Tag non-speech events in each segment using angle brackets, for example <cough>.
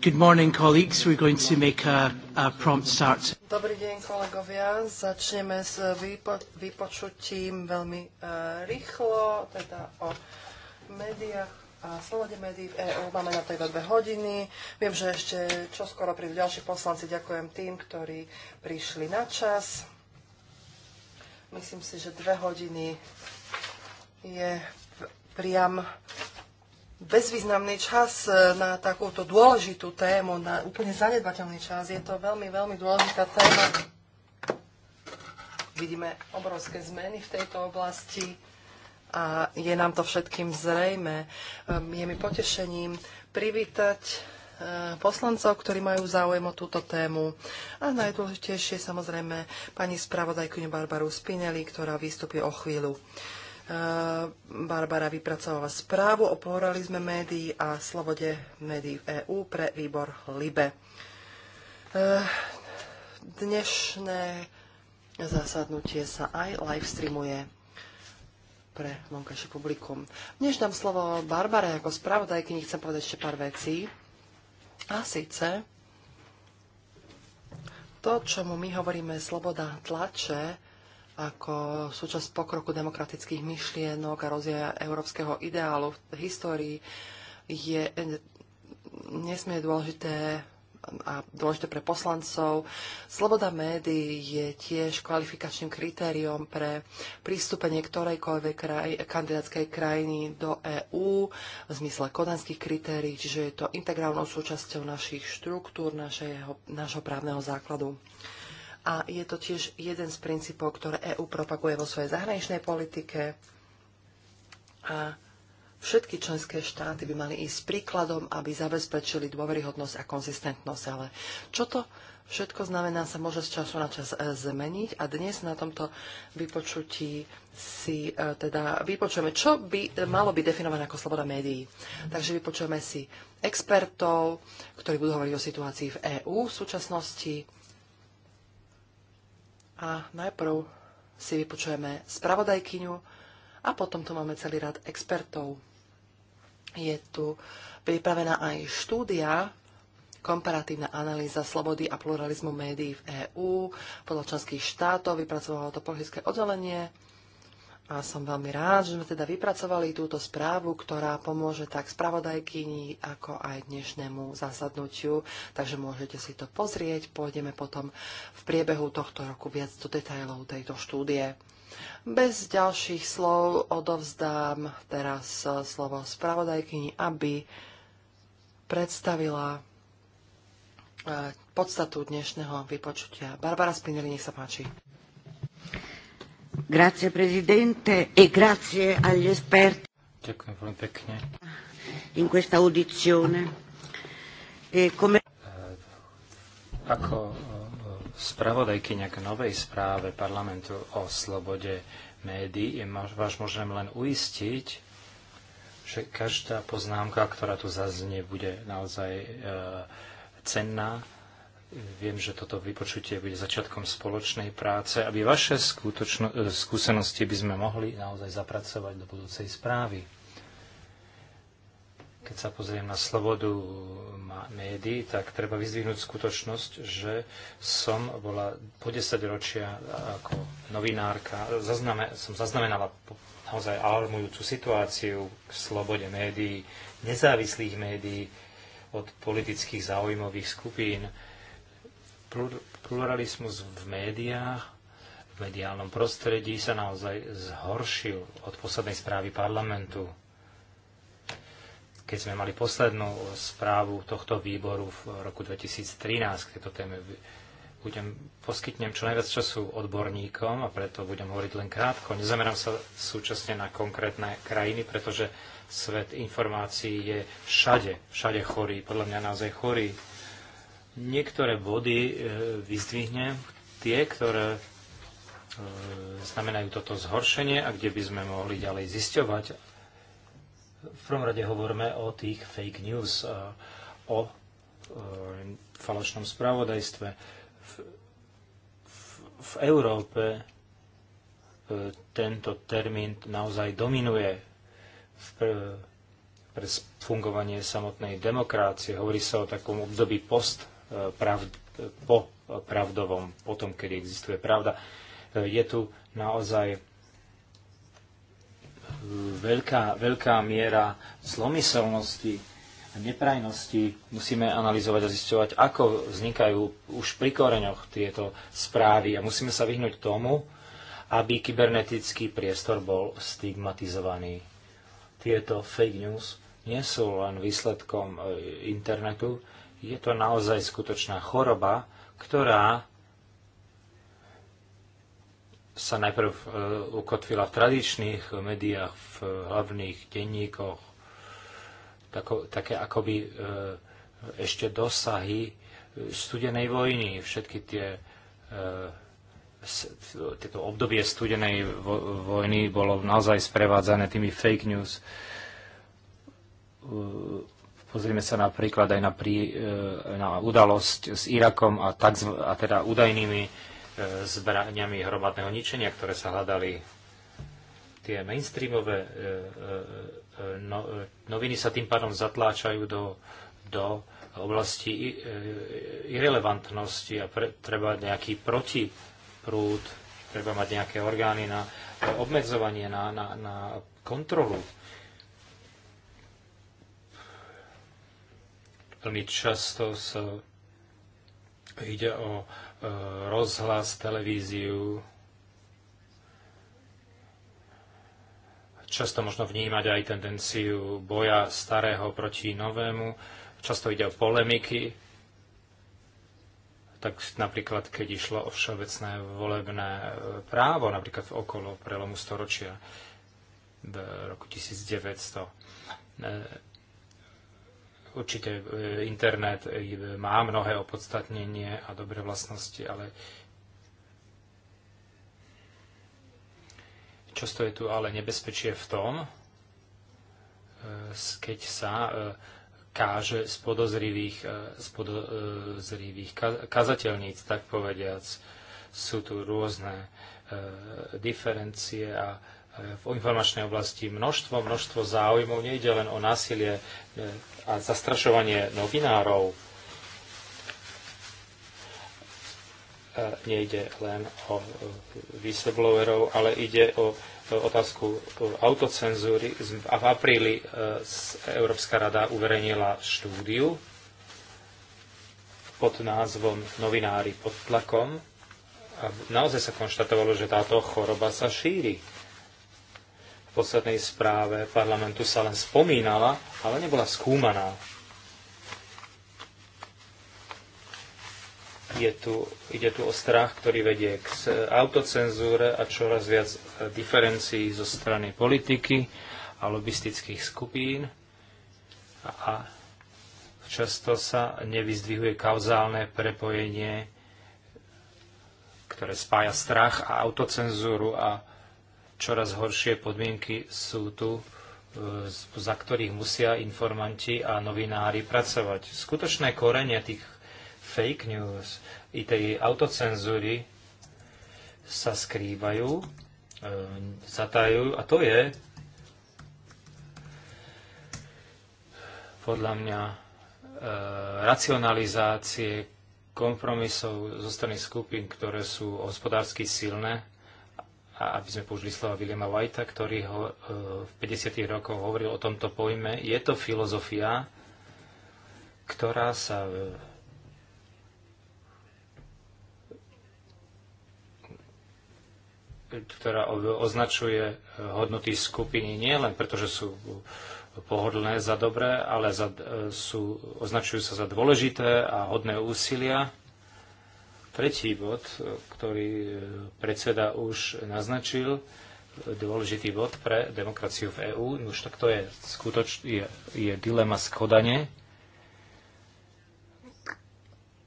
Good morning, colleagues. We're going to make a, a prompt start. Dobrý deň, kolegovia. Začneme s výpo- vypočutím veľmi uh, rýchlo, teda o médiách a slobode médií v EÚ. Máme na to iba dve hodiny. Viem, že ešte čoskoro prídu ďalší poslanci. Ďakujem tým, ktorí prišli na čas. Myslím si, že dve hodiny je priam bezvýznamný čas e, na takúto dôležitú tému, na úplne zanedbateľný čas. Je to veľmi, veľmi dôležitá téma. Vidíme obrovské zmeny v tejto oblasti a je nám to všetkým zrejme. Ehm, je mi potešením privítať e, poslancov, ktorí majú záujem o túto tému. A najdôležitejšie samozrejme pani spravodajkyňu Barbaru Spinelli, ktorá vystupí o chvíľu. Eh, Barbara vypracovala správu o pluralizme médií a slobode médií v EÚ pre výbor LIBE. Eh, dnešné zasadnutie sa aj live streamuje pre vonkajšie publikum. Než dám slovo Barbare ako spravodajky, chcem povedať ešte pár vecí. A síce to, čomu my hovoríme sloboda tlače, ako súčasť pokroku demokratických myšlienok a rozvoja európskeho ideálu v histórii je nesmie dôležité a dôležité pre poslancov. Sloboda médií je tiež kvalifikačným kritériom pre prístupenie ktorejkoľvek kraj, kandidátskej krajiny do EÚ v zmysle kodanských kritérií, čiže je to integrálnou súčasťou našich štruktúr, našeho, našho právneho základu a je to tiež jeden z princípov, ktoré EÚ propaguje vo svojej zahraničnej politike. A všetky členské štáty by mali ísť príkladom, aby zabezpečili dôveryhodnosť a konzistentnosť. Ale čo to všetko znamená, sa môže z času na čas e, zmeniť. A dnes na tomto vypočutí si e, teda vypočujeme, čo by e, malo byť definované ako sloboda médií. Takže vypočujeme si expertov, ktorí budú hovoriť o situácii v EÚ v súčasnosti, a najprv si vypočujeme spravodajkyňu a potom tu máme celý rad expertov. Je tu pripravená aj štúdia, komparatívna analýza slobody a pluralizmu médií v EÚ podľa členských štátov, vypracovalo to politické oddelenie a som veľmi rád, že sme teda vypracovali túto správu, ktorá pomôže tak spravodajkyni, ako aj dnešnému zasadnutiu. Takže môžete si to pozrieť. Pôjdeme potom v priebehu tohto roku viac do detajlov tejto štúdie. Bez ďalších slov odovzdám teraz slovo spravodajkyni, aby predstavila eh, podstatu dnešného vypočutia. Barbara Spinelli, nech sa páči. Grazie Presidente e grazie agli esperti. Ďakujem veľmi pekne. In questa audizione. E come... E, ako e, spravodajkyňa k novej správe parlamentu o slobode médií je vás môžem len uistiť, že každá poznámka, ktorá tu zaznie, bude naozaj e, cenná Viem, že toto vypočutie bude začiatkom spoločnej práce, aby vaše skutočno, e, skúsenosti by sme mohli naozaj zapracovať do budúcej správy. Keď sa pozriem na slobodu médií, tak treba vyzvihnúť skutočnosť, že som bola po 10 ročia ako novinárka, zazname, som zaznamenala naozaj alarmujúcu situáciu v slobode médií, nezávislých médií, od politických záujmových skupín, pluralizmus v médiách, v mediálnom prostredí sa naozaj zhoršil od poslednej správy parlamentu. Keď sme mali poslednú správu tohto výboru v roku 2013 k tejto téme, budem, poskytnem čo najviac času odborníkom a preto budem hovoriť len krátko. Nezamerám sa súčasne na konkrétne krajiny, pretože svet informácií je všade, všade chorý, podľa mňa naozaj chorý niektoré body e, vyzdvihnem, tie, ktoré e, znamenajú toto zhoršenie a kde by sme mohli ďalej zisťovať. V prvom rade hovoríme o tých fake news, e, o falošnom spravodajstve. V, v, v Európe tento termín naozaj dominuje v, pre fungovanie samotnej demokrácie. Hovorí sa o takom období post pravd, po pravdovom, potom, kedy existuje pravda. Je tu naozaj veľká, veľká miera zlomyselnosti a neprajnosti. Musíme analyzovať a zisťovať, ako vznikajú už pri koreňoch tieto správy a musíme sa vyhnúť tomu, aby kybernetický priestor bol stigmatizovaný. Tieto fake news nie sú len výsledkom e, internetu, je to naozaj skutočná choroba, ktorá sa najprv e, ukotvila v tradičných médiách, v hlavných denníkoch, tako, také akoby e, ešte dosahy e, studenej vojny, všetky tie tieto obdobie studenej vojny bolo naozaj sprevádzané tými fake news. Pozrieme sa napríklad aj na, prí, e, na udalosť s Irakom a, tzv, a teda údajnými e, zbraniami hromadného ničenia, ktoré sa hľadali. Tie mainstreamové e, no, noviny sa tým pádom zatláčajú do, do oblasti irrelevantnosti a pre, treba nejaký protiprúd, treba mať nejaké orgány na obmedzovanie, na, na, na kontrolu Veľmi často sa ide o e, rozhlas, televíziu, často možno vnímať aj tendenciu boja starého proti novému. Často ide o polemiky. Tak napríklad, keď išlo o všeobecné volebné e, právo, napríklad v okolo prelomu storočia v roku 1900. Určite e, internet e, má mnohé opodstatnenie a dobré vlastnosti, ale často je tu ale nebezpečie v tom, e, keď sa káže z podozrivých, z podozrivých kazateľníc, tak povediac. Sú tu rôzne diferencie a v informačnej oblasti množstvo, množstvo záujmov. Nejde len o násilie e, a zastrašovanie novinárov. E, nejde len o e, whistleblowerov, ale ide o otázku autocenzúry. A v apríli Európska rada uverejnila štúdiu pod názvom Novinári pod tlakom. A naozaj sa konštatovalo, že táto choroba sa šíri poslednej správe parlamentu sa len spomínala, ale nebola skúmaná. Je tu, ide tu o strach, ktorý vedie k autocenzúre a čoraz viac e, diferencií zo strany politiky a lobistických skupín. A často sa nevyzdvihuje kauzálne prepojenie, ktoré spája strach a autocenzúru a Čoraz horšie podmienky sú tu, e, za ktorých musia informanti a novinári pracovať. Skutočné korenie tých fake news i tej autocenzúry sa skrývajú, e, zatajujú a to je podľa mňa e, racionalizácie kompromisov zo strany skupín, ktoré sú hospodársky silné, a aby sme použili slova Williama Whitea, ktorý ho, e, v 50. rokoch hovoril o tomto pojme. Je to filozofia, ktorá sa e, ktorá označuje e, hodnoty skupiny nie len preto, že sú pohodlné za dobré, ale za, sú, označujú sa za dôležité a hodné úsilia Tretí bod, ktorý e, predseda už naznačil, dôležitý bod pre demokraciu v EÚ, no už tak to je, skutoč, je, je dilema skodane.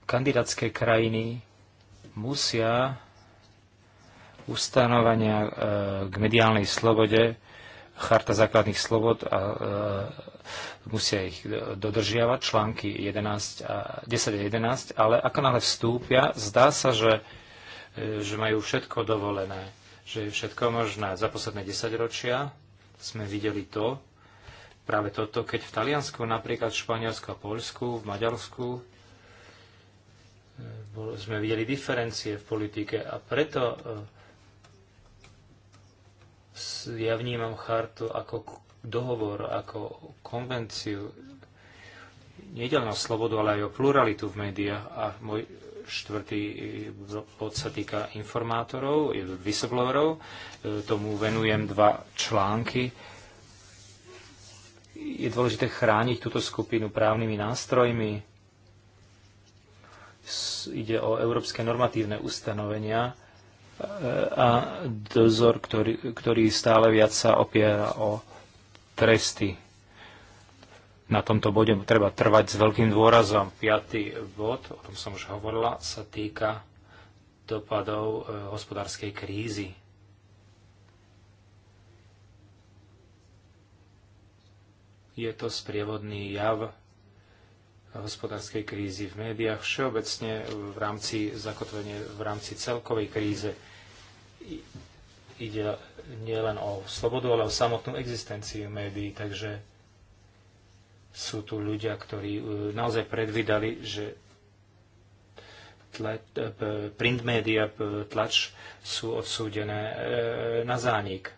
Kandidátske krajiny musia ustanovania e, k mediálnej slobode, charta základných slobod a e, musia ich dodržiavať, články 11 a, 10 a 11, ale ako náhle vstúpia, zdá sa, že, e, že majú všetko dovolené, že je všetko možné. Za posledné 10 ročia sme videli to, práve toto, keď v Taliansku, napríklad v Španielsku a Polsku, v Maďarsku, e, sme videli diferencie v politike a preto e, ja vnímam chartu ako dohovor ako konvenciu. Nejde len o slobodu, ale aj o pluralitu v médiách. A môj štvrtý eh, bod sa týka informátorov, whistleblowerov. Eh, tomu venujem dva články. Je dôležité chrániť túto skupinu právnymi nástrojmi. Ide o európske normatívne ustanovenia eh, a dozor, ktorý, ktorý stále viac sa opiera o tresty. Na tomto bode treba trvať s veľkým dôrazom. Piatý bod, o tom som už hovorila, sa týka dopadov e, hospodárskej krízy. Je to sprievodný jav hospodárskej krízy v médiách, všeobecne v rámci zakotvenie, v rámci celkovej kríze. Ide nielen len o slobodu, ale o samotnú existenciu médií. Takže sú tu ľudia, ktorí e, naozaj predvídali, že tle, print média, tlač sú odsúdené e, na zánik.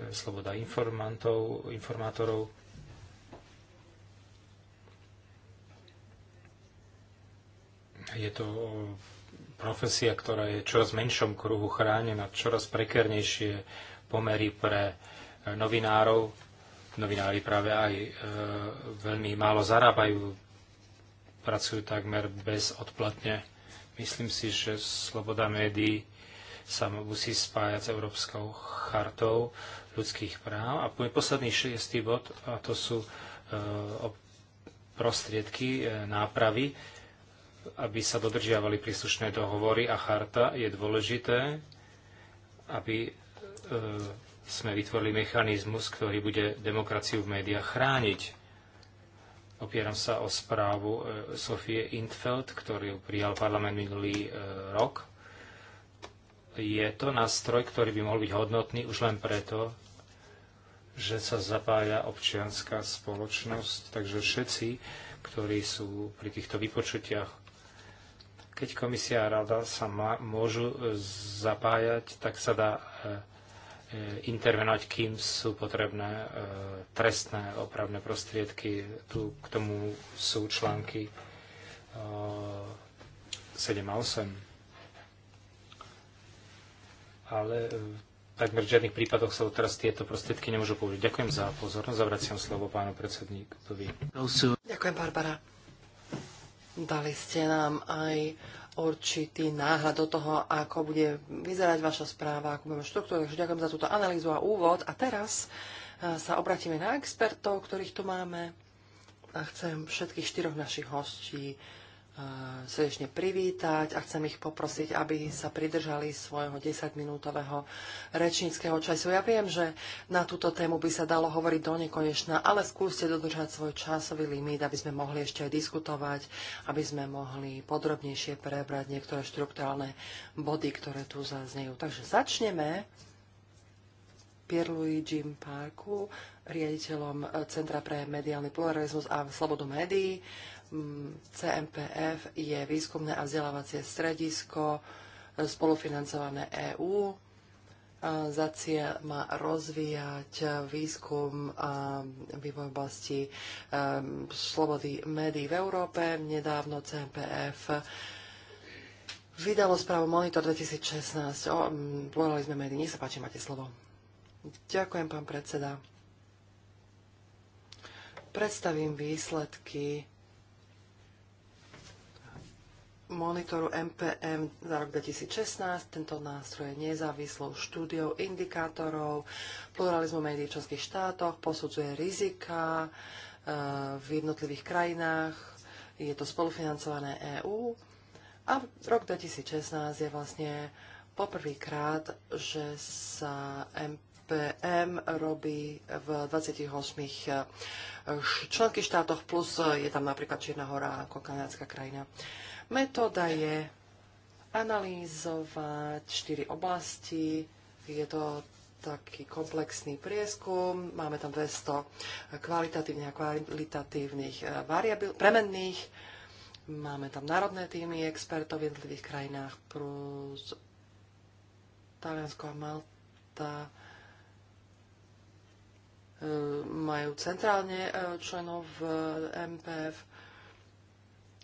E, sloboda informantov, informátorov. Je to profesia, ktorá je čoraz menšom kruhu chránená, čoraz prekernejšie pomery pre e, novinárov. Novinári práve aj e, veľmi málo zarábajú, pracujú takmer bezodplatne. Myslím si, že sloboda médií sa musí spájať s Európskou chartou ľudských práv. A posledný šiestý bod, a to sú e, prostriedky e, nápravy aby sa dodržiavali príslušné dohovory a charta, je dôležité, aby e, sme vytvorili mechanizmus, ktorý bude demokraciu v médiách chrániť. Opieram sa o správu e, Sofie Intfeld, ktorú prijal parlament minulý e, rok. Je to nástroj, ktorý by mohol byť hodnotný už len preto, že sa zapája občianská spoločnosť, takže všetci, ktorí sú pri týchto vypočutiach keď komisia a rada sa ma, môžu e, zapájať, tak sa dá e, e, intervenovať, kým sú potrebné trestné opravné prostriedky. Tu k tomu sú články 7 a 8. Ale takmer v žiadnych prípadoch sa teraz tieto prostriedky nemôžu použiť. Ďakujem za pozornosť. Zavraciam slovo pánu predsedníkovi. Ďakujem, Barbara. Dali ste nám aj určitý náhľad do toho, ako bude vyzerať vaša správa, ako budeme štruktúra. Takže ďakujem za túto analýzu a úvod. A teraz sa obratíme na expertov, ktorých tu máme. A chcem všetkých štyroch našich hostí srdečne privítať a chcem ich poprosiť, aby sa pridržali svojho 10-minútového rečníckého času. Ja viem, že na túto tému by sa dalo hovoriť do nekonečna, ale skúste dodržať svoj časový limit, aby sme mohli ešte aj diskutovať, aby sme mohli podrobnejšie prebrať niektoré štruktúrálne body, ktoré tu zaznejú. Takže začneme Pierluigi Parku, riaditeľom Centra pre mediálny pluralizmus a slobodu médií CMPF je výskumné a vzdelávacie stredisko e, spolufinancované EÚ. E, za cieľ má rozvíjať výskum a vývoj v oblasti e, slobody médií v Európe. Nedávno CMPF vydalo správu Monitor 2016. O, plurali sme médií. Nech sa páči, máte slovo. Ďakujem, pán predseda. Predstavím výsledky monitoru MPM za rok 2016. Tento nástroj je nezávislou štúdiou indikátorov pluralizmu médií v členských štátoch, posudzuje rizika eh, v jednotlivých krajinách, je to spolufinancované EÚ a rok 2016 je vlastne poprvýkrát, že sa MPM robí v 28 členských štátoch, plus e, je tam napríklad Čierna hora ako kanadská krajina. Metóda je analýzovať štyri oblasti. Je to taký komplexný prieskum. Máme tam 200 kvalitatívnych a kvalitatívnych e, variabil, premenných. Máme tam národné týmy expertov v jednotlivých krajinách plus Taliansko a Malta majú centrálne e, členov v e, MPF.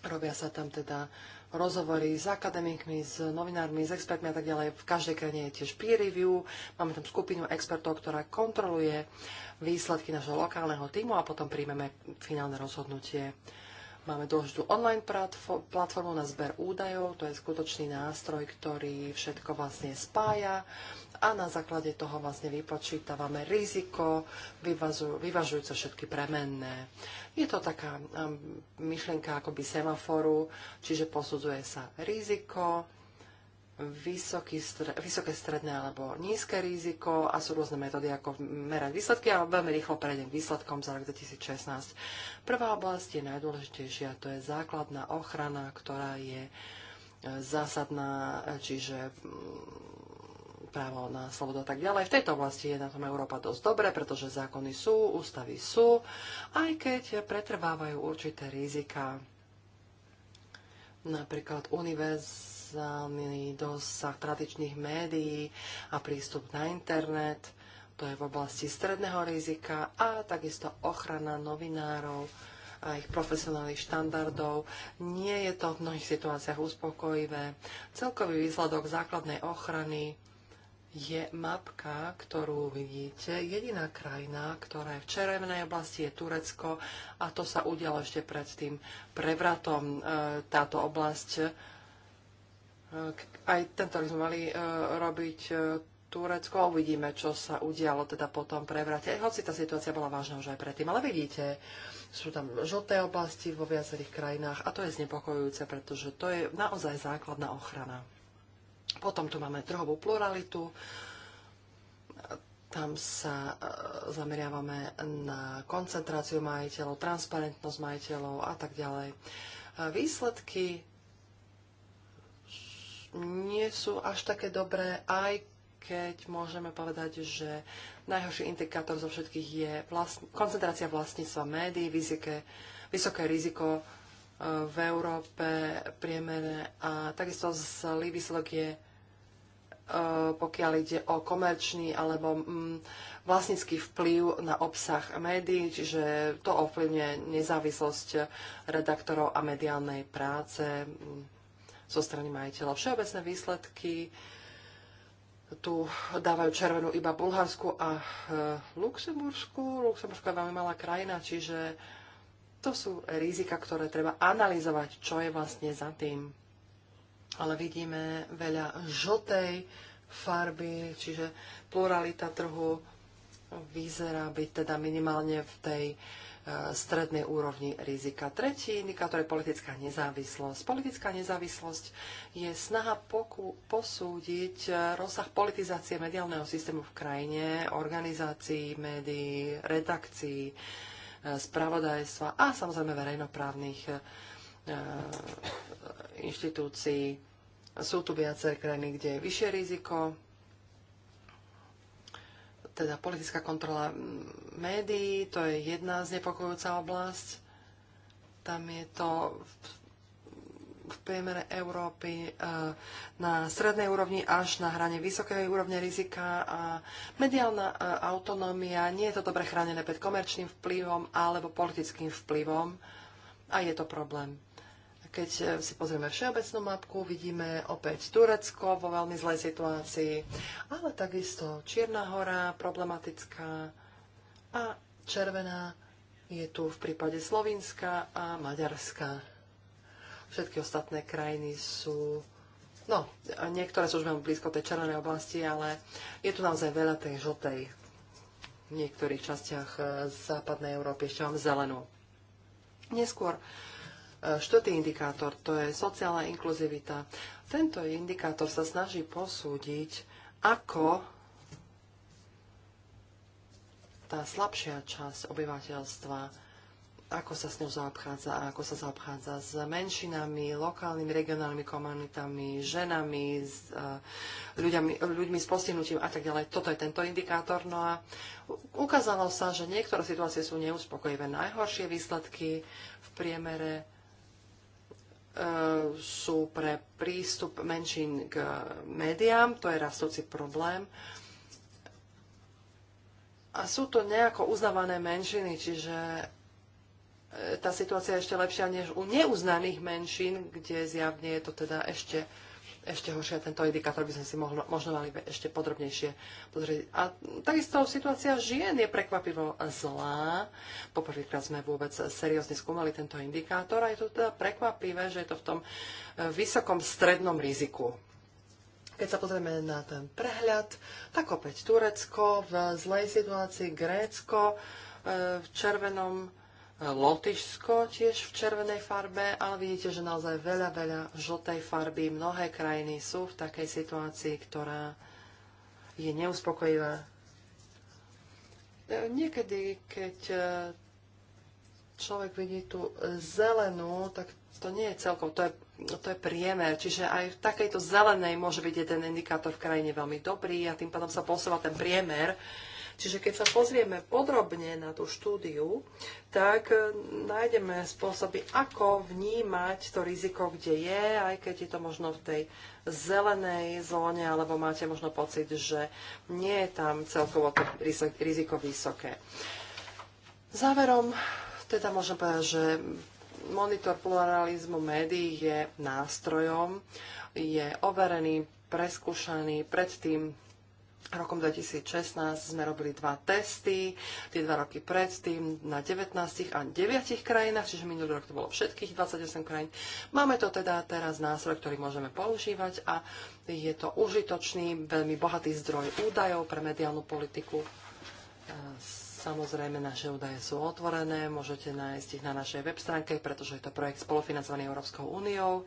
Robia sa tam teda rozhovory s akademikmi, s novinármi, s expertmi a tak ďalej. V každej krajine je tiež peer review. Máme tam skupinu expertov, ktorá kontroluje výsledky našho lokálneho týmu a potom príjmeme finálne rozhodnutie. Máme dôležitú online platformu na zber údajov, to je skutočný nástroj, ktorý všetko vlastne spája a na základe toho vlastne vypočítavame riziko, vyvažujúce všetky premenné. Je to taká um, myšlenka akoby semaforu, čiže posudzuje sa riziko, vysoký, vysoké stredné alebo nízke riziko a sú rôzne metódy, ako merať výsledky a veľmi rýchlo prejdem k výsledkom za rok 2016. Prvá oblasť je najdôležitejšia, to je základná ochrana, ktorá je e, zásadná, čiže právo na slobodu a tak ďalej. V tejto oblasti je na tom Európa dosť dobre, pretože zákony sú, ústavy sú, aj keď pretrvávajú určité rizika. Napríklad univerzálny dosah tradičných médií a prístup na internet, to je v oblasti stredného rizika a takisto ochrana novinárov, a ich profesionálnych štandardov. Nie je to v mnohých situáciách uspokojivé. Celkový výsledok základnej ochrany je mapka, ktorú vidíte. Jediná krajina, ktorá je v červenej oblasti, je Turecko a to sa udialo ešte pred tým prevratom. E, táto oblasť, e, aj tento sme mali e, robiť Turecko a uvidíme, čo sa udialo teda po tom prevrate. Hoci tá situácia bola vážna už aj predtým, ale vidíte, sú tam žlté oblasti vo viacerých krajinách a to je znepokojujúce, pretože to je naozaj základná ochrana. Potom tu máme trhovú pluralitu. Tam sa e, zameriavame na koncentráciu majiteľov, transparentnosť majiteľov a tak ďalej. E, výsledky nie sú až také dobré, aj keď môžeme povedať, že najhorší indikátor zo všetkých je vlast... koncentrácia vlastníctva médií, vysoké, vysoké riziko e, v Európe priemere a takisto zlý výsledok je Eh, pokiaľ ide o komerčný alebo mm, vlastnícky vplyv na obsah médií, čiže to ovplyvňuje nezávislosť redaktorov a mediálnej práce mm, zo strany majiteľa. Všeobecné výsledky tu dávajú červenú iba Bulharsku a eh, Luxembursku. Luxembursko je veľmi malá krajina, čiže to sú rizika, ktoré treba analyzovať, čo je vlastne za tým ale vidíme veľa žltej farby, čiže pluralita trhu vyzerá byť teda minimálne v tej e, strednej úrovni rizika. Tretí indikátor je politická nezávislosť. Politická nezávislosť je snaha poku- posúdiť e, rozsah politizácie mediálneho systému v krajine, organizácií, médií, redakcií, e, spravodajstva a samozrejme verejnoprávnych Eh, inštitúcií. Sú tu viaceré krajiny, kde je vyššie riziko, teda politická kontrola médií, to je jedna znepokojúca oblasť. Tam je to v, v priemere Európy eh, na strednej úrovni až na hrane vysokej úrovne rizika. A mediálna eh, autonómia nie je to dobre chránené pred komerčným vplyvom alebo politickým vplyvom a je to problém. Keď eh, si pozrieme všeobecnú mapku, vidíme opäť Turecko vo veľmi zlej situácii, ale takisto Čierna hora, problematická a červená je tu v prípade Slovinska a Maďarska. Všetky ostatné krajiny sú No, niektoré sú už veľmi blízko tej červenej oblasti, ale je tu naozaj veľa tej žltej. V niektorých častiach eh, západnej Európy ešte mám zelenú. Neskôr E, štvrtý indikátor to je sociálna inkluzivita. Tento indikátor sa snaží posúdiť, ako tá slabšia časť obyvateľstva, ako sa s ňou zaobchádza a ako sa zaobchádza s menšinami, lokálnymi, regionálnymi komunitami, ženami, s, e, ľuďami, ľuďmi s postihnutím a tak ďalej. Toto je tento indikátor. No a ukázalo sa, že niektoré situácie sú neuspokojivé. Najhoršie výsledky v priemere E, sú pre prístup menšín k médiám, to je rastúci problém. A sú to nejako uznávané menšiny, čiže e, tá situácia je ešte lepšia než u neuznaných menšín, kde zjavne je to teda ešte ešte a Tento indikátor by sme si mohlo, možno mali ešte podrobnejšie pozrieť. A takisto situácia žien je prekvapivo zlá. Poprvýkrát sme vôbec seriózne skúmali tento indikátor a je to teda prekvapivé, že je to v tom e, vysokom strednom riziku. Keď sa pozrieme na ten prehľad, tak opäť Turecko v zlej situácii, Grécko e, v červenom Lotyšsko tiež v červenej farbe, ale vidíte, že naozaj veľa, veľa žltej farby. Mnohé krajiny sú v takej situácii, ktorá je neuspokojivá. E, niekedy, keď e, človek vidí tú zelenú, tak to nie je celkom, to je, to je priemer. Čiže aj v takejto zelenej môže byť jeden indikátor v krajine veľmi dobrý a tým pádom sa posúva ten priemer Čiže keď sa pozrieme podrobne na tú štúdiu, tak e, nájdeme spôsoby, ako vnímať to riziko, kde je, aj keď je to možno v tej zelenej zóne, alebo máte možno pocit, že nie je tam celkovo to riziko vysoké. Záverom teda môžem povedať, že monitor pluralizmu médií je nástrojom, je overený, preskúšaný, predtým Rokom 2016 sme robili dva testy, tie dva roky predtým na 19 a 9 krajinách, čiže minulý rok to bolo všetkých 28 krajín. Máme to teda teraz nástroj, ktorý môžeme používať a je to užitočný, veľmi bohatý zdroj údajov pre mediálnu politiku. E, samozrejme, naše údaje sú otvorené, môžete nájsť ich na našej web stránke, pretože je to projekt spolufinancovaný Európskou úniou.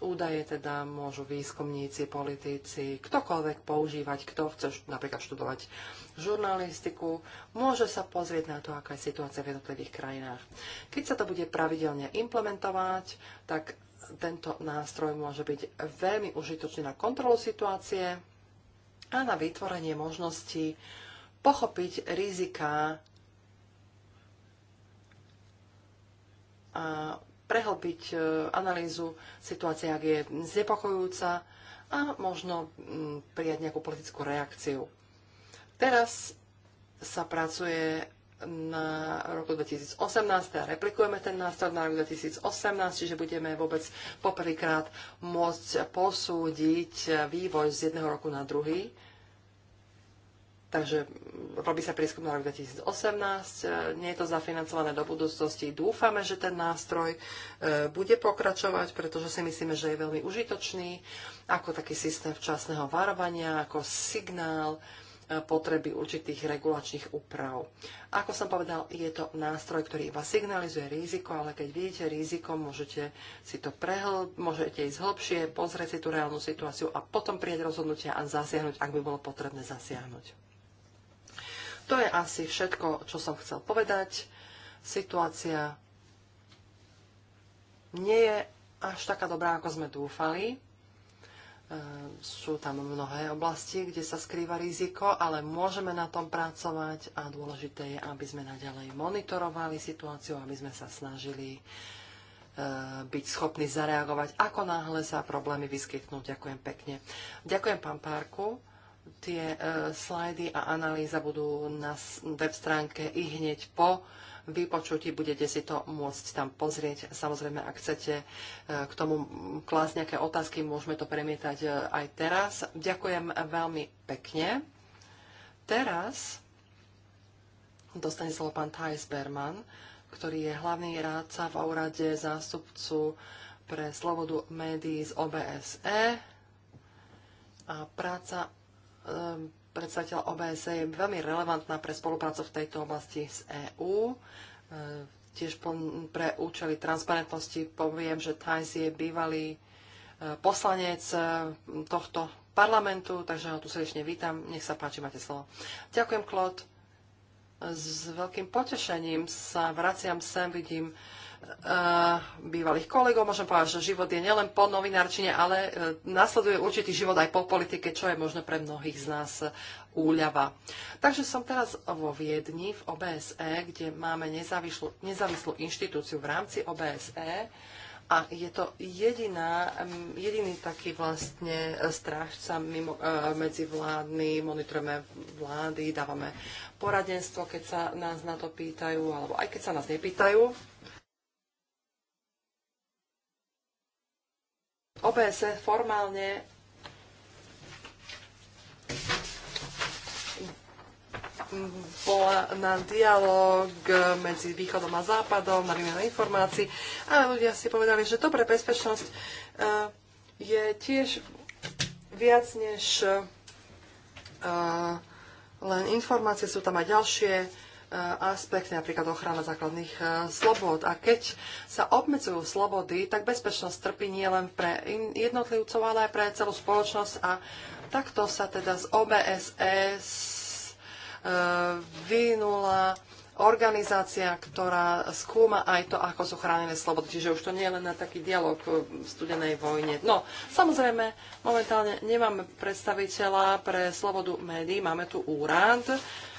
Údaje teda môžu výskumníci, politici, ktokoľvek používať, kto chce napríklad študovať žurnalistiku, môže sa pozrieť na to, aká je situácia v jednotlivých krajinách. Keď sa to bude pravidelne implementovať, tak tento nástroj môže byť veľmi užitočný na kontrolu situácie a na vytvorenie možností pochopiť rizika a prehlbiť e, analýzu situácie, ak je znepokojujúca a možno mm, prijať nejakú politickú reakciu. Teraz sa pracuje na roku 2018 a teda replikujeme ten nástroj na rok 2018, čiže budeme vôbec poprvýkrát môcť posúdiť vývoj z jedného roku na druhý Takže robí sa prieskum na rok 2018, e, nie je to zafinancované do budúcnosti. Dúfame, že ten nástroj e, bude pokračovať, pretože si myslíme, že je veľmi užitočný ako taký systém včasného varovania, ako signál e, potreby určitých regulačných úprav. Ako som povedal, je to nástroj, ktorý iba signalizuje riziko, ale keď vidíte riziko, môžete si to prehl, môžete ísť hlbšie, pozrieť si tú reálnu situáciu a potom prieť rozhodnutia a zasiahnuť, ak by bolo potrebné zasiahnuť. To je asi všetko, čo som chcel povedať. Situácia nie je až taká dobrá, ako sme dúfali. Ehm, sú tam mnohé oblasti, kde sa skrýva riziko, ale môžeme na tom pracovať a dôležité je, aby sme naďalej monitorovali situáciu, aby sme sa snažili ehm, byť schopní zareagovať, ako náhle sa problémy vyskytnú. Ďakujem pekne. Ďakujem pán Párku. Tie e, slajdy a analýza budú na web stránke i hneď po vypočutí, budete si to môcť tam pozrieť. Samozrejme, ak chcete e, k tomu klásť nejaké otázky, môžeme to premietať e, aj teraz. Ďakujem veľmi pekne. Teraz dostane slovo pán Thijs Berman, ktorý je hlavný rádca v úrade zástupcu pre slobodu médií z OBSE. A práca Ehm, predstaviteľ OBS e je veľmi relevantná pre spoluprácu v tejto oblasti s EÚ. Ehm, tiež pre účely transparentnosti poviem, že Thais je bývalý ehm, poslanec tohto parlamentu, takže ho tu srdečne vítam. Nech sa páči, máte slovo. Ďakujem, Klod. S veľkým potešením sa vraciam sem, vidím Eh, bývalých kolegov. Môžem povedať, že život je nielen po novinárčine, ale eh, nasleduje určitý život aj po politike, čo je možno pre mnohých z nás úľava. Takže som teraz vo Viedni v OBSE, kde máme nezávislú, nezávislú inštitúciu v rámci OBSE a je to jediná, mm, jediný taký vlastne eh, strážca mimo, medzivládny, monitorujeme vlády, dávame poradenstvo, keď sa nás na to pýtajú, alebo aj keď sa nás nepýtajú OBS formálne bola na dialog medzi východom a západom, na výmenu informácií, ale ľudia si povedali, že dobre, bezpečnosť eh, je tiež viac než eh, len informácie, sú tam aj ďalšie aspekt napríklad ochrana základných e, slobod. A keď sa obmedzujú slobody, tak bezpečnosť trpí nielen pre jednotlivcov, ale aj pre celú spoločnosť. A takto sa teda z OBSE e vynula organizácia, ktorá skúma aj to, ako sú chránené slobody. Čiže už to nie je len na taký dialog e, v studenej vojne. No, samozrejme, momentálne nemáme predstaviteľa pre slobodu médií, máme tu úrad,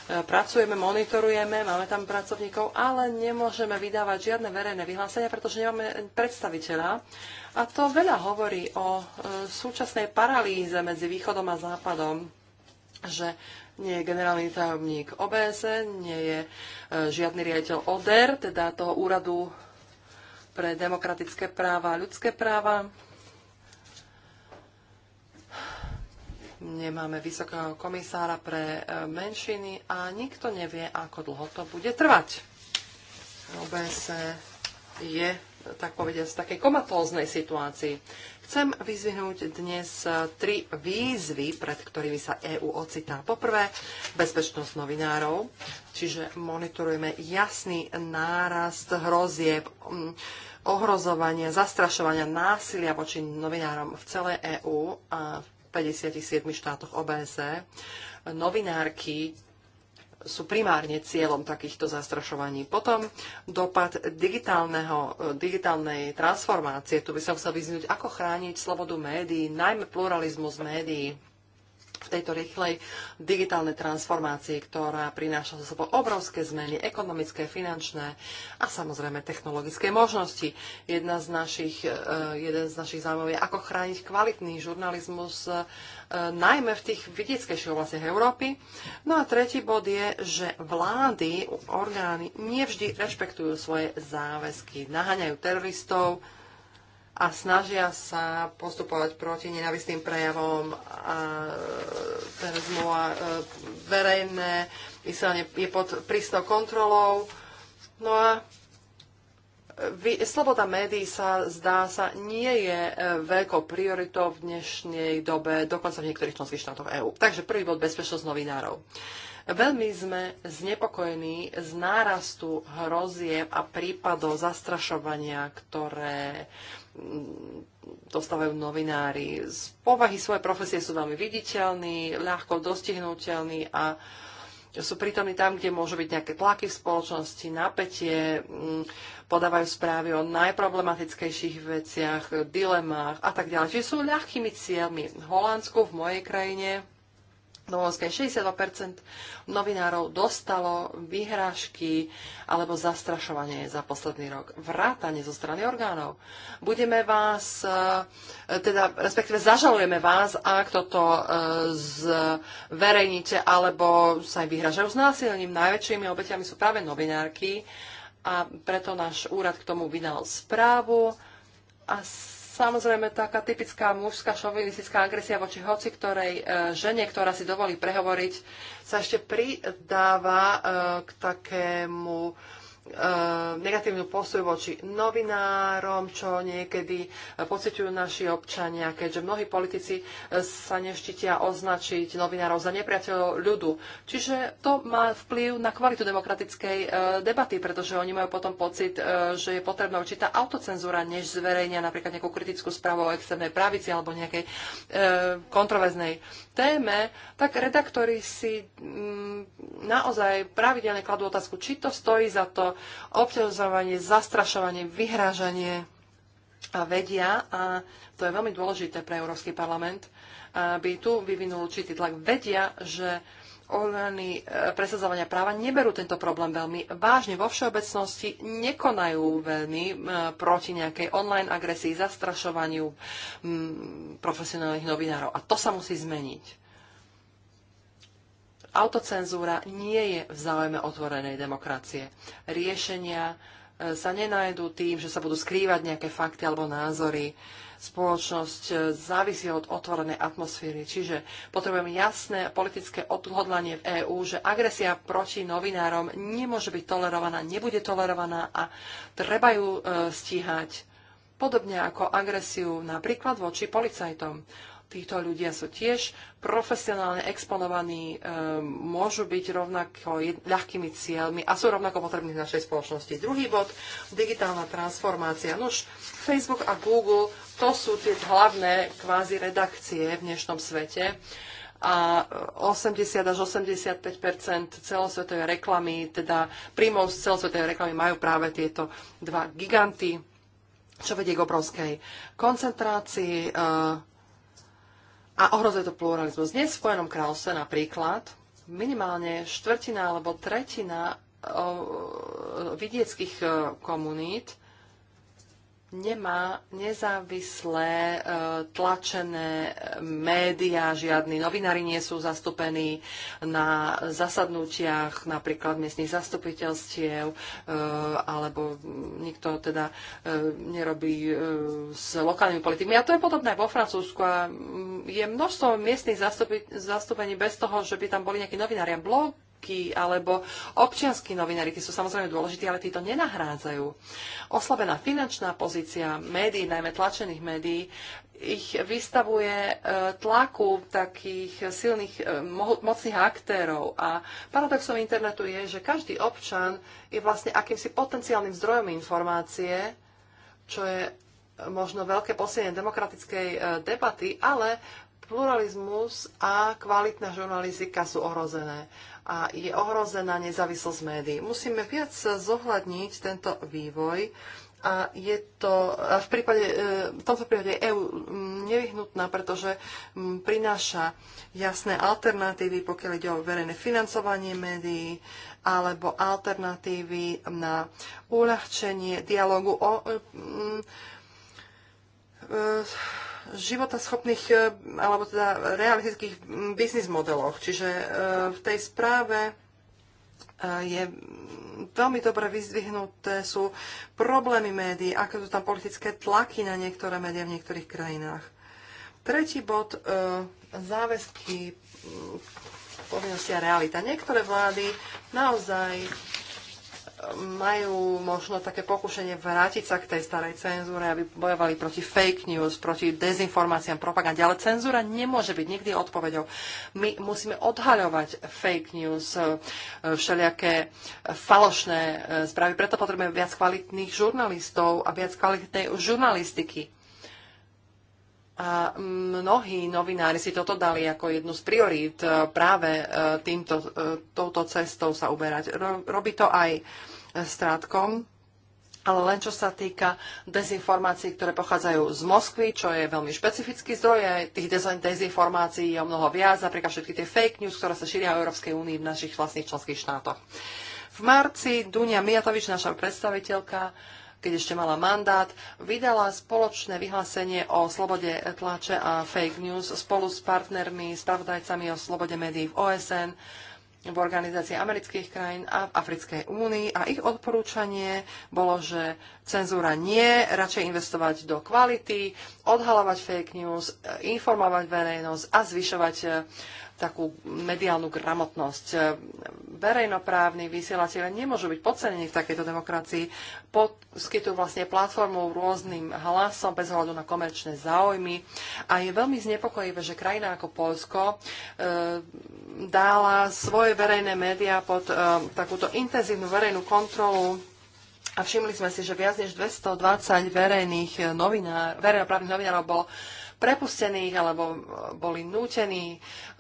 E, pracujeme, monitorujeme, máme tam pracovníkov, ale nemôžeme vydávať žiadne verejné vyhlásenia, pretože nemáme predstaviteľa. A to veľa hovorí o e, súčasnej paralýze medzi východom a západom, že nie je generálny tajomník OBS, nie je e, žiadny riaditeľ ODER, teda toho úradu pre demokratické práva a ľudské práva. nemáme vysokého komisára pre e, menšiny a nikto nevie, ako dlho to bude trvať. OBS je, tak povediať, v takej komatóznej situácii. Chcem vyzvihnúť dnes e, tri výzvy, pred ktorými sa EÚ ocitá. Poprvé, bezpečnosť novinárov, čiže monitorujeme jasný nárast hrozieb, ohrozovania, zastrašovania, násilia voči novinárom v celej EÚ a v 57 štátoch OBSE. Novinárky sú primárne cieľom takýchto zastrašovaní. Potom dopad eh, digitálnej transformácie. Tu by som chcel vyznúť, ako chrániť slobodu médií, najmä pluralizmus médií v tejto rýchlej digitálnej transformácii, ktorá prináša so sebou obrovské zmeny, ekonomické, finančné a samozrejme technologické možnosti. Jedna z našich, e, jeden z našich zájmov je, ako chrániť kvalitný žurnalizmus e, najmä v tých vidieckejších oblastiach Európy. No a tretí bod je, že vlády, orgány nevždy rešpektujú svoje záväzky, naháňajú teroristov, a snažia sa postupovať proti nenavistným prejavom a e, teraz a e, verejné vysielanie je pod prísnou kontrolou. No a vy, sloboda médií sa zdá sa nie je e, veľkou prioritou v dnešnej dobe, dokonca v niektorých členských štátoch EÚ. Takže prvý bod bezpečnosť novinárov. Veľmi sme znepokojení z nárastu hrozieb a prípadov zastrašovania, ktoré dostávajú novinári. Z povahy svojej profesie sú veľmi viditeľní, ľahko dostihnutelní a sú prítomní tam, kde môžu byť nejaké tlaky v spoločnosti, napätie, mm, podávajú správy o najproblematickejších veciach, dilemách a tak ďalej. Čiže sú ľahkými cieľmi. V Holandsku, v mojej krajine, Domovskej 62% novinárov dostalo vyhrážky alebo zastrašovanie za posledný rok. Vrátanie zo strany orgánov. Budeme vás, e, teda respektíve zažalujeme vás, ak toto e, zverejníte, alebo sa aj vyhražajú s násilním. Najväčšími obeťami sú práve novinárky a preto náš úrad k tomu vydal správu a Samozrejme, taká typická mužská šovinistická agresia voči hoci ktorej e, žene, ktorá si dovolí prehovoriť, sa ešte pridáva e, k takému Eh, negatívnu postoj voči novinárom, čo niekedy eh, pociťujú naši občania, keďže mnohí politici eh, sa neštítia označiť novinárov za nepriateľov ľudu. Čiže to má vplyv na kvalitu demokratickej debaty, pretože oni majú potom pocit, že je potrebná určitá autocenzúra, než zverejnia napríklad nejakú kritickú správu o extrémnej pravici alebo nejakej kontroverznej téme, tak redaktori si mm, naozaj pravidelne kladú otázku, či to stojí za to obťažovanie, zastrašovanie, vyhrážanie a vedia, a to je veľmi dôležité pre Európsky parlament, aby tu vyvinul určitý tlak, vedia, že orgány e, presadzovania práva neberú tento problém veľmi vážne. Vo všeobecnosti nekonajú veľmi e, proti nejakej online agresii, zastrašovaniu profesionálnych novinárov. A to sa musí zmeniť. Autocenzúra nie je v záujme otvorenej demokracie. Riešenia sa nenajdú tým, že sa budú skrývať nejaké fakty alebo názory. Spoločnosť e, závisí od otvorenej atmosféry, čiže potrebujeme jasné politické odhodlanie v EÚ, že agresia proti novinárom nemôže byť tolerovaná, nebude tolerovaná a treba ju e, stíhať podobne ako agresiu napríklad voči policajtom. Títo ľudia sú tiež profesionálne exponovaní, e, môžu byť rovnako ľahkými cieľmi a sú rovnako potrební v našej spoločnosti. Druhý bod, digitálna transformácia. Nož, Facebook a Google, to sú tie hlavné kvázi redakcie v dnešnom svete a 80 až 85 celosvetovej reklamy, teda príjmov z celosvetovej reklamy majú práve tieto dva giganty, čo vedie k obrovskej koncentrácii. E, a ohrozuje to pluralizmus. Dnes v Spojenom kráľovstve napríklad minimálne štvrtina alebo tretina vidieckých e, komunít nemá nezávislé e, tlačené médiá, žiadni novinári nie sú zastúpení na zasadnutiach napríklad miestnych zastupiteľstiev, e, alebo nikto teda e, nerobí s lokálnymi politikmi. A to je podobné vo Francúzsku a mm, je množstvo miestnych zastúpení bez toho, že by tam boli nejakí novinári a blog články alebo občiansky novinári, tí sú samozrejme dôležití, ale títo nenahrádzajú. Oslabená finančná pozícia médií, najmä tlačených médií, ich vystavuje e, tlaku takých silných, e, mocných aktérov. A paradoxom internetu je, že každý občan je vlastne akýmsi potenciálnym zdrojom informácie, čo je možno veľké posilnenie demokratickej e, debaty, ale pluralizmus a kvalitná žurnalistika sú ohrozené a je ohrozená nezávislosť médií. Musíme viac zohľadniť tento vývoj a je to a v, prípade, e, v tomto prípade je EU nevyhnutná, pretože prináša jasné alternatívy, pokiaľ ide o verejné financovanie médií, alebo alternatívy na uľahčenie dialogu o e, životaschopných eh, alebo teda realistických biznis modeloch. Čiže eh, v tej správe eh, je veľmi dobre vyzdvihnuté sú problémy médií, aké sú tam politické tlaky na niektoré médiá v niektorých krajinách. Tretí bod, záväzky, mm, povinnosti a realita. Niektoré vlády naozaj majú možno také pokušenie vrátiť sa k tej starej cenzúre, aby bojovali proti fake news, proti dezinformáciám, propagande. Ale cenzúra nemôže byť nikdy odpoveďou. My musíme odhaľovať fake news, e, všelijaké falošné správy. E, Preto potrebujeme viac kvalitných žurnalistov a viac kvalitnej žurnalistiky. A mnohí novinári si toto dali ako jednu z priorít e, práve týmto, touto cestou sa uberať. Robí to aj strátkom. Ale len čo sa týka dezinformácií, ktoré pochádzajú z Moskvy, čo je veľmi špecifický zdroj, tých dezinformácií je o mnoho viac, napríklad všetky tie fake news, ktoré sa šíria v Európskej únii v našich vlastných členských štátoch. V marci Dunia Mijatovič, naša predstaviteľka, keď ešte mala mandát, vydala spoločné vyhlásenie o slobode tlače a fake news spolu s partnermi, spravodajcami o slobode médií v OSN v Organizácii amerických krajín a v Africkej únii a ich odporúčanie bolo, že cenzúra nie, radšej investovať do kvality, odhalovať fake news, informovať verejnosť a zvyšovať takú mediálnu gramotnosť. Verejnoprávni vysielatelia nemôžu byť podcenení v takejto demokracii. Poskytujú vlastne platformu rôznym hlasom bez hľadu na komerčné záujmy. A je veľmi znepokojivé, že krajina ako Polsko e, dala svoje verejné médiá pod e, takúto intenzívnu verejnú kontrolu a všimli sme si, že viac než 220 verejných novinár, verejnoprávnych novinárov bolo prepustených, alebo boli nútení eh,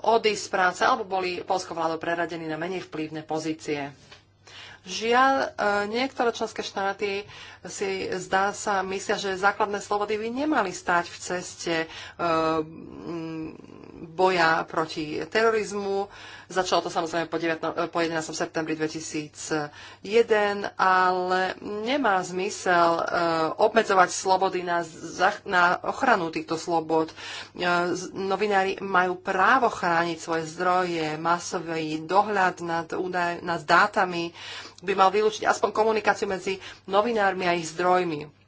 odísť z práce, alebo boli polskou vládou preradení na menej vplyvné pozície. Žiaľ, eh, niektoré členské štáty si zdá sa, myslia, že základné slobody by nemali stať v ceste eh, boja proti terorizmu. Začalo to samozrejme po, eh, po 11. septembri 2001, ale nemá zmysel eh, obmedzovať slobody na, na ochranu týchto slobod. Eh, novinári majú právo chrániť svoje zdroje, masový dohľad nad, údaj, nad dátami by mal vylúčiť aspoň komunikáciu medzi novinármi a ich zdrojmi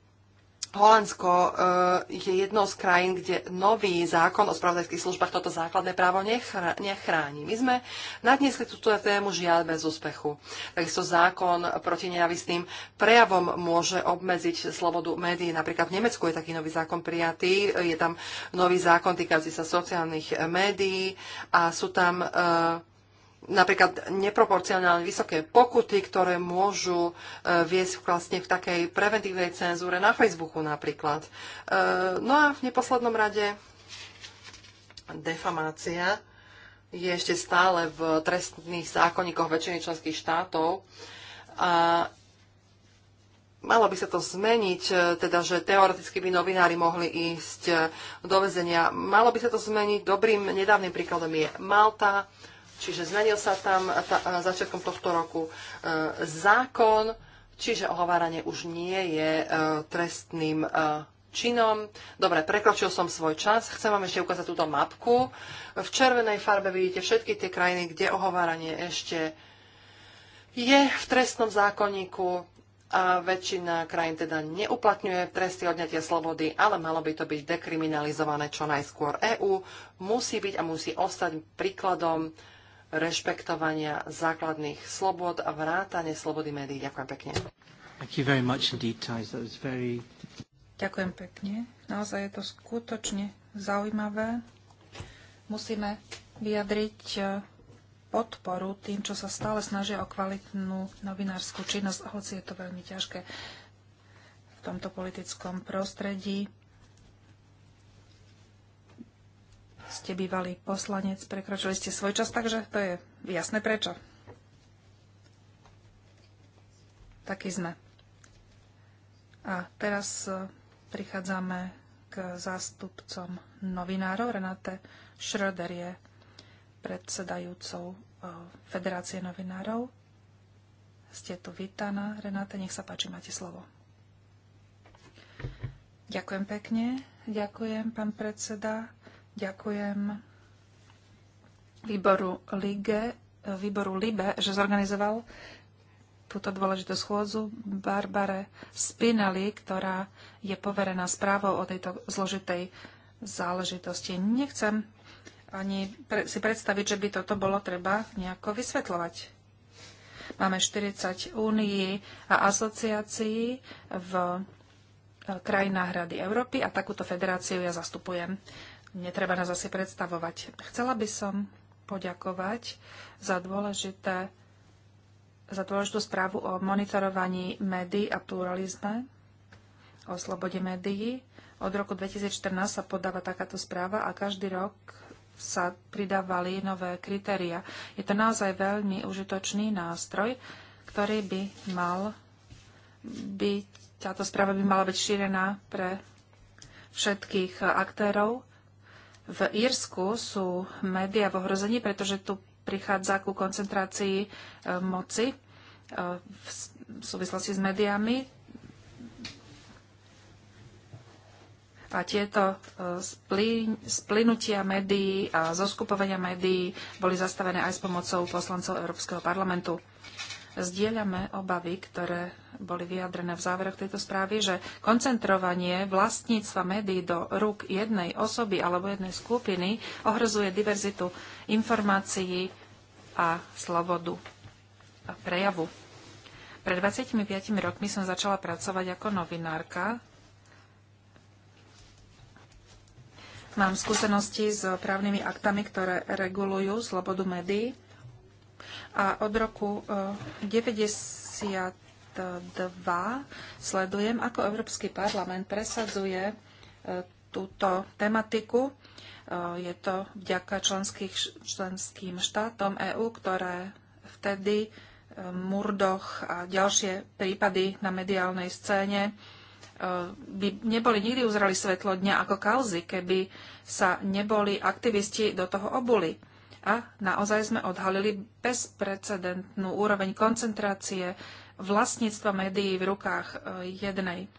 Holandsko eh, je jednou z krajín, kde nový zákon o spravodajských službách toto základné právo nechráni. My sme nadniesli túto tému žiaľ bez úspechu. Takisto zákon proti nenavistným prejavom môže obmedziť slobodu médií. Napríklad v Nemecku je taký nový zákon prijatý. Je tam nový zákon týkajúci sa sociálnych médií a sú tam eh, napríklad neproporcionálne vysoké pokuty, ktoré môžu e, viesť vlastne v takej preventívnej cenzúre na Facebooku napríklad. E, no a v neposlednom rade defamácia je ešte stále v trestných zákonníkoch väčšiny členských štátov a malo by sa to zmeniť, e, teda že teoreticky by novinári mohli ísť do väzenia. Malo by sa to zmeniť. Dobrým nedávnym príkladom je Malta, Čiže zmenil sa tam ta, e, začiatkom tohto roku e, zákon, čiže ohováranie už nie je e, trestným činom. Dobre, prekročil som svoj čas. Chcem vám ešte ukázať túto mapku. V červenej farbe vidíte všetky tie krajiny, kde ohováranie ešte je v trestnom zákonníku a väčšina krajín teda neuplatňuje tresty odňatia slobody, ale malo by to byť dekriminalizované čo najskôr. EÚ musí byť a musí ostať príkladom rešpektovania základných slobod a vrátane slobody médií. Ďakujem pekne. Indeed, very... Ďakujem pekne. Naozaj je to skutočne zaujímavé. Musíme vyjadriť eh, podporu tým, čo sa stále snažia o kvalitnú novinárskú činnosť, hoci je to veľmi ťažké v tomto politickom prostredí. Ste bývalý poslanec, prekročili ste svoj čas, takže to je jasné prečo. Taký sme. A teraz e, prichádzame k zástupcom novinárov. Renate Schröder je predsedajúcou e, Federácie novinárov. Ste tu vítaná. Renáta, nech sa páči, máte slovo. Ďakujem pekne. Ďakujem, pán predseda. Ďakujem výboru Lige, výboru Libe, že zorganizoval túto dôležitú schôdzu Barbare Spinelli, ktorá je poverená správou o tejto zložitej záležitosti. Nechcem ani pre, si predstaviť, že by toto bolo treba nejako vysvetľovať. Máme 40 únií a asociácií v e, krajinách Rady Európy a takúto federáciu ja zastupujem netreba nás asi predstavovať. Chcela by som poďakovať za dôležité za dôležitú správu o monitorovaní médií a pluralizme, o slobode médií. Od roku 2014 sa podáva takáto správa a každý rok sa pridávali nové kritéria. Je to naozaj veľmi užitočný nástroj, ktorý by mal byť, táto správa by mala byť šírená pre všetkých aktérov v Írsku sú médiá v ohrození, pretože tu prichádza ku koncentrácii e, moci e, v súvislosti s médiami. A tieto e, splynutia médií a zoskupovania médií boli zastavené aj s pomocou poslancov Európskeho parlamentu. Zdieľame obavy, ktoré boli vyjadrené v záveroch tejto správy, že koncentrovanie vlastníctva médií do rúk jednej osoby alebo jednej skupiny ohrozuje diverzitu informácií a slobodu a prejavu. Pred 25 rokmi som začala pracovať ako novinárka. Mám skúsenosti s právnymi aktami, ktoré regulujú slobodu médií a od roku 92 eh, sledujem, ako Európsky parlament presadzuje eh, túto tematiku. Eh, je to vďaka členským štátom EÚ, ktoré vtedy Murdoch a ďalšie prípady na mediálnej scéne by neboli nikdy uzrali svetlo dňa ako kauzy, keby sa neboli aktivisti do toho obuli a naozaj sme odhalili bezprecedentnú úroveň koncentrácie vlastníctva médií v rukách e, jednej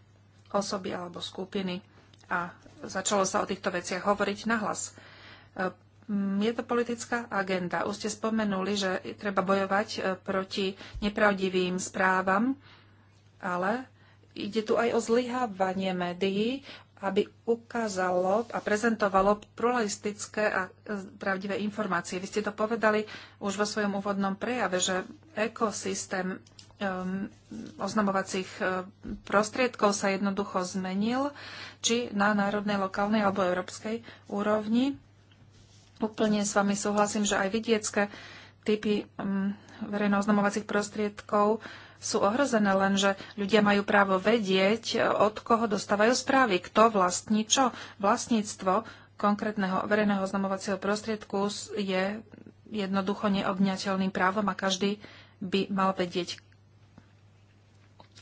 osoby alebo skupiny a začalo sa o týchto veciach hovoriť nahlas. E, je to politická agenda. Už ste spomenuli, že treba bojovať e, proti nepravdivým správam, ale ide tu aj o zlyhávanie médií, aby ukázalo a prezentovalo pluralistické a e, pravdivé informácie. Vy ste to povedali už vo svojom úvodnom prejave, že ekosystém um, oznamovacích e, prostriedkov sa jednoducho zmenil, či na národnej, lokálnej alebo európskej úrovni. Úplne s vami súhlasím, že aj vidiecké typy um, prostriedkov sú ohrozené, lenže ľudia majú právo vedieť, e, od koho dostávajú správy, kto vlastní čo. Vlastníctvo konkrétneho verejného oznamovacieho prostriedku je jednoducho neobňateľným právom a každý by mal vedieť. E,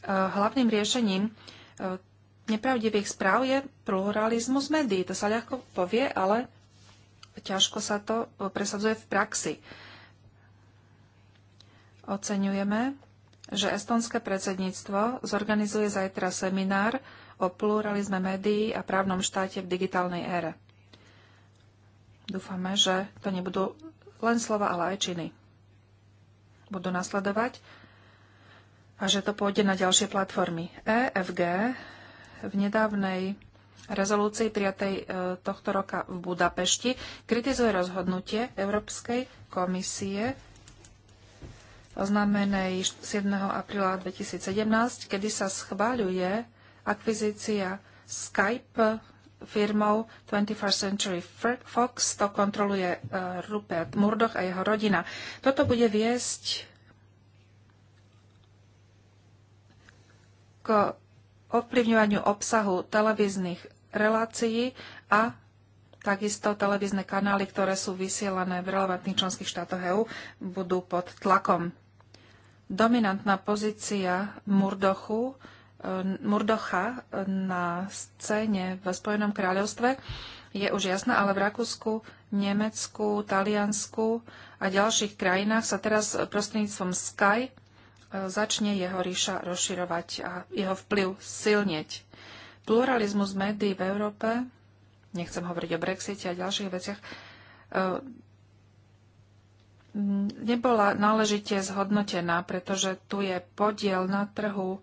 hlavným riešením e, nepravdivých správ je pluralizmus médií. To sa ľahko povie, ale ťažko sa to presadzuje v praxi. Oceňujeme že estonské predsedníctvo zorganizuje zajtra seminár o pluralizme médií a právnom štáte v digitálnej ére. Dúfame, že to nebudú len slova, ale aj činy. Budú nasledovať a že to pôjde na ďalšie platformy. EFG v nedávnej rezolúcii prijatej e, tohto roka v Budapešti kritizuje rozhodnutie Európskej komisie oznámenej 7. apríla 2017, kedy sa schváľuje akvizícia Skype firmou 21st Century Fox. To kontroluje e, Rupert Murdoch a jeho rodina. Toto bude viesť k ovplyvňovaniu obsahu televíznych relácií a takisto televízne kanály, ktoré sú vysielané v relevantných členských štátoch EÚ, budú pod tlakom dominantná pozícia Murdochu, eh, Murdocha na scéne v Spojenom kráľovstve je už jasná, ale v Rakúsku, Nemecku, Taliansku a ďalších krajinách sa teraz prostredníctvom Sky eh, začne jeho ríša rozširovať a jeho vplyv silnieť. Pluralizmus médií v Európe, nechcem hovoriť o Brexite a ďalších veciach, eh, nebola náležite zhodnotená, pretože tu je podiel na trhu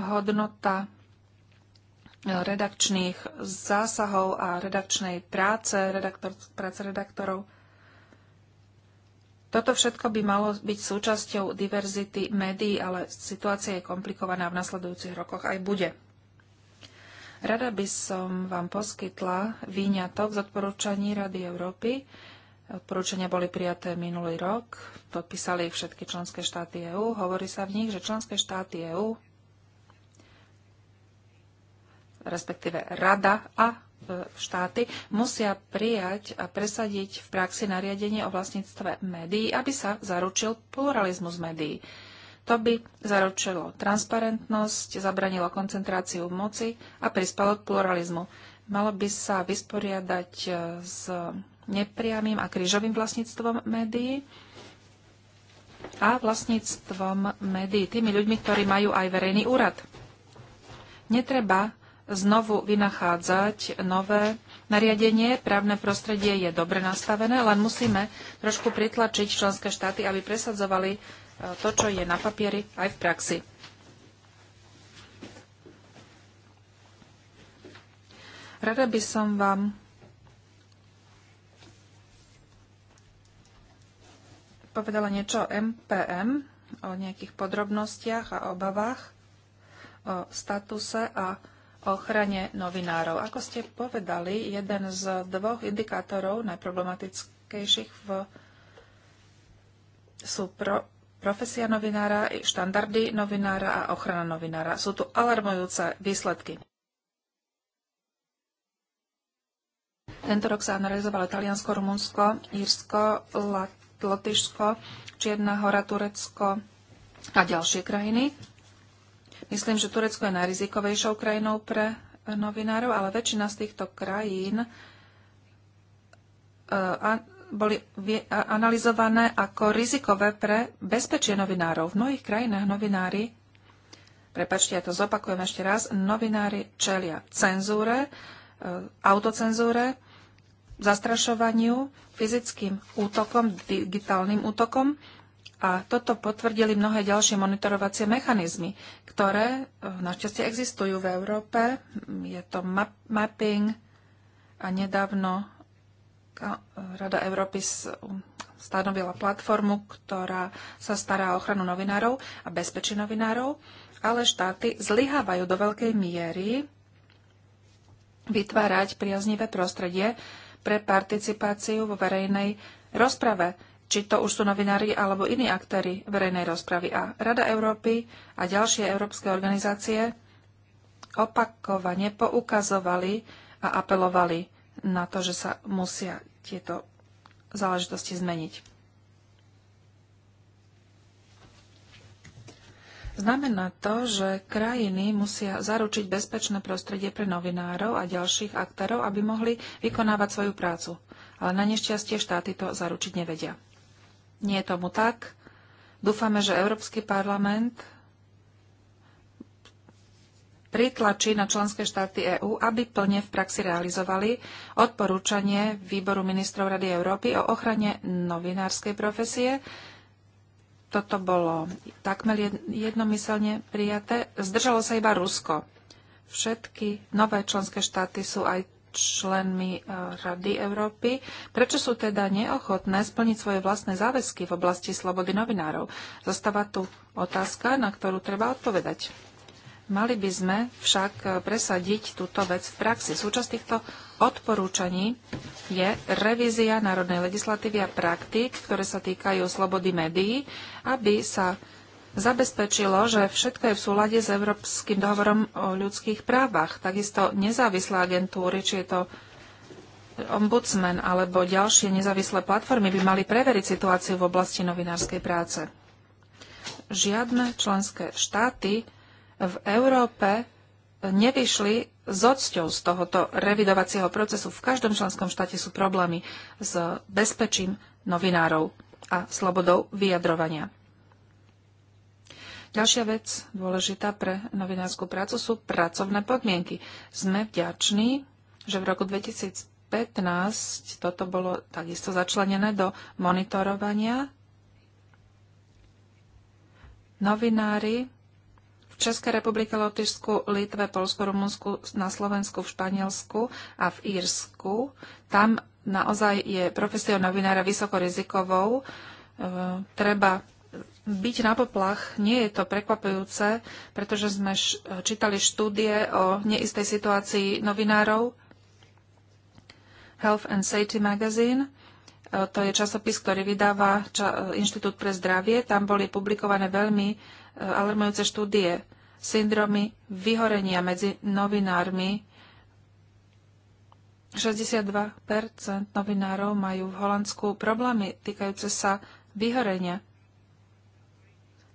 hodnota e, redakčných zásahov a redakčnej práce, redaktor, práce redaktorov. Toto všetko by malo byť súčasťou diverzity médií, ale situácia je komplikovaná v nasledujúcich rokoch aj bude. Rada by som vám poskytla výňatok z odporúčaní Rady Európy, Odporúčania boli prijaté minulý rok, podpísali ich všetky členské štáty EÚ. Hovorí sa v nich, že členské štáty EÚ, respektíve Rada a e, štáty, musia prijať a presadiť v praxi nariadenie o vlastníctve médií, aby sa zaručil pluralizmus médií. To by zaručilo transparentnosť, zabranilo koncentráciu moci a prispelo k pluralizmu. Malo by sa vysporiadať e, s nepriamým a krížovým vlastníctvom médií a vlastníctvom médií, tými ľuďmi, ktorí majú aj verejný úrad. Netreba znovu vynachádzať nové nariadenie. Právne prostredie je dobre nastavené, len musíme trošku pritlačiť členské štáty, aby presadzovali e, to, čo je na papieri, aj v praxi. Rada by som vám povedala niečo o MPM, o nejakých podrobnostiach a obavách, o statuse a ochrane novinárov. Ako ste povedali, jeden z dvoch indikátorov najproblematickejších v, sú pro, profesia novinára, štandardy novinára a ochrana novinára. Sú tu alarmujúce výsledky. Tento rok sa analyzovalo Taliansko, Rumunsko, Írsko, Lat- Lotyšsko, Čierna hora, Turecko a ďalšie krajiny. Myslím, že Turecko je najrizikovejšou krajinou pre novinárov, ale väčšina z týchto krajín e, boli analyzované ako rizikové pre bezpečie novinárov. V mnohých krajinách novinári, prepačte, ja to zopakujem ešte raz, novinári čelia cenzúre, e, autocenzúre, zastrašovaniu, fyzickým útokom, digitálnym útokom. A toto potvrdili mnohé ďalšie monitorovacie mechanizmy, ktoré e, našťastie existujú v Európe. Je to map- mapping a nedávno e, Rada Európy e, stanovila platformu, ktorá sa stará o ochranu novinárov a bezpečí novinárov, ale štáty zlyhávajú do veľkej miery vytvárať priaznivé prostredie pre participáciu vo verejnej rozprave, či to už sú novinári alebo iní aktéry verejnej rozpravy. A Rada Európy a ďalšie európske organizácie opakovane poukazovali a apelovali na to, že sa musia tieto záležitosti zmeniť. Znamená to, že krajiny musia zaručiť bezpečné prostredie pre novinárov a ďalších aktérov, aby mohli vykonávať svoju prácu. Ale na nešťastie štáty to zaručiť nevedia. Nie je tomu tak. Dúfame, že Európsky parlament pritlačí na členské štáty EÚ, aby plne v praxi realizovali odporúčanie Výboru ministrov Rady Európy o ochrane novinárskej profesie toto bolo takmer jednomyselne prijaté. Zdržalo sa iba Rusko. Všetky nové členské štáty sú aj členmi e, Rady Európy. Prečo sú teda neochotné splniť svoje vlastné záväzky v oblasti slobody novinárov? Zostáva tu otázka, na ktorú treba odpovedať. Mali by sme však e, presadiť túto vec v praxi. Súčasť týchto odporúčaní je revízia národnej legislatívy a praktík, ktoré sa týkajú slobody médií, aby sa zabezpečilo, že všetko je v súlade s Európskym dohovorom o ľudských právach. Takisto nezávislé agentúry, či je to ombudsman alebo ďalšie nezávislé platformy by mali preveriť situáciu v oblasti novinárskej práce. Žiadne členské štáty v Európe nevyšli s odsťou z tohoto revidovacieho procesu. V každom členskom štáte sú problémy s bezpečím novinárov a slobodou vyjadrovania. Ďalšia vec dôležitá pre novinárskú prácu sú pracovné podmienky. Sme vďační, že v roku 2015 toto bolo takisto začlenené do monitorovania. Novinári v Českej republike, Lotyšsku, Litve, Polsku, Rumunsku, na Slovensku, v Španielsku a v Írsku. Tam naozaj je profesia novinára vysokorizikovou. E, treba byť na poplach, nie je to prekvapujúce, pretože sme čítali štúdie o neistej situácii novinárov Health and Safety Magazine – E, to je časopis, ktorý vydáva e, Inštitút pre zdravie. Tam boli publikované veľmi e, alarmujúce štúdie, syndromy vyhorenia medzi novinármi. 62% novinárov majú v Holandsku problémy týkajúce sa vyhorenia.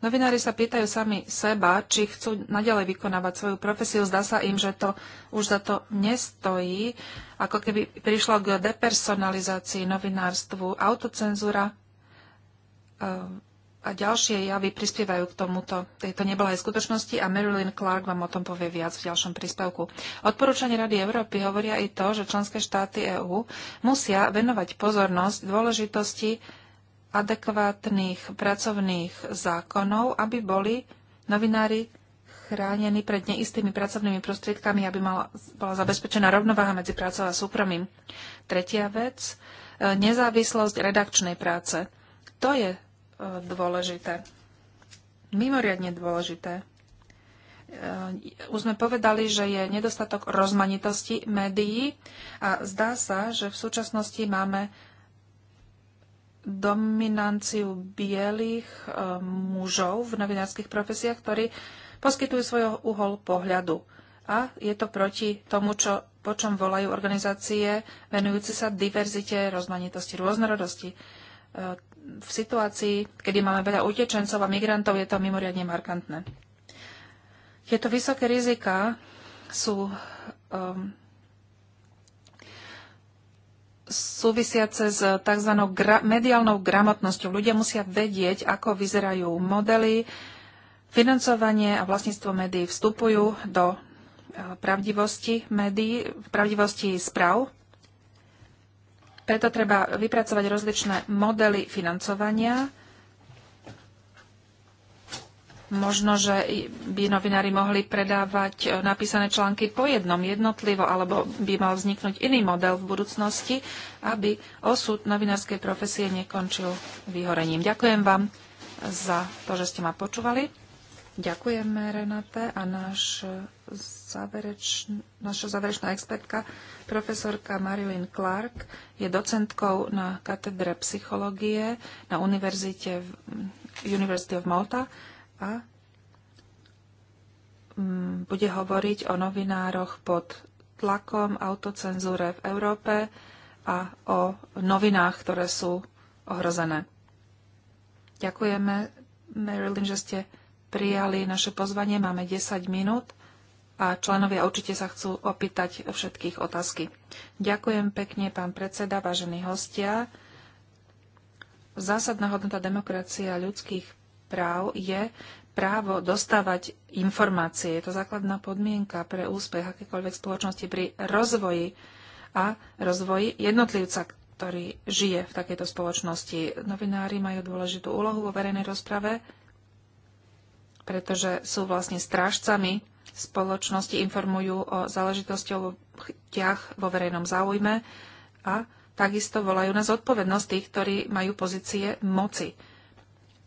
Novinári sa pýtajú sami seba, či chcú nadalej vykonávať svoju profesiu. Zdá sa im, že to už za to nestojí, ako keby prišlo k depersonalizácii novinárstvu, autocenzúra eh, a ďalšie javy prispievajú k tomuto, tejto neblahej skutočnosti a Marilyn Clark vám o tom povie viac v ďalšom príspevku. Odporúčanie Rady Európy hovoria i to, že členské štáty EÚ musia venovať pozornosť dôležitosti adekvátnych pracovných zákonov, aby boli novinári chránení pred neistými pracovnými prostriedkami, aby mala, bola zabezpečená rovnováha medzi prácou a súkromím. Tretia vec, e, nezávislosť redakčnej práce. To je e, dôležité. Mimoriadne dôležité. E, už sme povedali, že je nedostatok rozmanitosti médií a zdá sa, že v súčasnosti máme dominanciu bielých eh, mužov v novinárskych profesiách, ktorí poskytujú svoj uhol pohľadu. A je to proti tomu, čo, po čom volajú organizácie venujúce sa diverzite, rozmanitosti, rôznorodosti. Eh, v situácii, kedy máme veľa utečencov a migrantov, je to mimoriadne markantné. Tieto vysoké rizika sú um, súvisiace s tzv. Gra- mediálnou gramotnosťou. Ľudia musia vedieť, ako vyzerajú modely, financovanie a vlastníctvo médií vstupujú do e, pravdivosti médií, pravdivosti správ. Preto treba vypracovať rozličné modely financovania, Možno, že by novinári mohli predávať e, napísané články po jednom jednotlivo, alebo by mal vzniknúť iný model v budúcnosti, aby osud novinárskej profesie nekončil vyhorením. Ďakujem vám za to, že ste ma počúvali. Ďakujeme Renate a náš e, záverečn, naša záverečná expertka, profesorka Marilyn Clark, je docentkou na katedre psychológie na univerzite University of Malta a mm, bude hovoriť o novinároch pod tlakom, autocenzúre v Európe a o novinách, ktoré sú ohrozené. Ďakujeme, Marilyn, že ste prijali naše pozvanie. Máme 10 minút a členovia určite sa chcú opýtať všetkých otázky. Ďakujem pekne, pán predseda, vážení hostia. Zásadná hodnota demokracie a ľudských práv je právo dostávať informácie. Je to základná podmienka pre úspech akékoľvek spoločnosti pri rozvoji a rozvoji jednotlivca, ktorý žije v takejto spoločnosti. Novinári majú dôležitú úlohu vo verejnej rozprave, pretože sú vlastne strážcami spoločnosti, informujú o záležitostiach vo verejnom záujme a takisto volajú na zodpovednosť tých, ktorí majú pozície moci.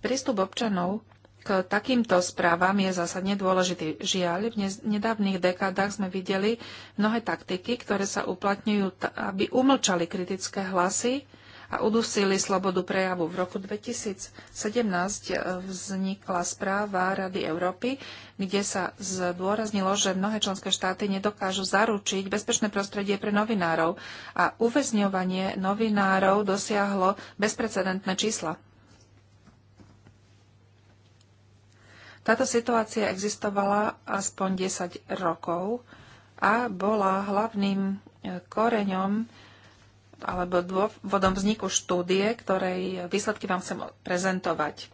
Prístup občanov k takýmto správam je zásadne dôležitý. Žiaľ, v nedávnych dekádach sme videli mnohé taktiky, ktoré sa uplatňujú, aby umlčali kritické hlasy a udusili slobodu prejavu. V roku 2017 e, vznikla správa Rady Európy, kde sa zdôraznilo, že mnohé členské štáty nedokážu zaručiť bezpečné prostredie pre novinárov a uväzňovanie novinárov dosiahlo bezprecedentné čísla. Táto situácia existovala aspoň 10 rokov a bola hlavným e, koreňom alebo dôvodom vzniku štúdie, ktorej výsledky vám chcem prezentovať.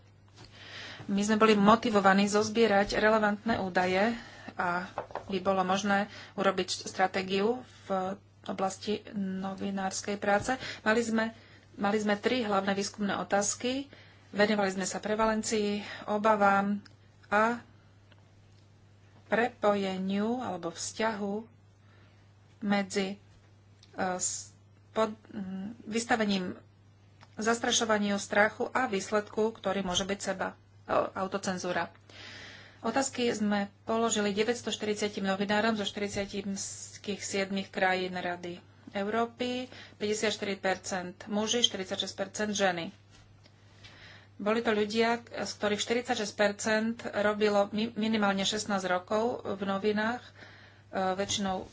My sme boli motivovaní zozbierať relevantné údaje a by bolo možné urobiť stratégiu v oblasti novinárskej práce. Mali sme, mali sme tri hlavné výskumné otázky. Venovali sme sa prevalencii, obavám, a prepojeniu alebo vzťahu medzi e, pod, vystavením zastrašovaniu strachu a výsledku, ktorý môže byť seba, e, autocenzúra. Otázky sme položili 940 novinárom zo 47 krajín Rady Európy, 54 muži, 46 ženy. Boli to ľudia, z ktorých 46 robilo minimálne 16 rokov v novinách, e, väčšinou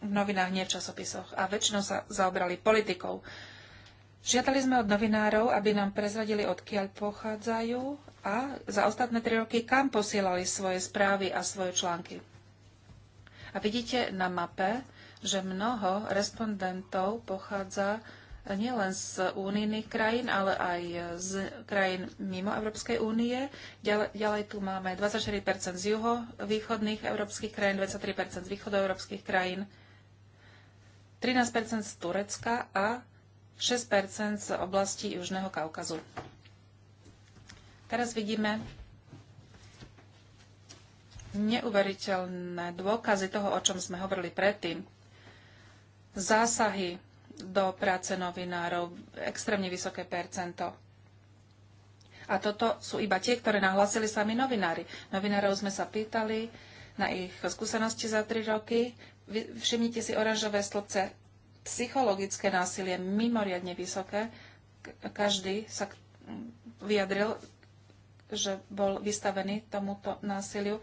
v novinách, nie v časopisoch, a väčšinou sa zaobrali politikou. Žiadali sme od novinárov, aby nám prezradili, odkiaľ pochádzajú a za ostatné tri roky, kam posielali svoje správy a svoje články. A vidíte na mape, že mnoho respondentov pochádza nielen z únijných krajín, ale aj z krajín mimo Európskej únie. Ďalej, ďalej tu máme 24 z juhovýchodných európskych krajín, 23 z východoeurópskych krajín, 13 z Turecka a 6 z oblasti Južného Kaukazu. Teraz vidíme neuveriteľné dôkazy toho, o čom sme hovorili predtým. Zásahy do práce novinárov. Extrémne vysoké percento. A toto sú iba tie, ktoré nahlasili sami novinári. Novinárov sme sa pýtali na ich skúsenosti za tri roky. Všimnite si oranžové stĺpce. Psychologické násilie mimoriadne vysoké. Každý sa vyjadril, že bol vystavený tomuto násiliu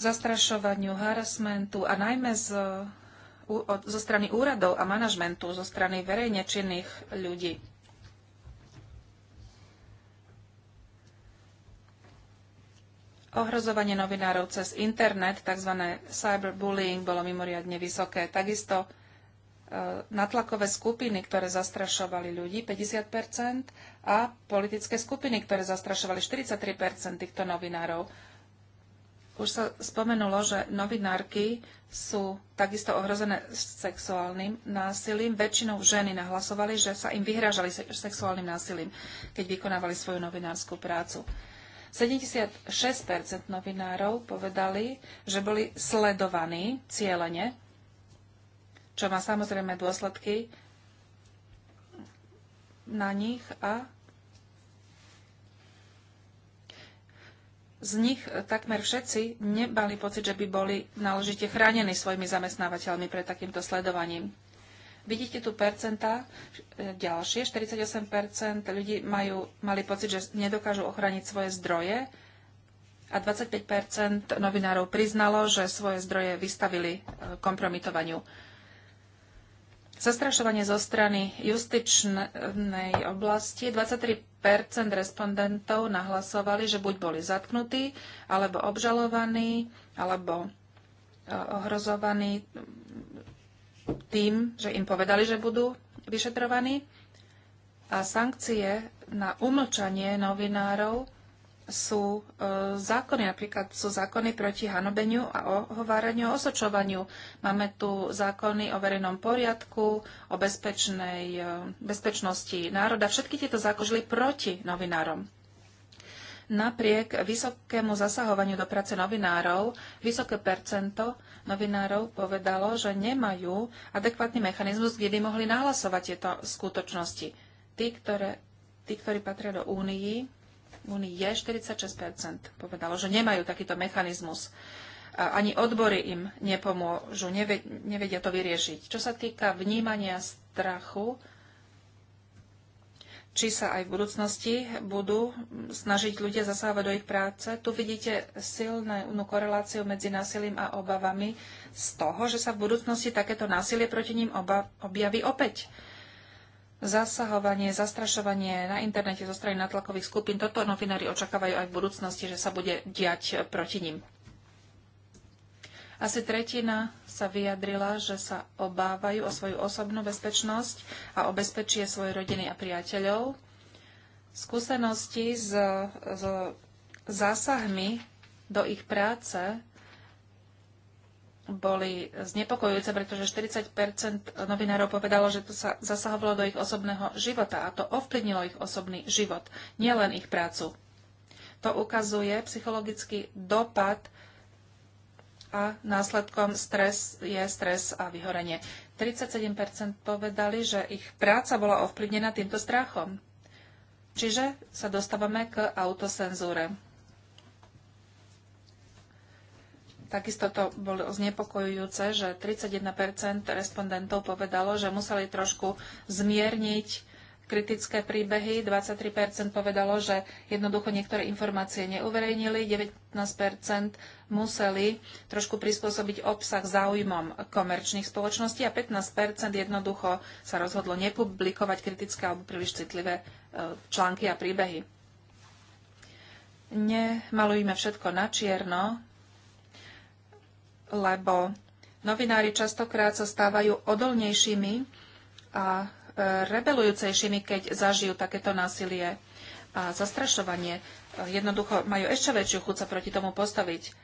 zastrašovaniu, harasmentu a najmä z zo strany úradov a manažmentu, zo strany verejne činných ľudí. Ohrozovanie novinárov cez internet, tzv. cyberbullying, bolo mimoriadne vysoké. Takisto e, natlakové skupiny, ktoré zastrašovali ľudí 50 a politické skupiny, ktoré zastrašovali 43 týchto novinárov. Už sa spomenulo, že novinárky sú takisto ohrozené sexuálnym násilím. Väčšinou ženy nahlasovali, že sa im vyhrážali sexuálnym násilím, keď vykonávali svoju novinárskú prácu. 76 novinárov povedali, že boli sledovaní cieľene, čo má samozrejme dôsledky na nich a z nich takmer všetci nebali pocit, že by boli náležite chránení svojimi zamestnávateľmi pred takýmto sledovaním. Vidíte tu percentá, e, ďalšie, 48% ľudí majú, mali pocit, že nedokážu ochraniť svoje zdroje a 25% novinárov priznalo, že svoje zdroje vystavili e, kompromitovaniu. Zastrašovanie zo strany justičnej oblasti 23 respondentov nahlasovali, že buď boli zatknutí, alebo obžalovaní, alebo e, ohrozovaní tým, že im povedali, že budú vyšetrovaní. A sankcie na umlčanie novinárov sú e, zákony, napríklad sú zákony proti hanobeniu a ohováraniu a osočovaniu. Máme tu zákony o verejnom poriadku, o bezpečnej, e, bezpečnosti národa. Všetky tieto zákony žili proti novinárom. Napriek vysokému zasahovaniu do práce novinárov, vysoké percento novinárov povedalo, že nemajú adekvátny mechanizmus, kde by mohli nahlasovať tieto skutočnosti. Tí, ktoré, tí ktorí patria do únii, únie 46 povedalo, že nemajú takýto mechanizmus. Ani odbory im nepomôžu, nevedia to vyriešiť. Čo sa týka vnímania strachu, či sa aj v budúcnosti budú snažiť ľudia zasávať do ich práce. Tu vidíte silnú no, koreláciu medzi násilím a obavami z toho, že sa v budúcnosti takéto násilie proti ním objaví opäť zasahovanie, zastrašovanie na internete zo strany natlakových skupín. Toto novinári očakávajú aj v budúcnosti, že sa bude diať e, proti nim. Asi tretina sa vyjadrila, že sa obávajú o svoju osobnú bezpečnosť a o bezpečie svojej rodiny a priateľov. Skúsenosti s, s zásahmi do ich práce boli znepokojujúce, pretože 40 novinárov povedalo, že to sa zasahovalo do ich osobného života a to ovplyvnilo ich osobný život, nielen ich prácu. To ukazuje psychologický dopad a následkom stres je stres a vyhorenie. 37% povedali, že ich práca bola ovplyvnená týmto strachom. Čiže sa dostávame k autosenzúre. Takisto to bolo znepokojujúce, že 31 respondentov povedalo, že museli trošku zmierniť kritické príbehy, 23% povedalo, že jednoducho niektoré informácie neuverejnili, 19% museli trošku prispôsobiť obsah záujmom komerčných spoločností a 15% jednoducho sa rozhodlo nepublikovať kritické alebo príliš citlivé e, články a príbehy. Nemalujme všetko na čierno, lebo novinári častokrát sa stávajú odolnejšími a e, rebelujúcejšími, keď zažijú takéto násilie a zastrašovanie. E, jednoducho majú ešte väčšiu chuť sa proti tomu postaviť.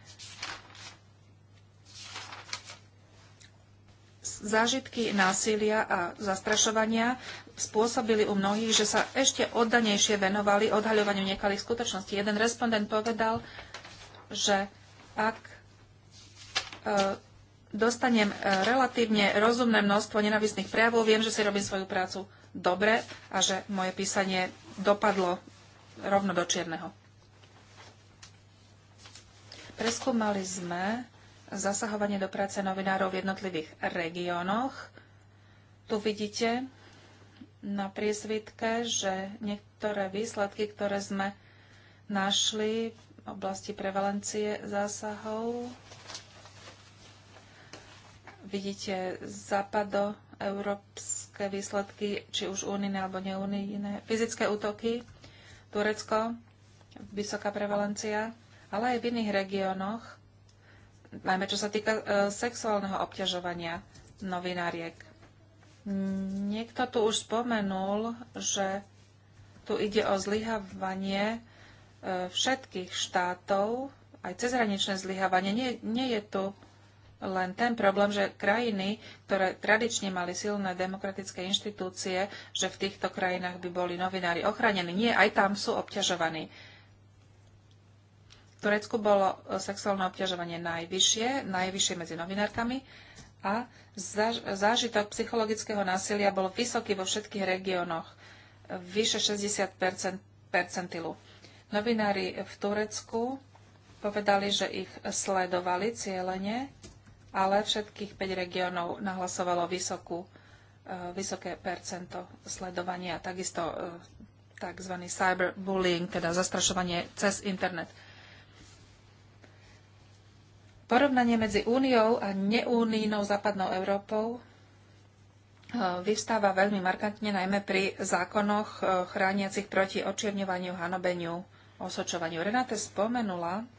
Zážitky násilia a zastrašovania spôsobili u mnohých, že sa ešte oddanejšie venovali odhaľovaniu nekalých skutočností. Jeden respondent povedal, že ak E, dostanem e, relatívne rozumné množstvo nenavistných prejavov, viem, že si robím svoju prácu dobre a že moje písanie dopadlo rovno do čierneho. Preskúmali sme zasahovanie do práce novinárov v jednotlivých regiónoch. Tu vidíte na priesvitke, že niektoré výsledky, ktoré sme našli v oblasti prevalencie zásahov, vidíte západo európske výsledky, či už unijné alebo neunijné. Fyzické útoky, Turecko, vysoká prevalencia, ale aj v iných regiónoch, najmä čo sa týka e, sexuálneho obťažovania novináriek. Niekto tu už spomenul, že tu ide o zlyhávanie e, všetkých štátov, aj cezhraničné zlyhávanie. Nie, nie je tu len ten problém, že krajiny, ktoré tradične mali silné demokratické inštitúcie, že v týchto krajinách by boli novinári ochránení. Nie, aj tam sú obťažovaní. V Turecku bolo e, sexuálne obťažovanie najvyššie, najvyššie medzi novinárkami a zážitok psychologického násilia bol vysoký vo všetkých regiónoch, vyše 60 percentilu. Novinári v Turecku povedali, že ich sledovali cieľene ale všetkých 5 regiónov nahlasovalo vysokú, e, vysoké percento sledovania, takisto e, tzv. cyberbullying, teda zastrašovanie cez internet. Porovnanie medzi úniou a neúnijnou západnou Európou e, vyvstáva veľmi markantne najmä pri zákonoch chrániacich proti očierňovaniu, hanobeniu, osočovaniu. Renate spomenula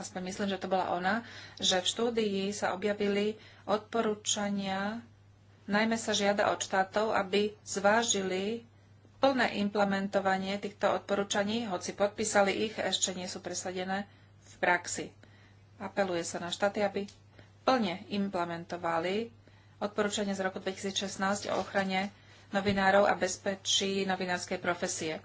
aspoň myslím, že to bola ona, že v štúdii sa objavili odporúčania, najmä sa žiada od štátov, aby zvážili plné implementovanie týchto odporúčaní, hoci podpísali ich, ešte nie sú presadené v praxi. Apeluje sa na štáty, aby plne implementovali odporúčanie z roku 2016 o ochrane novinárov a bezpečí novinárskej profesie.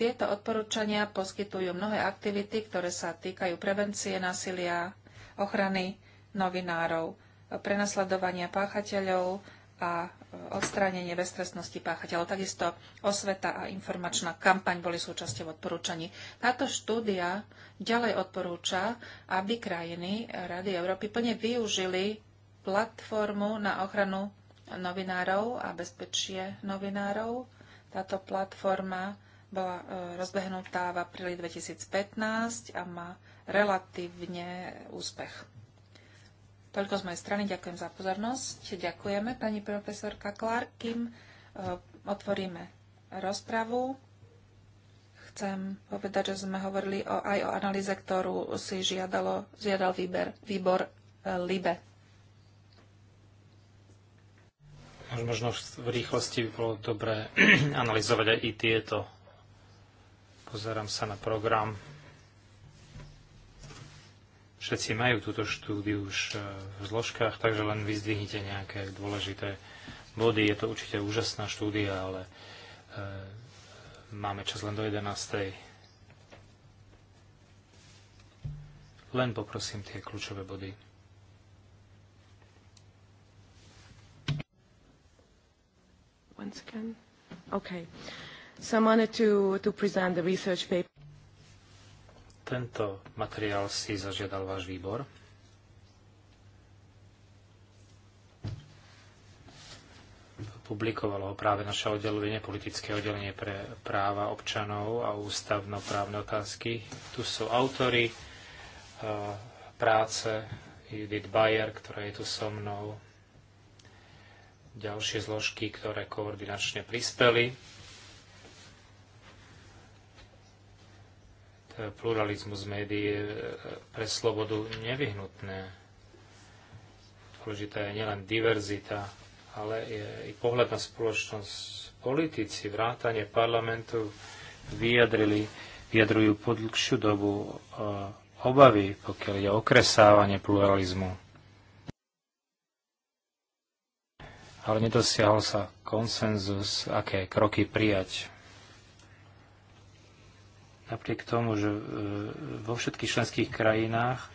Tieto odporúčania poskytujú mnohé aktivity, ktoré sa týkajú prevencie násilia, ochrany novinárov, prenasledovania páchateľov a odstránenie bezstresnosti páchateľov. Takisto osveta a informačná kampaň boli súčasťou odporúčaní. Táto štúdia ďalej odporúča, aby krajiny Rady Európy plne využili platformu na ochranu novinárov a bezpečie novinárov. Táto platforma bola e, rozbehnutá v apríli 2015 a má relatívne úspech. Toľko z mojej strany. Ďakujem za pozornosť. Ďakujeme pani profesorka Clark. Kým e, otvoríme rozpravu, chcem povedať, že sme hovorili o, aj o analýze, ktorú si žiadalo, žiadal výber, výbor e, LIBE. možno v rýchlosti by bolo dobré <clears throat> analyzovať aj i tieto Pozerám sa na program. Všetci majú túto štúdiu už e, v zložkách, takže len vyzdvihnite nejaké dôležité body. Je to určite úžasná štúdia, ale e, máme čas len do 11. Len poprosím tie kľúčové body. once again? Okay to, to present the research paper. Tento materiál si zažiadal váš výbor. publikovalo ho práve naše oddelenie, politické oddelenie pre práva občanov a ústavnoprávne otázky. Tu sú autory eh, práce Judith Bayer, ktorá je tu so mnou. Ďalšie zložky, ktoré koordinačne prispeli pluralizmus médií je e, pre slobodu nevyhnutné. Dôležitá je nielen diverzita, ale je i pohľad na spoločnosť. Politici vrátane parlamentu vyjadrili, vyjadrujú po dlhšiu dobu e, obavy, pokiaľ je okresávanie pluralizmu. Ale nedosiahol sa konsenzus, aké kroky prijať napriek tomu, že e, vo všetkých členských krajinách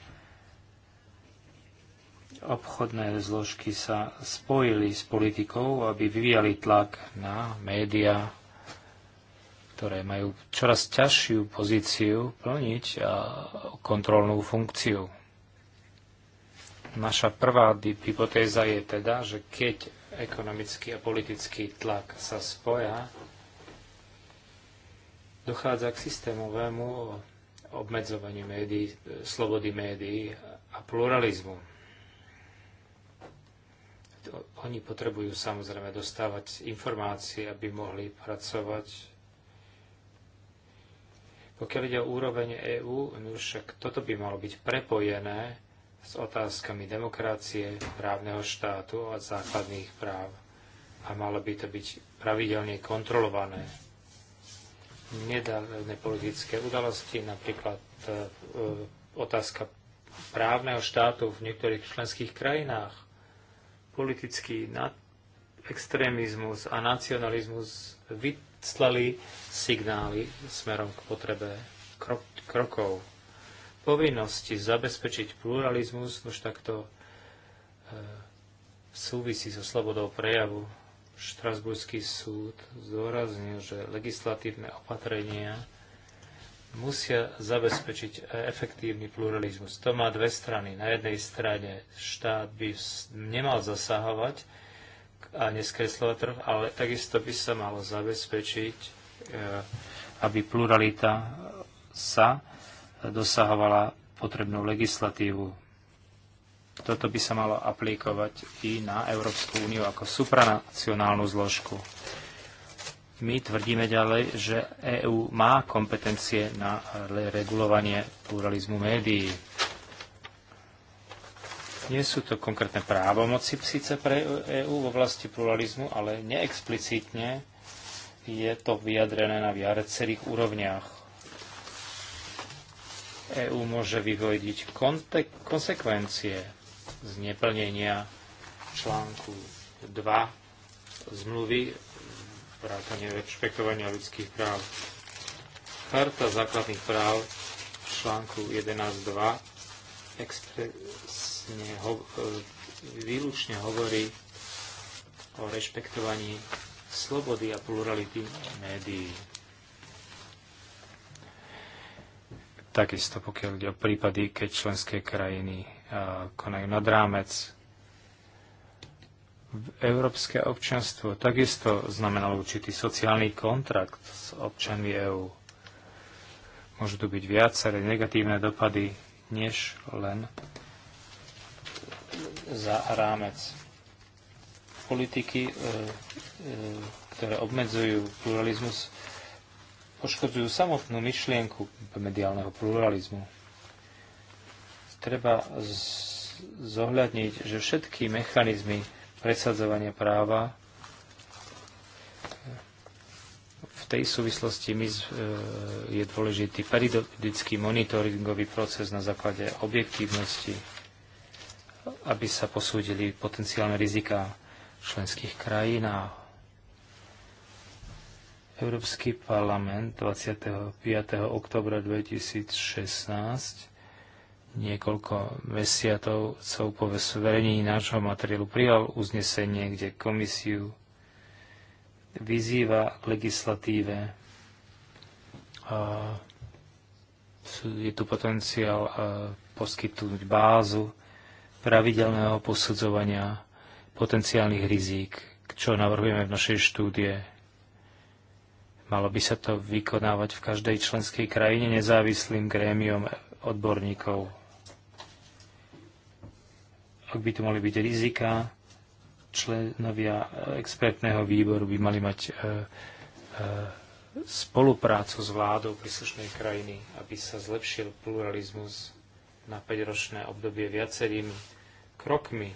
obchodné zložky sa spojili s politikou, aby vyvíjali tlak na médiá, ktoré majú čoraz ťažšiu pozíciu plniť a kontrolnú funkciu. Naša prvá hypotéza je teda, že keď ekonomický a politický tlak sa spoja, dochádza k systémovému obmedzovaniu médií, e, slobody médií a pluralizmu. Oni potrebujú samozrejme dostávať informácie, aby mohli pracovať. Pokiaľ ide o úroveň EÚ, no však toto by malo byť prepojené s otázkami demokracie, právneho štátu a základných práv. A malo by to byť pravidelne kontrolované nedávne politické udalosti, napríklad e, e, otázka právneho štátu v niektorých členských krajinách, politický extrémizmus a nacionalizmus vyslali signály smerom k potrebe krok, krokov. Povinnosti zabezpečiť pluralizmus už takto e, súvisí so slobodou prejavu Štrasburský súd zdôraznil, že legislatívne opatrenia musia zabezpečiť efektívny pluralizmus. To má dve strany. Na jednej strane štát by nemal zasahovať a neskreslovať trh, ale takisto by sa malo zabezpečiť, eh, aby pluralita sa dosahovala potrebnú legislatívu. Toto by sa malo aplikovať i na Európsku úniu ako supranacionálnu zložku. My tvrdíme ďalej, že EÚ má kompetencie na regulovanie pluralizmu médií. Nie sú to konkrétne právomoci síce pre EÚ v oblasti pluralizmu, ale neexplicitne je to vyjadrené na viacerých úrovniach. EÚ môže vyvodiť konsekvencie z neplnenia článku 2 zmluvy vrátane rešpektovania ľudských práv. Charta základných práv v článku 11.2 expresne ho, výlučne hovorí o rešpektovaní slobody a plurality médií. Takisto pokiaľ ide o prípady, keď členské krajiny konajú nad rámec. Európske občanstvo takisto znamenalo určitý sociálny kontrakt s občanmi EÚ. Môžu tu byť viaceré negatívne dopady, než len za rámec politiky, e, e, ktoré obmedzujú pluralizmus, poškodzujú samotnú myšlienku mediálneho pluralizmu treba zohľadniť, že všetky mechanizmy presadzovania práva v tej súvislosti my, e, je dôležitý periodický monitoringový proces na základe objektívnosti, aby sa posúdili potenciálne rizika členských krajín a Európsky parlament 25. oktobra 2016 niekoľko mesiacov po zverejnení nášho materiálu prijal uznesenie, kde komisiu vyzýva k legislatíve. Je tu potenciál poskytnúť bázu pravidelného posudzovania potenciálnych rizík, čo navrhujeme v našej štúdie. Malo by sa to vykonávať v každej členskej krajine nezávislým grémiom odborníkov ak by tu mali byť rizika, členovia expertného výboru by mali mať e, e, spoluprácu s vládou príslušnej krajiny, aby sa zlepšil pluralizmus na 5-ročné obdobie viacerými krokmi.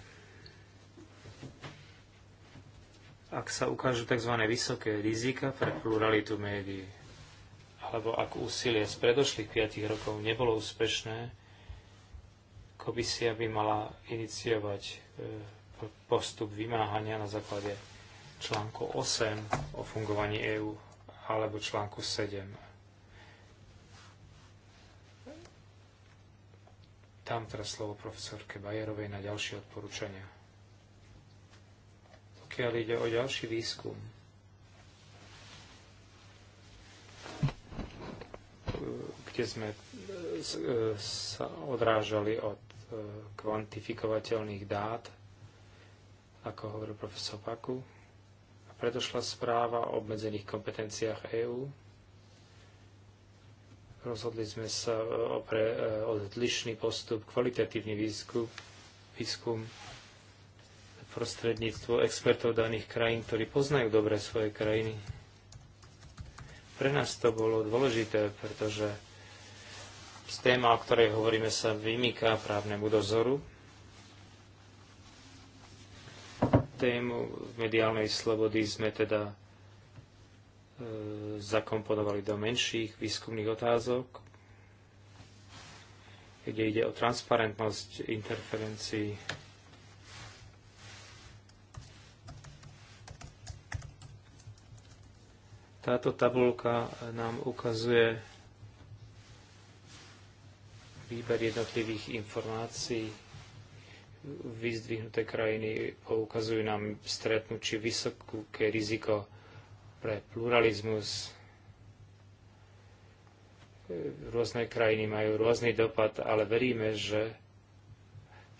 Ak sa ukážu tzv. vysoké rizika pre pluralitu médií, alebo ak úsilie z predošlých 5 rokov nebolo úspešné, Komisia by mala iniciovať e, postup vymáhania na základe článku 8 o fungovaní EÚ alebo článku 7. Tam teraz slovo profesorke Bajerovej na ďalšie odporúčania. Pokiaľ ide o ďalší výskum, e, kde sme e, sa odrážali od kvantifikovateľných dát, ako hovoril profesor Paku. A predošla správa o obmedzených kompetenciách EÚ. Rozhodli sme sa e, pre e, odlišný postup, kvalitatívny výskum, výskum prostredníctvo expertov daných krajín, ktorí poznajú dobre svoje krajiny. Pre nás to bolo dôležité, pretože Téma, o ktorej hovoríme, sa vymýka právnemu dozoru. Tému mediálnej slobody sme teda e, zakomponovali do menších výskumných otázok, kde ide o transparentnosť interferencií táto tabulka nám ukazuje výber jednotlivých informácií. Vyzdvihnuté krajiny poukazujú nám či vysoké riziko pre pluralizmus. Rôzne krajiny majú rôzny dopad, ale veríme, že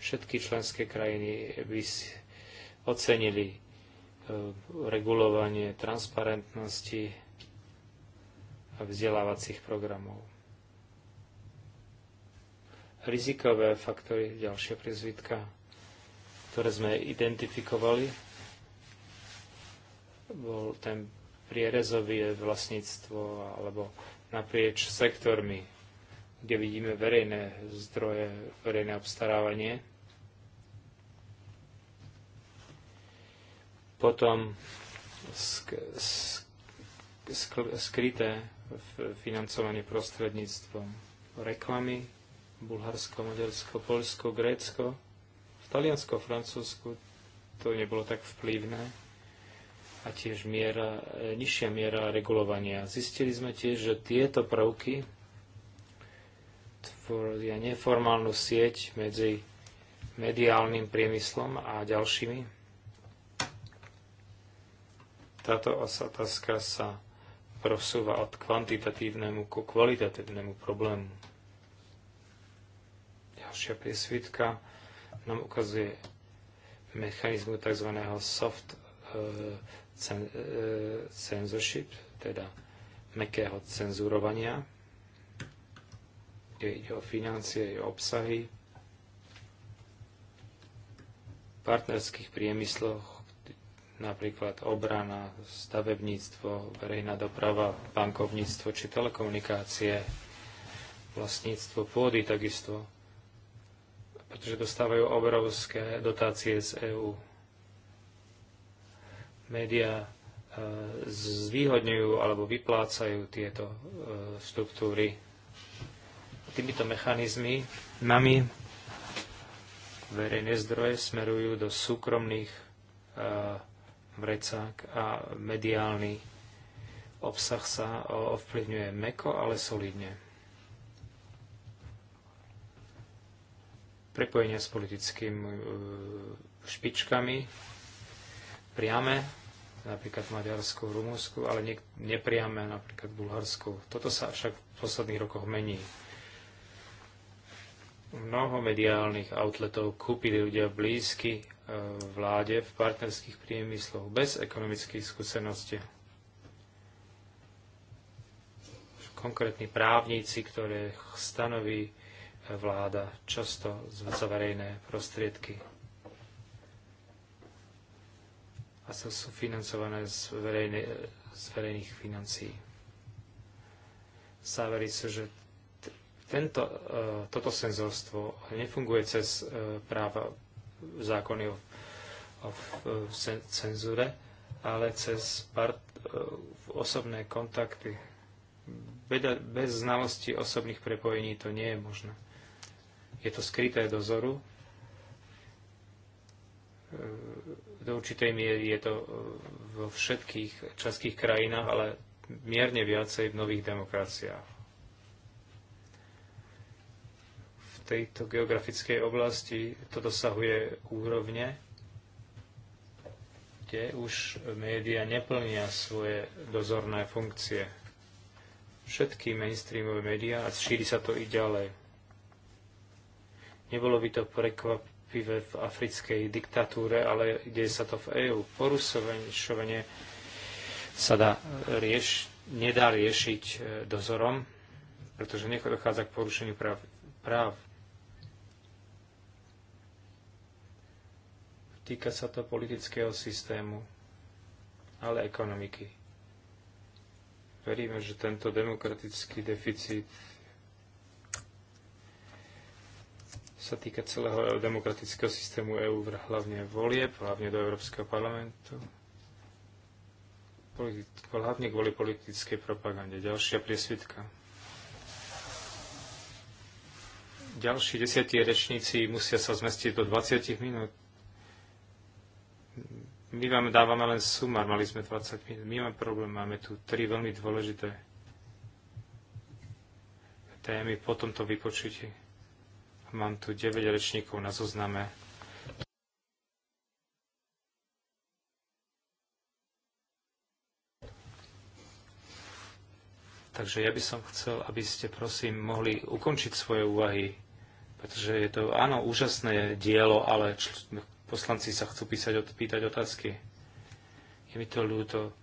všetky členské krajiny by si ocenili e, regulovanie transparentnosti a vzdelávacích programov rizikové faktory, ďalšia prizvitka, ktoré sme identifikovali, bol ten prierezový vlastníctvo alebo naprieč sektormi, kde vidíme verejné zdroje, verejné obstarávanie. Potom sk- sk- sk- skryté financovanie prostredníctvom reklamy, Bulharsko, Maďarsko, Polsko, Grécko, v Taliansko, Francúzsku to nebolo tak vplyvné a tiež miera, e, nižšia miera regulovania. Zistili sme tiež, že tieto prvky tvoria neformálnu sieť medzi mediálnym priemyslom a ďalšími. Táto otázka sa prosúva od kvantitatívnemu ku kvalitatívnemu problému. Ďalšia priesvitka nám ukazuje mechanizmu tzv. soft eh, eh, censorship, teda mekého cenzurovania, kde ide o financie, i obsahy, partnerských priemysloch, napríklad obrana, stavebníctvo, verejná doprava, bankovníctvo či telekomunikácie, vlastníctvo pôdy takisto, pretože dostávajú obrovské dotácie z EÚ. Média e, zvýhodňujú alebo vyplácajú tieto e, štruktúry. Týmito mechanizmy nami verejné zdroje smerujú do súkromných e, vrecák a mediálny obsah sa ovplyvňuje meko, ale solidne. prepojenie s politickými e, špičkami, priame, napríklad v Maďarsku, Rumúnsku, ale ne, nepriame, napríklad v Bulharsku. Toto sa však v posledných rokoch mení. Mnoho mediálnych outletov kúpili ľudia blízky e, vláde v partnerských priemysloch bez ekonomických skúseností. Konkrétni právnici, ktoré stanoví vláda často za verejné prostriedky a sa sú financované z, verejne, z verejných financí. Závery sú, že tento, e, toto senzorstvo nefunguje cez e, práva zákony o, o, cenzúre, ale cez part, e, osobné kontakty. bez znalosti osobných prepojení to nie je možné. Je to skryté dozoru. E, do určitej miery je to e, vo všetkých českých krajinách, ale mierne viacej v nových demokraciách. V tejto geografickej oblasti to dosahuje úrovne, kde už média neplnia svoje dozorné funkcie. Všetky mainstreamové médiá a šíri sa to i ďalej. Nebolo by to prekvapivé v africkej diktatúre, ale deje sa to v EÚ. Porusovanie sa dá rieš, nedá riešiť e, dozorom, pretože dochádza k porušeniu práv. práv. Týka sa to politického systému, ale ekonomiky. Veríme, že tento demokratický deficit sa týka celého demokratického systému EÚ, hlavne volieb, hlavne do Európskeho parlamentu, hlavne kvôli politickej propagande. Ďalšia priesvitka. Ďalší desiatí rečníci musia sa zmestiť do 20 minút. My vám dávame len sumár, mali sme 20 minút. My máme problém, máme tu tri veľmi dôležité témy po tomto vypočutí Mám tu 9 rečníkov na zozname. Takže ja by som chcel, aby ste prosím mohli ukončiť svoje úvahy, pretože je to áno úžasné dielo, ale poslanci sa chcú písať, pýtať otázky. Je mi to ľúto,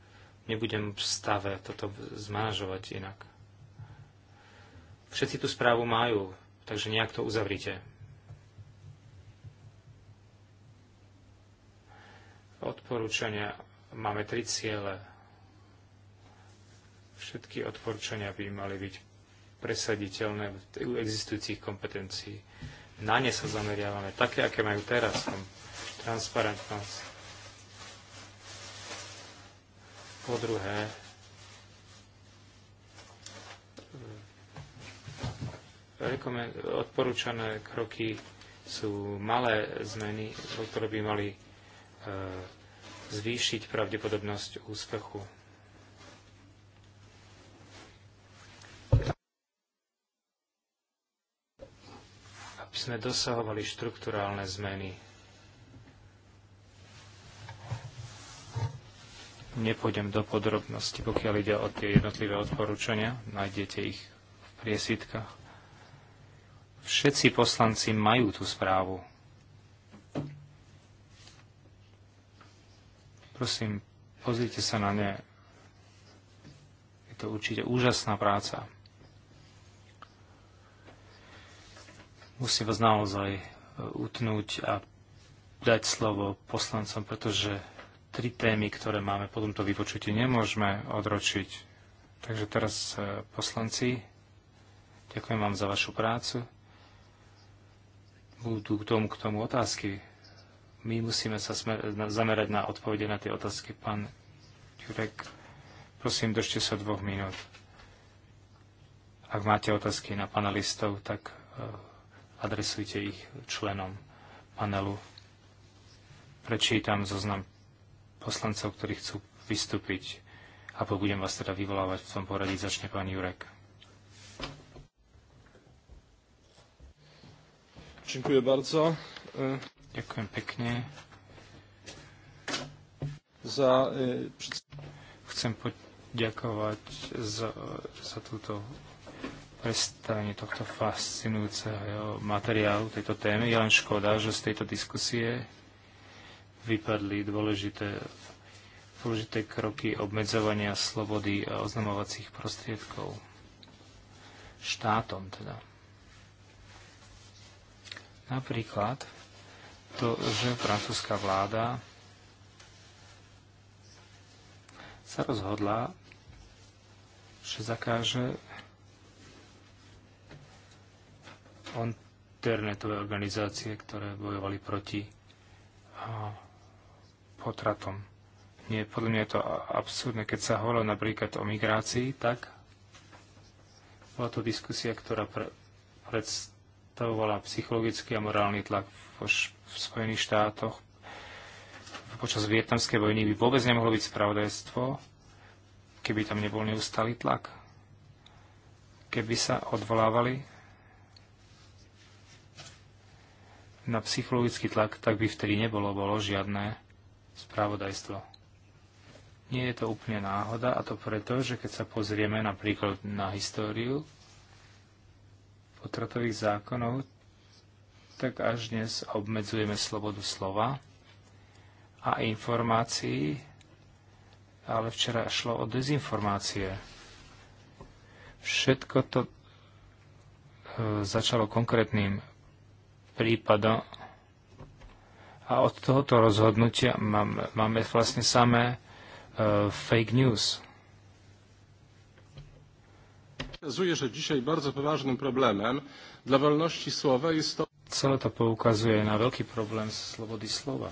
nebudem v stave toto zmanažovať inak. Všetci tú správu majú, Takže nejak to uzavrite. Odporúčania. Máme tri ciele. Všetky odporúčania by mali byť presaditeľné v existujúcich kompetencií. Na ne sa zameriavame, také, aké majú teraz. Transparentnosť. Po druhé, odporúčané kroky sú malé zmeny, ktoré by mali e, zvýšiť pravdepodobnosť úspechu. Aby sme dosahovali štruktúrálne zmeny. Nepôjdem do podrobnosti, pokiaľ ide o tie jednotlivé odporúčania. Nájdete ich v priesvitkách. Všetci poslanci majú tú správu. Prosím, pozrite sa na ne. Je to určite úžasná práca. Musím vás naozaj e, utnúť a dať slovo poslancom, pretože tri témy, ktoré máme po tomto vypočutí, nemôžeme odročiť. Takže teraz e, poslanci, ďakujem vám za vašu prácu budú k tomu, k tomu otázky. My musíme sa smer- zamerať na odpovede na tie otázky. Pán Jurek, prosím, držte sa dvoch minút. Ak máte otázky na panelistov, tak e, adresujte ich členom panelu. Prečítam zoznam poslancov, ktorí chcú vystúpiť a budem vás teda vyvolávať v tom poradí. Začne pán Jurek. E, Ďakujem bardzo. Dziękuję pekne. Za, e, Chcem podziękować za, za to predstavenie tohto fascinujúceho materiálu, tejto témy. Je len škoda, že z tejto diskusie vypadli dôležité, dôležité kroky obmedzovania slobody a oznamovacích prostriedkov štátom teda. Napríklad to, že francúzska vláda sa rozhodla, že zakáže internetové organizácie, ktoré bojovali proti potratom. Nie, podľa mňa je to absurdné. Keď sa hovorilo napríklad o migrácii, tak bola to diskusia, ktorá pre, predstavila predstavovala psychologický a morálny tlak v, Spojených štátoch. Počas vietnamskej vojny by vôbec nemohlo byť spravodajstvo, keby tam nebol neustály tlak. Keby sa odvolávali na psychologický tlak, tak by vtedy nebolo bolo žiadne spravodajstvo. Nie je to úplne náhoda a to preto, že keď sa pozrieme napríklad na históriu potratových zákonov, tak až dnes obmedzujeme slobodu slova a informácií, ale včera šlo o dezinformácie. Všetko to e, začalo konkrétnym prípadom a od tohoto rozhodnutia máme, máme vlastne samé e, fake news ukazuje, že dzisiaj bardzo poważnym problemem dla wolności słowa jest to... Celé to poukazuje na veľký problém slobody slova.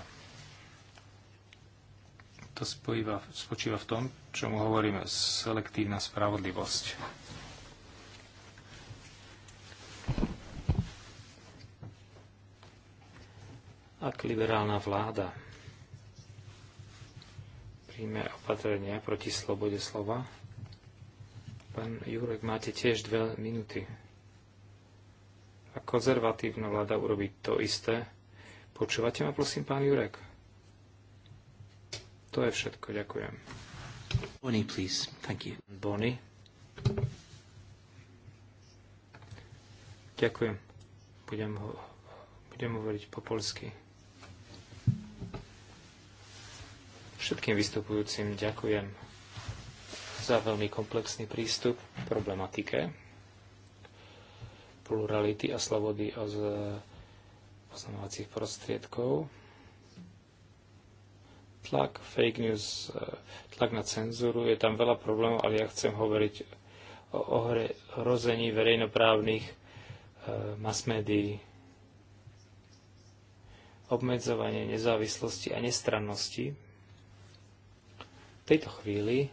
To spojíva, spočíva v tom, čomu hovoríme selektívna spravodlivosť. Ak liberálna vláda príjme opatrenia proti slobode slova, Pán Jurek, máte tiež dve minúty. A konzervatívna vláda urobí to isté. Počúvate ma, prosím, pán Jurek? To je všetko, ďakujem. Bonnie, please. Thank you. Bonnie. Ďakujem. Budem, ho, budem hovoriť po polsky. Všetkým vystupujúcim ďakujem za veľmi komplexný prístup k problematike plurality a slobody od oznamovacích prostriedkov. Tlak, fake news, e, tlak na cenzúru, je tam veľa problémov, ale ja chcem hovoriť o ohrození verejnoprávnych e, mass médií, obmedzovanie nezávislosti a nestrannosti. V tejto chvíli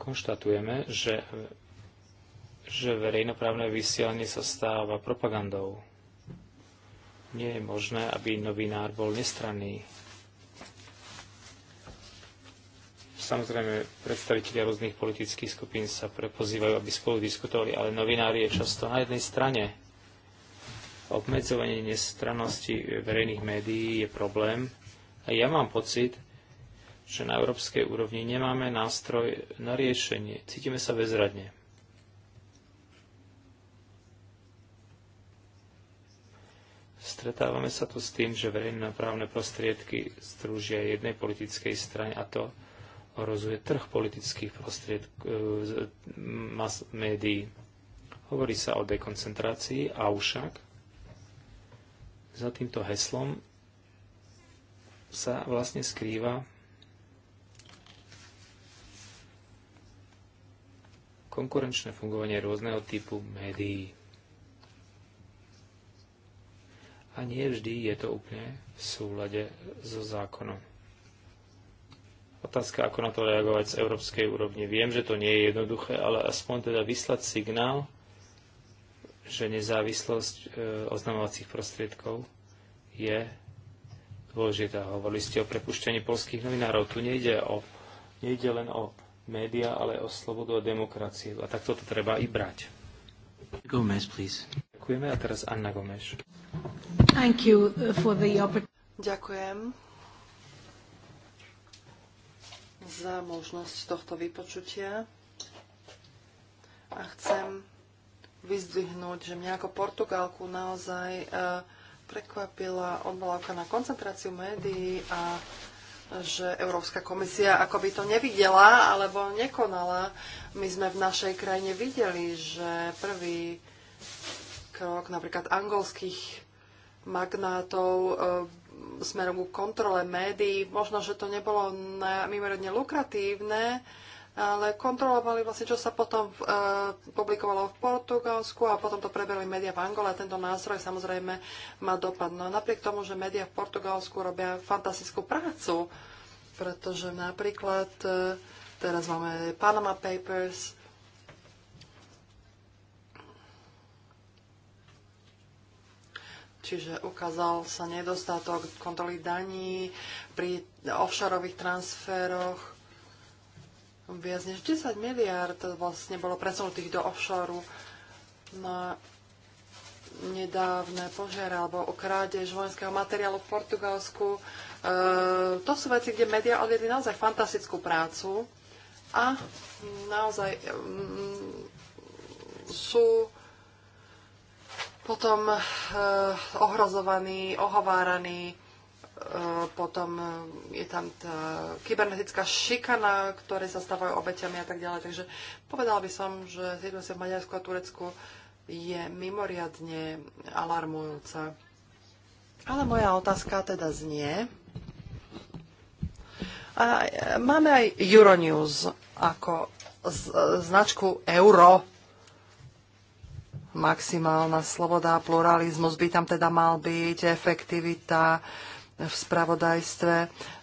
konštatujeme, že, že verejnoprávne vysielanie sa stáva propagandou. Nie je možné, aby novinár bol nestranný. Samozrejme, predstaviteľia rôznych politických skupín sa prepozývajú, aby spolu diskutovali, ale novinár je často na jednej strane. Obmedzovanie nestrannosti verejných médií je problém. A ja mám pocit, že na európskej úrovni nemáme nástroj na riešenie. Cítime sa bezradne. Stretávame sa tu s tým, že právne prostriedky strúžia jednej politickej strane a to ohrozuje trh politických prostriedkov e, mas, médií. Hovorí sa o dekoncentrácii, a avšak za týmto heslom sa vlastne skrýva konkurenčné fungovanie rôzneho typu médií. A nie vždy je to úplne v súlade so zákonom. Otázka, ako na to reagovať z európskej úrovne. Viem, že to nie je jednoduché, ale aspoň teda vyslať signál, že nezávislosť e, oznamovacích prostriedkov je dôležitá. Hovorili ste o prepuštení polských novinárov. Tu nejde, o, nejde len o médiá, ale o slobodu a demokraciu. A tak toto treba i brať. Gomez, please. Ďakujeme a teraz Anna Gomez. Thank you uh, for the Ďakujem za možnosť tohto vypočutia a chcem vyzdvihnúť, že mňa ako Portugálku naozaj uh, prekvapila odvolávka na koncentráciu médií a že Európska komisia ako by to nevidela alebo nekonala. My sme v našej krajine videli, že prvý krok napríklad angolských magnátov e, smerom ku kontrole médií, možno, že to nebolo mimoriadne lukratívne, ale kontrolovali vlastne, čo sa potom e, publikovalo v Portugalsku a potom to preberali médiá v Angole a tento nástroj samozrejme má dopad. No napriek tomu, že médiá v Portugalsku robia fantastickú prácu, pretože napríklad e, teraz máme Panama Papers, čiže ukázal sa nedostatok kontroly daní pri offshoreových transferoch, Viac než 10 miliárd vlastne bolo presunutých do offshore na nedávne požiare alebo o krádež vojenského materiálu v Portugalsku. E, to sú veci, kde médiá odvedli naozaj fantastickú prácu a naozaj mm, sú potom e, ohrozovaní, ohováraní E, potom e, je tam tá kybernetická šikana, ktoré sa stávajú obeťami a tak ďalej. Takže povedala by som, že situácia v Maďarsku a Turecku je mimoriadne alarmujúca. Ale moja otázka teda znie. A e, máme aj Euronews ako značku Euro. Maximálna sloboda, pluralizmus by tam teda mal byť, efektivita, v spravodajstve,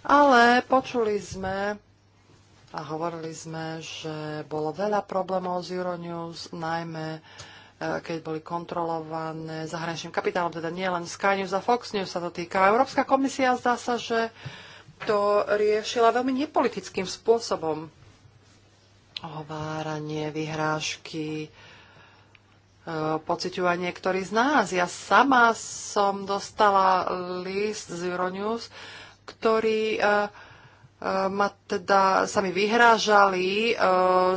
ale počuli sme a hovorili sme, že bolo veľa problémov z Euronews, najmä e, keď boli kontrolované zahraničným kapitálom, teda nie len Sky News a Fox News sa to týka. Európska komisia zdá sa, že to riešila veľmi nepolitickým spôsobom. Ohováranie, vyhrážky, pociťujú aj niektorí z nás. Ja sama som dostala list z Euronews, ktorý e, e, ma teda sa mi vyhrážali e,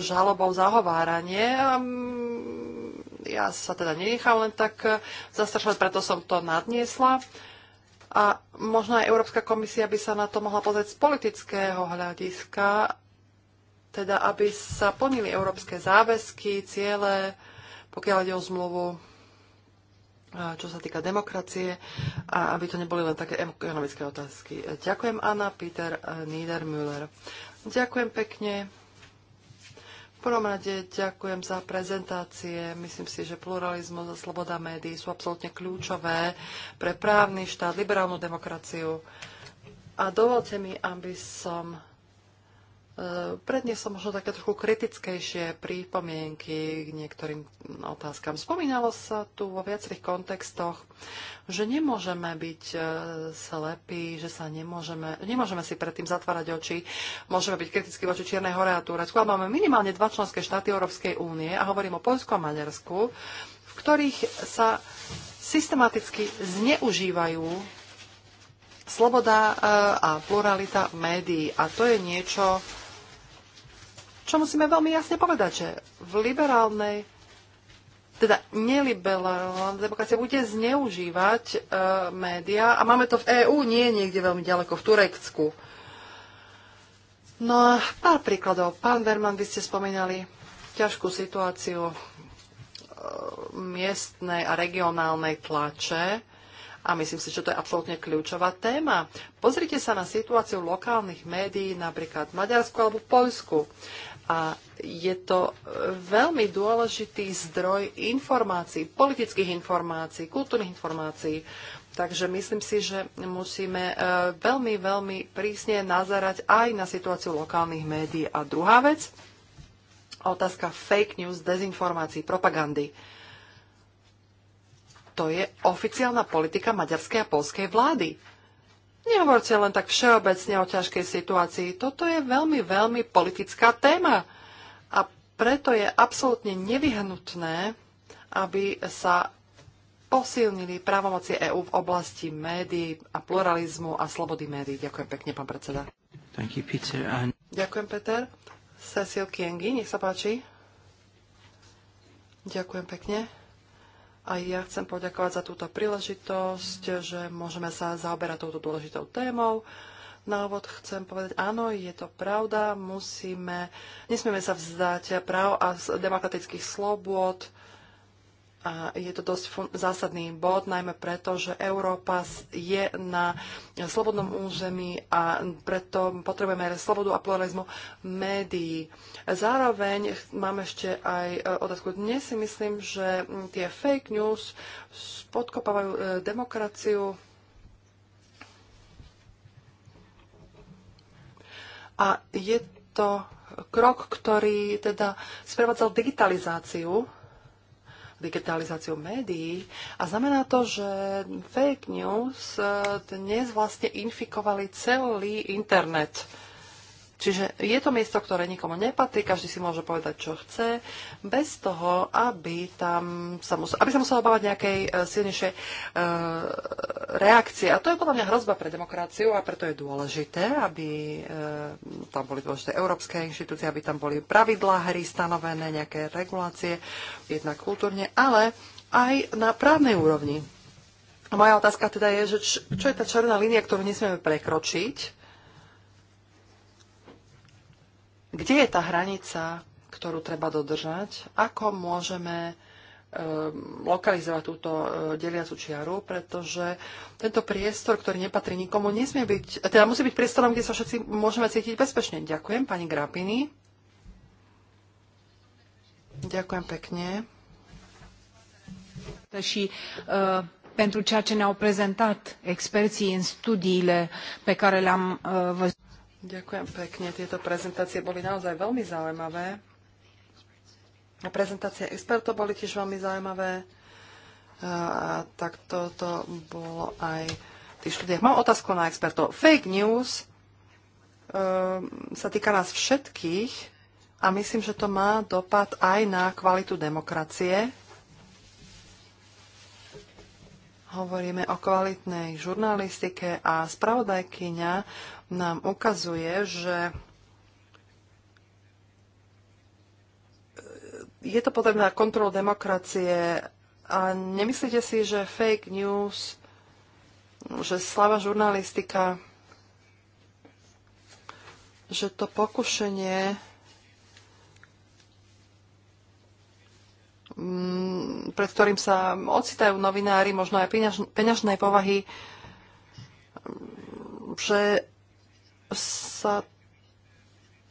žalobou zahováranie. Ja sa teda nenechám len tak zastrašovať, preto som to nadniesla. A možno aj Európska komisia by sa na to mohla pozrieť z politického hľadiska, teda aby sa plnili európske záväzky, ciele, pokiaľ ide o zmluvu, čo sa týka demokracie a aby to neboli len také ekonomické otázky. Ďakujem Anna, Peter, Niedermüller. Ďakujem pekne. V prvom rade ďakujem za prezentácie. Myslím si, že pluralizmus a sloboda médií sú absolútne kľúčové pre právny štát, liberálnu demokraciu. A dovolte mi, aby som Eh, predniesol možno také trochu kritickejšie prípomienky k niektorým otázkam. Spomínalo sa tu vo viacerých kontextoch, že nemôžeme byť eh, slepí, že sa nemôžeme, nemôžeme si predtým zatvárať oči, môžeme byť kriticky voči Čiernej hore a Turecku, ale máme minimálne dva členské štáty Európskej únie a hovorím o Poľsku a Maďarsku, v ktorých sa systematicky zneužívajú sloboda eh, a pluralita médií. A to je niečo, čo musíme veľmi jasne povedať, že v liberálnej, teda neliberálna demokracia bude zneužívať e, médiá a máme to v EÚ, nie niekde veľmi ďaleko, v Turecku. No a pár príkladov. Pán Verman, vy ste spomínali ťažkú situáciu e, miestnej a regionálnej tlače a myslím si, že to je absolútne kľúčová téma. Pozrite sa na situáciu lokálnych médií napríklad v Maďarsku alebo v Poľsku a je to e, veľmi dôležitý zdroj informácií, politických informácií, kultúrnych informácií. Takže myslím si, že musíme e, veľmi, veľmi prísne nazerať aj na situáciu lokálnych médií. A druhá vec, otázka fake news, dezinformácií, propagandy. To je oficiálna politika maďarskej a polskej vlády Nehovorte len tak všeobecne o ťažkej situácii. Toto je veľmi, veľmi politická téma. A preto je absolútne nevyhnutné, aby sa posilnili právomoci EÚ v oblasti médií a pluralizmu a slobody médií. Ďakujem pekne, pán predseda. You, Peter. And... Ďakujem, Peter. Cecil Kiengi, nech sa páči. Ďakujem pekne. A ja chcem poďakovať za túto príležitosť, že môžeme sa zaoberať touto dôležitou témou. Na úvod chcem povedať, áno, je to pravda, musíme, nesmieme sa vzdať práv a demokratických slobôd, a je to dosť zásadný bod, najmä preto, že Európa je na slobodnom území a preto potrebujeme slobodu a pluralizmu médií. Zároveň mám ešte aj e, otázku. Dnes si myslím, že tie fake news podkopávajú e, demokraciu. A je to krok, ktorý teda sprevádzal digitalizáciu digitalizáciu médií a znamená to, že fake news eh, dnes vlastne infikovali celý internet Čiže je to miesto, ktoré nikomu nepatrí, každý si môže povedať, čo chce, bez toho, aby, tam sa, musel, aby sa musel obávať nejakej e, silnejšej uh, reakcie. A to je podľa mňa hrozba pre demokraciu a preto je dôležité, aby uh, tam boli dôležité európske inštitúcie, aby tam boli pravidlá hry stanovené, nejaké regulácie, jednak kultúrne, ale aj na právnej úrovni. Moja otázka teda je, že čo je tá černá línia, ktorú nesmieme prekročiť, kde je tá hranica, ktorú treba dodržať, ako môžeme ehm, lokalizovať túto e, deliacu čiaru, pretože tento priestor, ktorý nepatrí nikomu, nesmie byť, teda musí byť priestorom, kde sa všetci môžeme cítiť bezpečne. Ďakujem, pani Grapini. Ďakujem pekne. Și uh, pentru ceea ce ne-au prezentat experții în studiile pe care le-am uh, văzut. Ďakujem pekne. Tieto prezentácie boli naozaj veľmi zaujímavé. A prezentácie expertov boli tiež veľmi zaujímavé. A tak to bolo aj v tých štúdiach. Mám otázku na expertov. Fake news um, sa týka nás všetkých a myslím, že to má dopad aj na kvalitu demokracie. Hovoríme o kvalitnej žurnalistike a spravodajkyňa nám ukazuje, že je to potrebná kontrol demokracie a nemyslíte si, že fake news, že slava žurnalistika, že to pokušenie mm, pred ktorým sa ocitajú novinári, možno aj peňažnej povahy, že sa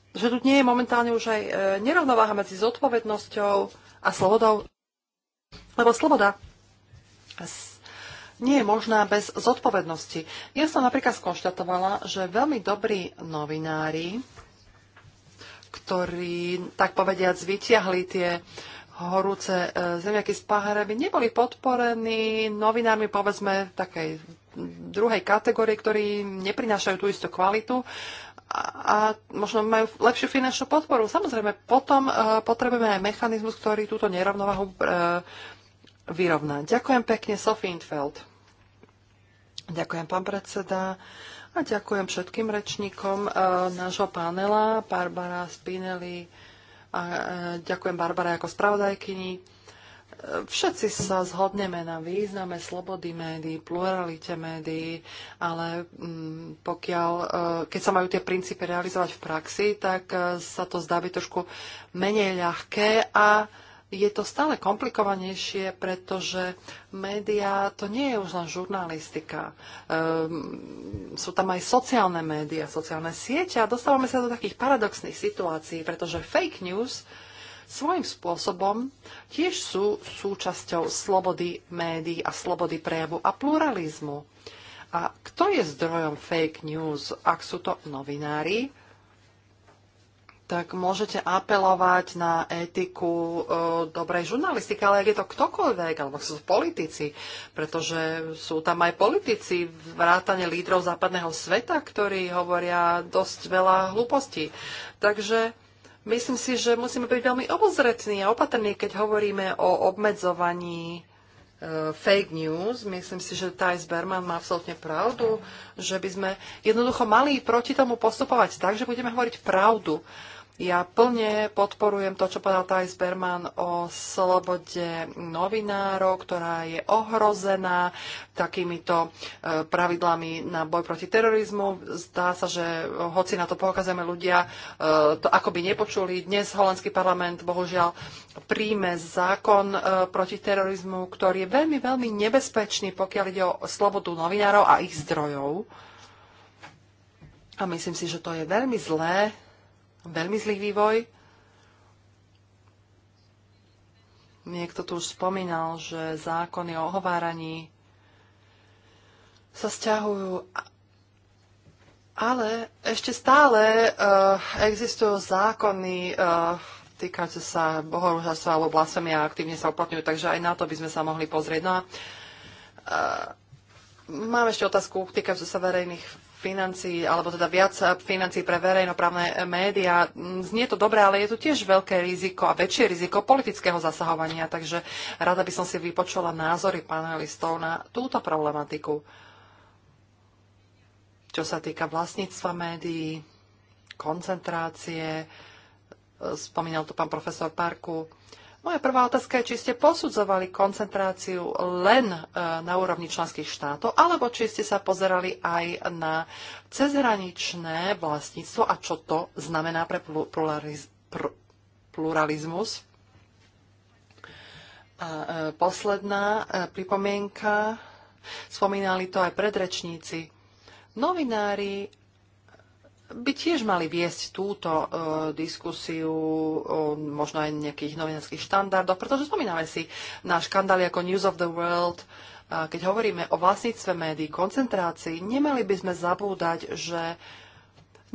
že tu nie je momentálne už aj e, nerovnováha medzi zodpovednosťou a slobodou. Lebo sloboda nie je možná bez zodpovednosti. Ja som napríklad skonštatovala, že veľmi dobrí novinári, ktorí, tak povediac, vyťahli tie horúce e, zemiaky z páhreby, neboli podporení novinármi, povedzme, takej druhej kategórie, ktorí neprinášajú tú istú kvalitu a, možno majú lepšiu finančnú podporu. Samozrejme, potom e, potrebujeme aj mechanizmus, ktorý túto nerovnováhu e, vyrovná. Ďakujem pekne, Sophie Infeld. Ďakujem, pán predseda. A ďakujem všetkým rečníkom e, nášho panela, Barbara Spinelli. A, e, ďakujem Barbara ako spravodajkyni Všetci sa zhodneme na význame slobody médií, pluralite médií, ale mm, pokiaľ, e, keď sa majú tie princípy realizovať v praxi, tak e, sa to zdá byť trošku menej ľahké a je to stále komplikovanejšie, pretože médiá to nie je už len žurnalistika. Ehm, sú tam aj sociálne médiá, sociálne siete a dostávame sa do takých paradoxných situácií, pretože fake news svojím spôsobom tiež sú súčasťou slobody médií a slobody prejavu a pluralizmu. A kto je zdrojom fake news? Ak sú to novinári, tak môžete apelovať na etiku e, dobrej žurnalistiky, ale ak je to ktokoľvek, alebo sú to politici, pretože sú tam aj politici, vrátane lídrov západného sveta, ktorí hovoria dosť veľa hlúpostí. Takže Myslím si, že musíme byť veľmi obozretní a opatrní, keď hovoríme o obmedzovaní e, fake news. Myslím si, že Thijs Berman má absolútne pravdu, že by sme jednoducho mali proti tomu postupovať tak, že budeme hovoriť pravdu. Ja plne podporujem to, čo povedal Thijs Berman o slobode novinárov, ktorá je ohrozená takýmito e, pravidlami na boj proti terorizmu. Zdá sa, že hoci na to poukazujeme ľudia, e, to ako by nepočuli. Dnes holandský parlament bohužiaľ príjme zákon e, proti terorizmu, ktorý je veľmi, veľmi nebezpečný, pokiaľ ide o slobodu novinárov a ich zdrojov. A myslím si, že to je veľmi zlé veľmi zlý vývoj. Niekto tu už spomínal, že zákony o ohováraní sa stiahujú, ale ešte stále uh, existujú zákony uh, týkajúce sa bohorúžasov alebo blasfémia a aktívne sa uplatňujú, takže aj na to by sme sa mohli pozrieť. No a uh, mám ešte otázku týkajúce sa verejných financií, alebo teda viac financií pre verejnoprávne médiá. Znie to dobré, ale je tu tiež veľké riziko a väčšie riziko politického zasahovania, takže rada by som si vypočula názory panelistov na túto problematiku. Čo sa týka vlastníctva médií, koncentrácie, spomínal tu pán profesor Parku, moja prvá otázka je, či ste posudzovali koncentráciu len e, na úrovni členských štátov, alebo či ste sa pozerali aj na cezhraničné vlastníctvo a čo to znamená pre pluraliz- pr- pluralizmus. A e, posledná e, pripomienka, spomínali to aj predrečníci. Novinári by tiež mali viesť túto e, diskusiu e, možno aj nejakých novinárskych štandardov, pretože spomíname si na škandály ako News of the World, E, keď hovoríme o vlastníctve médií, koncentrácii, nemali by sme zabúdať, že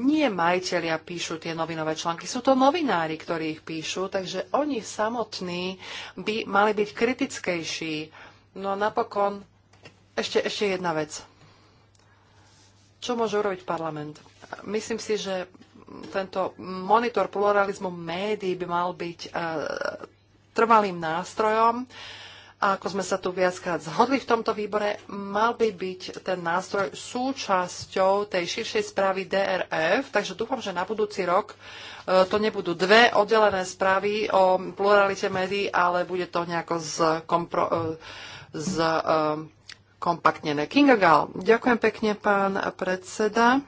nie majiteľia píšu tie novinové články, sú to novinári, ktorí ich píšu, takže oni samotní by mali byť kritickejší. No a napokon ešte, ešte jedna vec. Čo môže urobiť parlament? Myslím si, že tento monitor pluralizmu médií by mal byť e, trvalým nástrojom. A ako sme sa tu viackrát zhodli v tomto výbore, mal by byť ten nástroj súčasťou tej širšej správy DRF, takže dúfam, že na budúci rok e, to nebudú dve oddelené správy o pluralite médií, ale bude to nejako zkompro, z, e, z, kompaktnené. Kinga Gal, ďakujem pekne, pán predseda.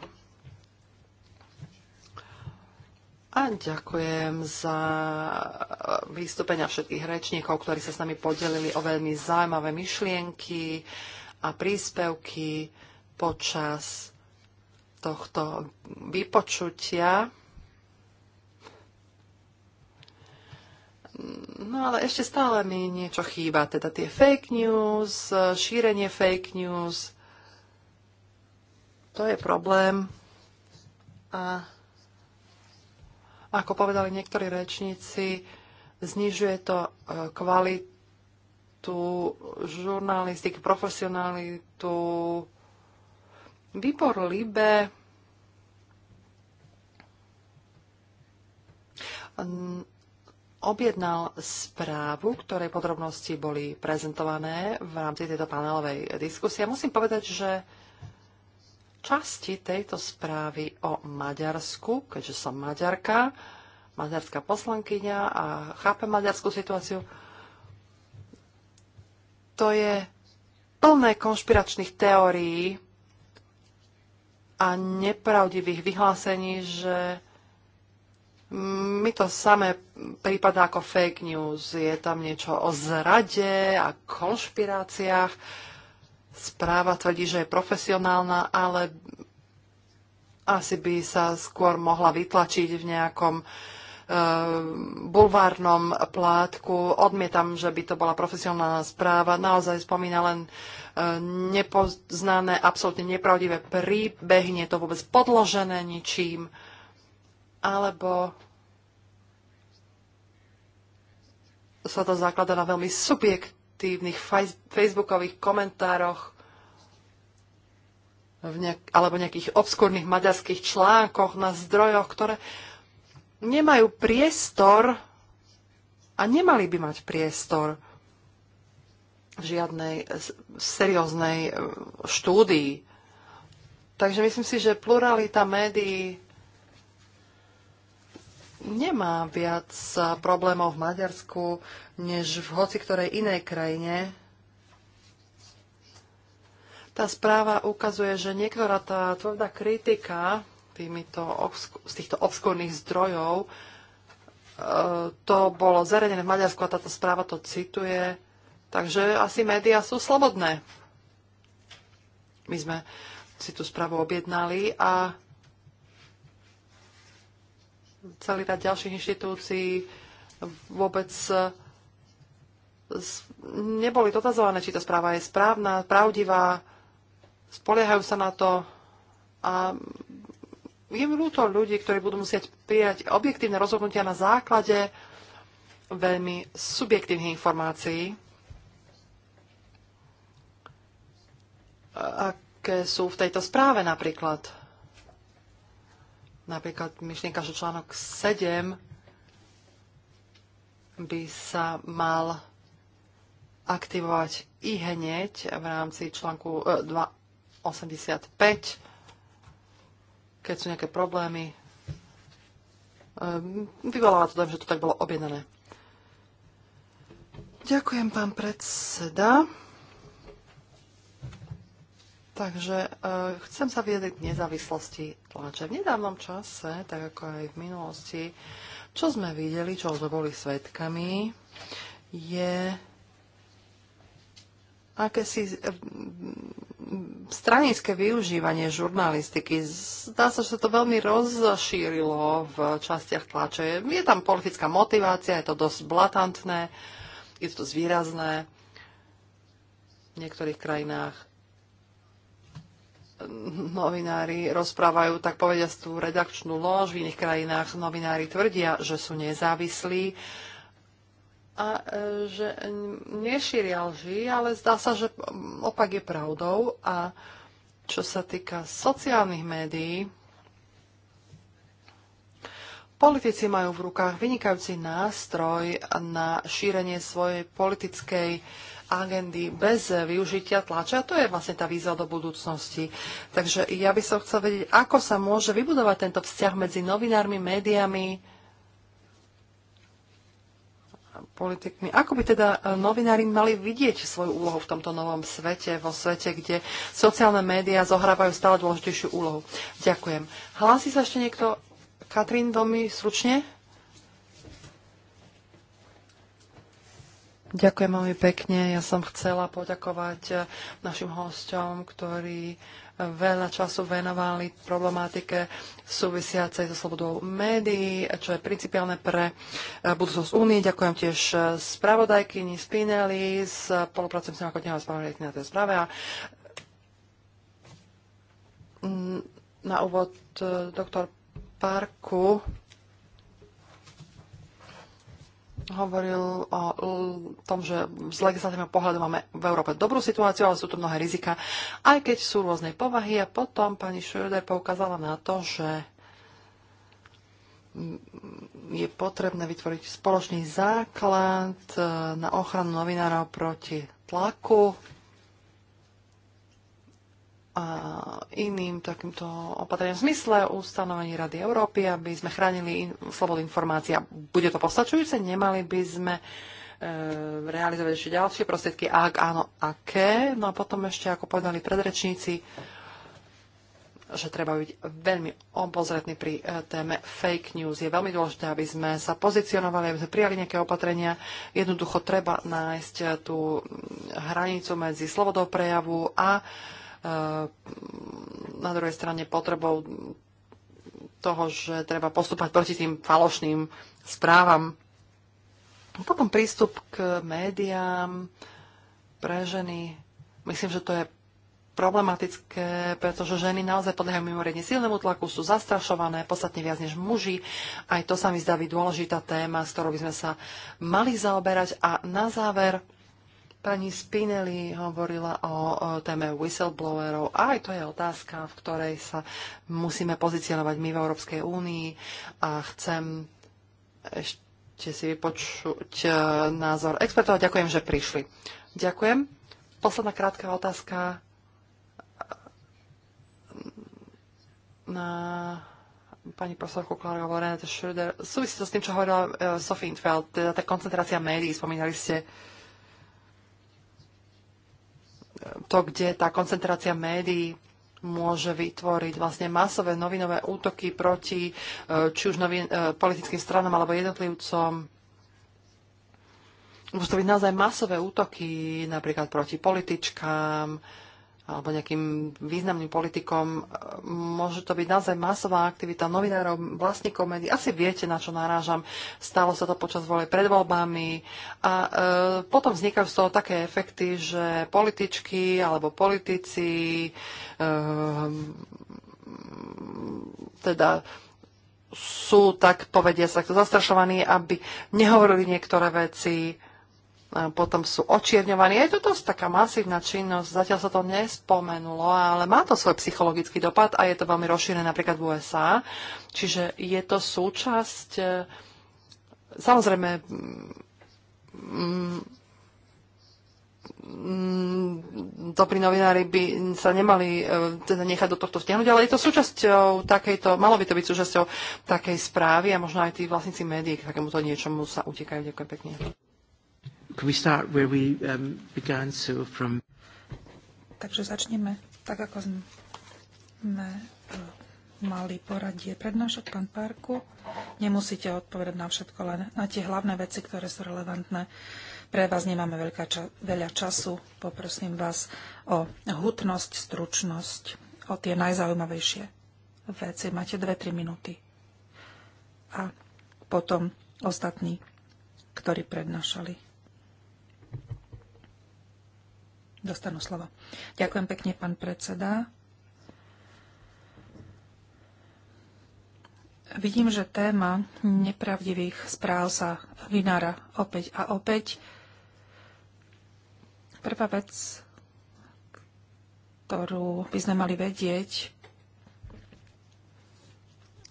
A ďakujem za vystúpenia všetkých rečníkov, ktorí sa s nami podelili o veľmi zaujímavé myšlienky a príspevky počas tohto vypočutia. No ale ešte stále mi niečo chýba, teda tie fake news, šírenie fake news. To je problém. A ako povedali niektorí rečníci, znižuje to e, kvalitu žurnalistiky, profesionalitu. Výbor Libe objednal správu, ktorej podrobnosti boli prezentované v rámci tejto panelovej diskusie. Musím povedať, že časti tejto správy o Maďarsku, keďže som Maďarka, maďarská poslankyňa a chápem maďarskú situáciu. To je plné konšpiračných teórií a nepravdivých vyhlásení, že mi to samé prípada ako fake news. Je tam niečo o zrade a konšpiráciách Správa tvrdí, že je profesionálna, ale asi by sa skôr mohla vytlačiť v nejakom e, bulvárnom plátku. Odmietam, že by to bola profesionálna správa. Naozaj spomína len e, nepoznané, absolútne nepravdivé príbehy, nie je to vôbec podložené ničím. Alebo sa to zaklada na veľmi subjekt, negatívnych facebookových komentároch v nejak, alebo nejakých obskúrnych maďarských článkoch na zdrojoch, ktoré nemajú priestor a nemali by mať priestor v žiadnej serióznej e, štúdii. Takže myslím si, že pluralita médií nemá viac eh, problémov v Maďarsku, než v hoci ktorej inej krajine. Tá správa ukazuje, že niektorá tá tvrdá kritika týmito, z týchto obskúrnych zdrojov, eh, to bolo zaradené v Maďarsku a táto správa to cituje. Takže asi médiá sú slobodné. My sme si tú správu objednali a celý rád ďalších inštitúcií vôbec neboli dotazované, či tá správa je správna, pravdivá, spoliehajú sa na to a je mi ľúto ľudí, ktorí budú musieť prijať objektívne rozhodnutia na základe veľmi subjektívnych informácií, aké sú v tejto správe napríklad. Napríklad myšlienka, že článok 7 by sa mal aktivovať i hneď v rámci článku 285, e, keď sú nejaké problémy. Ehm, Vyvoláva to tam, že to tak bolo objednané. Ďakujem, pán predseda. Takže uh, chcem sa viedeť k nezávislosti tlače. V nedávnom čase, tak ako aj v minulosti, čo sme videli, čo sme boli svetkami, je akési e, stranické využívanie žurnalistiky. Zdá sa, že sa to veľmi rozšírilo v častiach tlače. Je tam politická motivácia, je to dosť blatantné, je to zvýrazné v niektorých krajinách novinári rozprávajú, tak povedia tú redakčnú lož. V iných krajinách novinári tvrdia, že sú nezávislí a e, že nešíria lži, ale zdá sa, že opak je pravdou. A čo sa týka sociálnych médií, Politici majú v rukách vynikajúci nástroj na šírenie svojej politickej agendy bez využitia tlače. A to je vlastne tá výzva do budúcnosti. Takže ja by som chcel vedieť, ako sa môže vybudovať tento vzťah medzi novinármi, médiami, a politikmi. Ako by teda e, novinári mali vidieť svoju úlohu v tomto novom svete, vo svete, kde sociálne médiá zohrávajú stále dôležitejšiu úlohu? Ďakujem. Hlási sa ešte niekto Katrin, veľmi slučne. Ďakujem veľmi pekne. Ja som chcela poďakovať eh, našim hosťom, ktorí eh, veľa času venovali problematike súvisiacej so slobodou médií, čo je principiálne pre eh, budúcnosť únie. Ďakujem tiež spravodajkyni Spinelli, spolupracujem s ňou ako dňa spravodajkyni na tej správe. A mm, na úvod doktor parku hovoril o tom, že z legislatívneho pohľadu máme v Európe dobrú situáciu, ale sú tu mnohé rizika, aj keď sú rôznej povahy. A potom pani Schröder poukázala na to, že je potrebné vytvoriť spoločný základ eh, na ochranu novinárov proti tlaku a iným takýmto opatreniam v zmysle ustanovení Rady Európy, aby sme chránili in, slobodu informácií. A bude to postačujúce? Nemali by sme e, realizovať ešte ďalšie prostriedky? Ak áno, aké? No a potom ešte, ako povedali predrečníci, že treba byť veľmi obozretný pri e, téme fake news. Je veľmi dôležité, aby sme sa pozicionovali, aby sme prijali nejaké opatrenia. Jednoducho treba nájsť e, tú hranicu medzi slobodou prejavu a Eh, na druhej strane potrebou toho, že treba postúpať proti tým falošným správam. Potom prístup k médiám pre ženy. Myslím, že to je problematické, pretože ženy naozaj podliehajú mimoriadne silnému tlaku, sú zastrašované podstatne viac než muži. Aj to sa mi zdá byť dôležitá téma, s ktorou by sme sa mali zaoberať. A na záver Pani Spinelli hovorila o, o téme whistleblowerov. A aj to je otázka, v ktorej sa musíme pozicionovať my v Európskej únii. A chcem ešte si vypočuť e, názor expertov. Ďakujem, že prišli. Ďakujem. Posledná krátka otázka e, na pani profesorku Klarovú Renate Schröder. Súvisí to s tým, čo hovorila e, Sophie Infeld, teda tá koncentrácia médií. Spomínali ste to, kde tá koncentrácia médií môže vytvoriť vlastne masové novinové útoky proti e, či už novin, e, politickým stranom alebo jednotlivcom. Môžu to byť naozaj masové útoky napríklad proti političkám, alebo nejakým významným politikom. Môže to byť naozaj masová aktivita novinárov, vlastníkov médií. Asi viete, na čo narážam. Stalo sa to počas vole pred voľbami a e, potom vznikajú z toho také efekty, že političky alebo politici e, teda sú tak povediať takto zastrašovaní, aby nehovorili niektoré veci, potom sú očierňovaní. Je to dosť taká masívna činnosť, zatiaľ sa to nespomenulo, ale má to svoj psychologický dopad a je to veľmi rozšírené napríklad v USA. Čiže je to súčasť, e, samozrejme, dobrí novinári by sa nemali e, teda nechať do tohto vtiahnuť, ale je to súčasťou takejto, malo by to byť súčasťou takej správy a možno aj tí vlastníci médií k takémuto niečomu sa utekajú. Ďakujem pekne. Can we start where we um, began, so from... Takže začneme tak, ako sme uh, mali poradie prednášok, pán Parku. Nemusíte odpovedať na všetko, len na tie hlavné veci, ktoré sú relevantné. Pre vás nemáme veľká ča- veľa času. Poprosím vás o hutnosť, stručnosť, o tie najzaujímavejšie veci. Máte 2-3 minúty. A potom ostatní, ktorí prednášali. dostanú slovo. Ďakujem pekne, pán predseda. Vidím, že téma nepravdivých správ sa vynára opäť a opäť. Prvá vec, ktorú by sme mali vedieť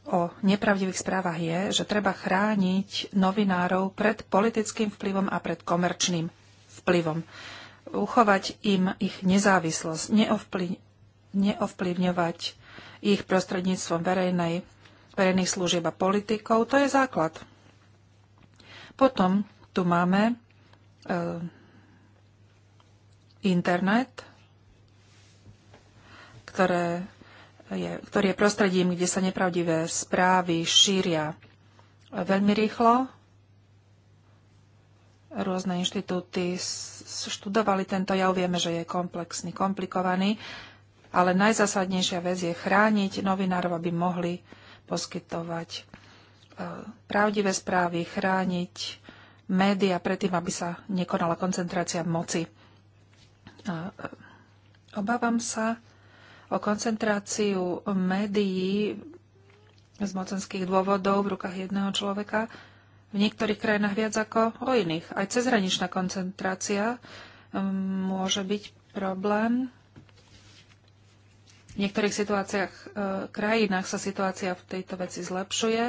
o nepravdivých správach je, že treba chrániť novinárov pred politickým vplyvom a pred komerčným vplyvom uchovať im ich nezávislosť, neovplyv, neovplyvňovať ich prostredníctvom verejnej, verejných služieb a politikov. To je základ. Potom tu máme e, internet, ktoré je, ktorý je prostredím, kde sa nepravdivé správy šíria veľmi rýchlo rôzne inštitúty študovali tento jav, vieme, že je komplexný, komplikovaný, ale najzásadnejšia vec je chrániť novinárov, aby mohli poskytovať e, pravdivé správy, chrániť médiá predtým, aby sa nekonala koncentrácia moci. E, e, obávam sa o koncentráciu médií z mocenských dôvodov v rukách jedného človeka, v niektorých krajinách viac ako o iných. Aj cezhraničná koncentrácia um, môže byť problém. V niektorých situáciách, e, krajinách sa situácia v tejto veci zlepšuje.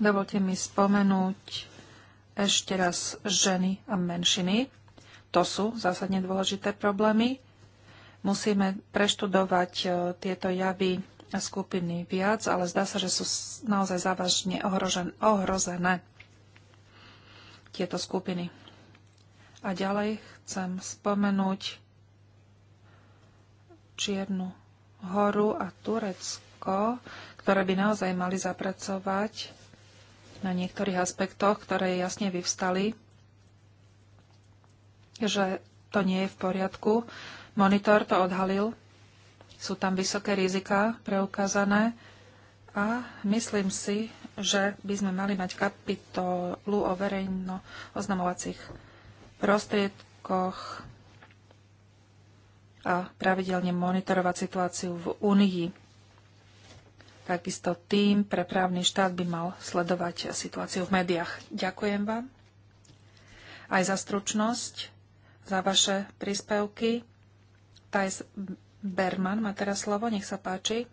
Dovolte mi spomenúť ešte raz ženy a menšiny. To sú zásadne dôležité problémy. Musíme preštudovať e, tieto javy skupiny viac, ale zdá sa, že sú naozaj závažne ohrožen, ohrozené tieto skupiny. A ďalej chcem spomenúť Čiernu horu a Turecko, ktoré by naozaj mali zapracovať na niektorých aspektoch, ktoré jasne vyvstali, že to nie je v poriadku. Monitor to odhalil sú tam vysoké rizika preukázané a myslím si, že by sme mali mať kapitolu o verejno oznamovacích prostriedkoch a pravidelne monitorovať situáciu v Únii. Takisto tým pre právny štát by mal sledovať situáciu v médiách. Ďakujem vám aj za stručnosť, za vaše príspevky. Berman má teraz slovo, nech sa páči.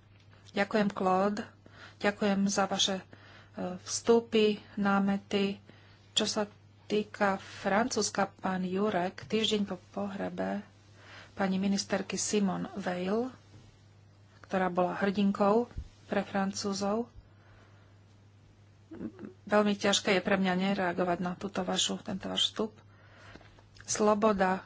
Ďakujem, Claude. Ďakujem za vaše e, vstupy, námety. Čo sa týka Francúzska, pán Jurek, týždeň po pohrebe pani ministerky Simon Veil, ktorá bola hrdinkou pre Francúzov. Veľmi ťažké je pre mňa nereagovať na túto vašu, tento váš vstup. Sloboda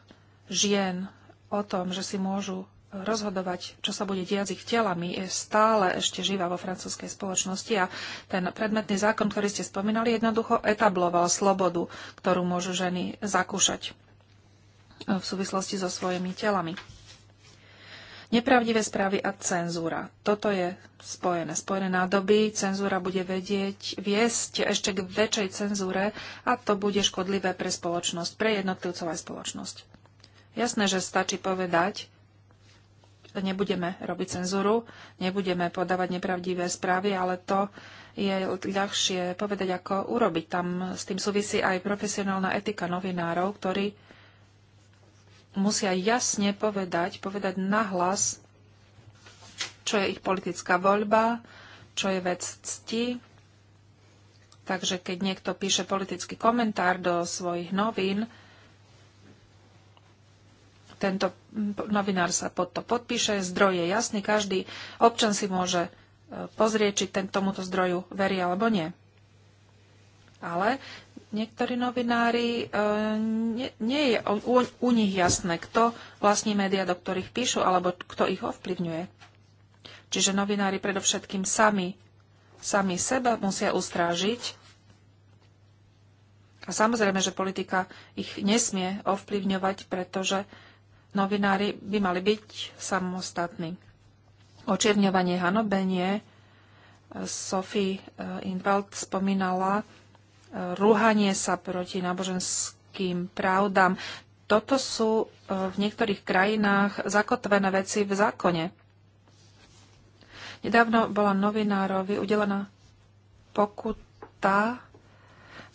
žien o tom, že si môžu rozhodovať, čo sa bude diať s ich telami, je stále ešte živá vo francúzskej spoločnosti a ten predmetný zákon, ktorý ste spomínali, jednoducho etabloval slobodu, ktorú môžu ženy zakúšať e, v súvislosti so svojimi telami. Nepravdivé správy a cenzúra. Toto je spojené. Spojené nádoby, cenzúra bude vedieť, viesť ešte k väčšej cenzúre a to bude škodlivé pre spoločnosť, pre jednotlivcov aj spoločnosť. Jasné, že stačí povedať, nebudeme robiť cenzúru, nebudeme podávať nepravdivé správy, ale to je ľahšie povedať, ako urobiť. Tam s tým súvisí aj profesionálna etika novinárov, ktorí musia jasne povedať, povedať nahlas, čo je ich politická voľba, čo je vec cti. Takže keď niekto píše politický komentár do svojich novín, tento novinár sa pod to podpíše, zdroj je jasný, každý občan si môže e, pozrieť, či ten tomuto zdroju verí alebo nie. Ale niektorí novinári, e, nie, nie je u, u nich jasné, kto vlastní médiá, do ktorých píšu, alebo kto ich ovplyvňuje. Čiže novinári predovšetkým sami, sami seba musia ustrážiť. A samozrejme, že politika ich nesmie ovplyvňovať, pretože novinári by mali byť samostatní. Očierňovanie hanobenie e, Sophie e, Invald spomínala e, rúhanie sa proti náboženským pravdám. Toto sú v niektorých krajinách zakotvené veci v zákone. Nedávno bola novinárovi udelená pokuta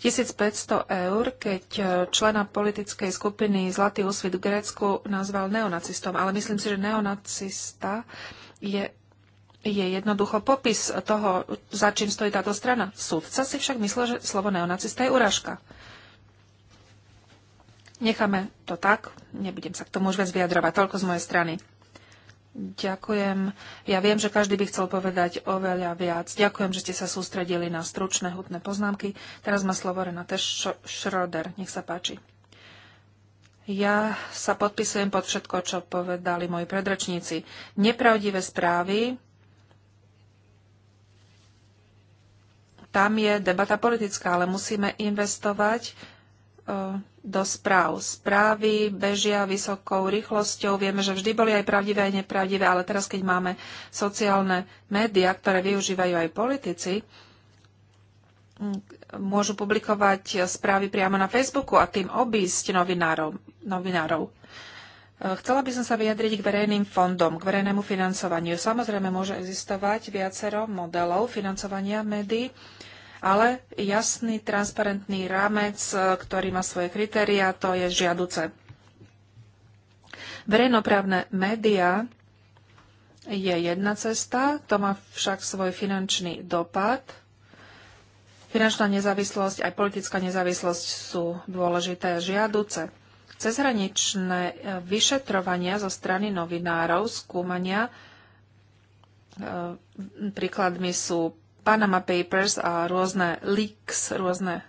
1500 eur, keď e, člena politickej skupiny Zlatý úsvit v Grécku nazval neonacistom. Ale myslím si, že neonacista je, je jednoducho popis toho, za čím stojí táto strana. Súdca si však myslel, že slovo neonacista je urážka. Necháme to tak, nebudem sa k tomu už viac vyjadrovať, toľko z mojej strany. Ďakujem. Ja viem, že každý by chcel povedať oveľa viac. Ďakujem, že ste sa sústredili na stručné hutné poznámky. Teraz má slovo Renate Schroeder. Nech sa páči. Ja sa podpisujem pod všetko, čo povedali moji predrečníci. Nepravdivé správy, tam je debata politická, ale musíme investovať eh, do správ. Správy bežia vysokou rýchlosťou. Vieme, že vždy boli aj pravdivé, aj nepravdivé, ale teraz, keď máme sociálne médiá, ktoré využívajú aj politici, môžu publikovať správy priamo na Facebooku a tým obísť novinárov. novinárov. Chcela by som sa vyjadriť k verejným fondom, k verejnému financovaniu. Samozrejme, môže existovať viacero modelov financovania médií ale jasný, transparentný rámec, e, ktorý má svoje kritéria, to je žiaduce. Verejnoprávne médiá je jedna cesta, to má však svoj finančný dopad. Finančná nezávislosť aj politická nezávislosť sú dôležité a žiaduce. Cezhraničné e, vyšetrovania zo strany novinárov, skúmania, e, príkladmi sú Panama Papers a rôzne leaks, rôzne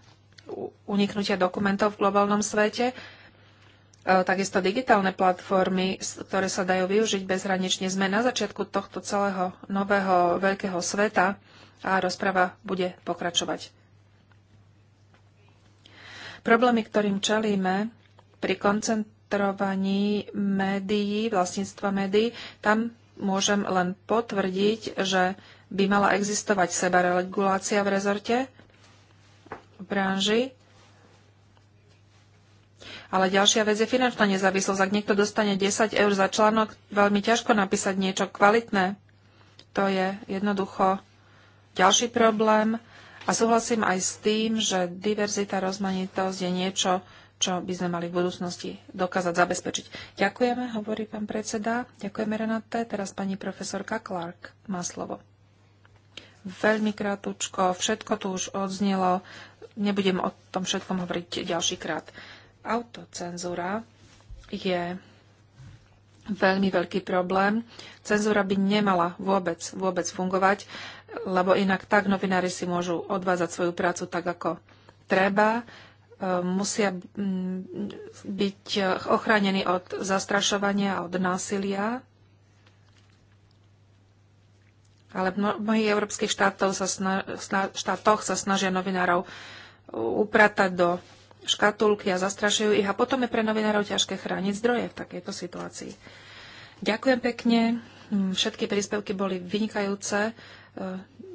uniknutia dokumentov v globálnom svete, e, takisto digitálne platformy, ktoré sa dajú využiť bezhranične. Sme na začiatku tohto celého nového veľkého sveta a rozprava bude pokračovať. Problémy, ktorým čelíme pri koncentrovaní médií, vlastníctva médií, tam môžem len potvrdiť, že by mala existovať sebaregulácia v rezorte, v branži. Ale ďalšia vec je finančná nezávislosť. Ak niekto dostane 10 eur za článok, veľmi ťažko napísať niečo kvalitné. To je jednoducho ďalší problém. A súhlasím aj s tým, že diverzita, rozmanitosť je niečo, čo by sme mali v budúcnosti dokázať zabezpečiť. Ďakujeme, hovorí pán predseda. Ďakujeme, Renate. Teraz pani profesorka Clark má slovo. Veľmi krátko, všetko tu už odznelo, nebudem o tom všetkom hovoriť ďalší krát. Autocenzúra je veľmi veľký problém. Cenzúra by nemala vôbec, vôbec fungovať, lebo inak tak novinári si môžu odvádzať svoju prácu tak, ako treba. E, musia byť ochránení od zastrašovania, od násilia. Ale v mnohých európskych štátoch sa, sna- štátoch sa snažia novinárov upratať do škatulky a zastrašujú ich a potom je pre novinárov ťažké chrániť zdroje v takejto situácii. Ďakujem pekne. Mm, všetky príspevky boli vynikajúce. E,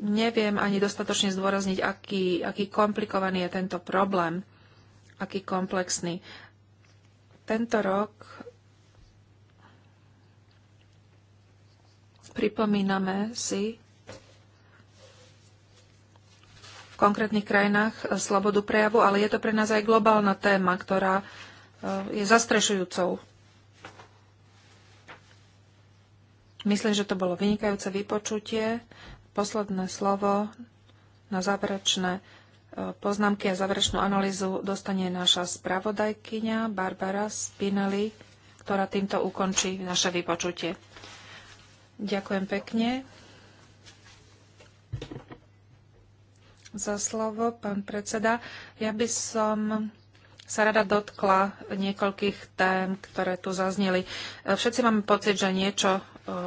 neviem ani dostatočne zdôrazniť, aký, aký komplikovaný je tento problém, aký komplexný. Tento rok pripomíname si v konkrétnych krajinách e, slobodu prejavu, ale je to pre nás aj globálna téma, ktorá e, je zastrešujúcou. Myslím, že to bolo vynikajúce vypočutie. Posledné slovo na záverečné e, poznámky a záverečnú analýzu dostane naša spravodajkyňa Barbara Spinelli, ktorá týmto ukončí naše vypočutie. Ďakujem pekne za slovo, pán predseda. Ja by som sa rada dotkla niekoľkých tém, ktoré tu zazneli. Všetci máme pocit, že niečo e,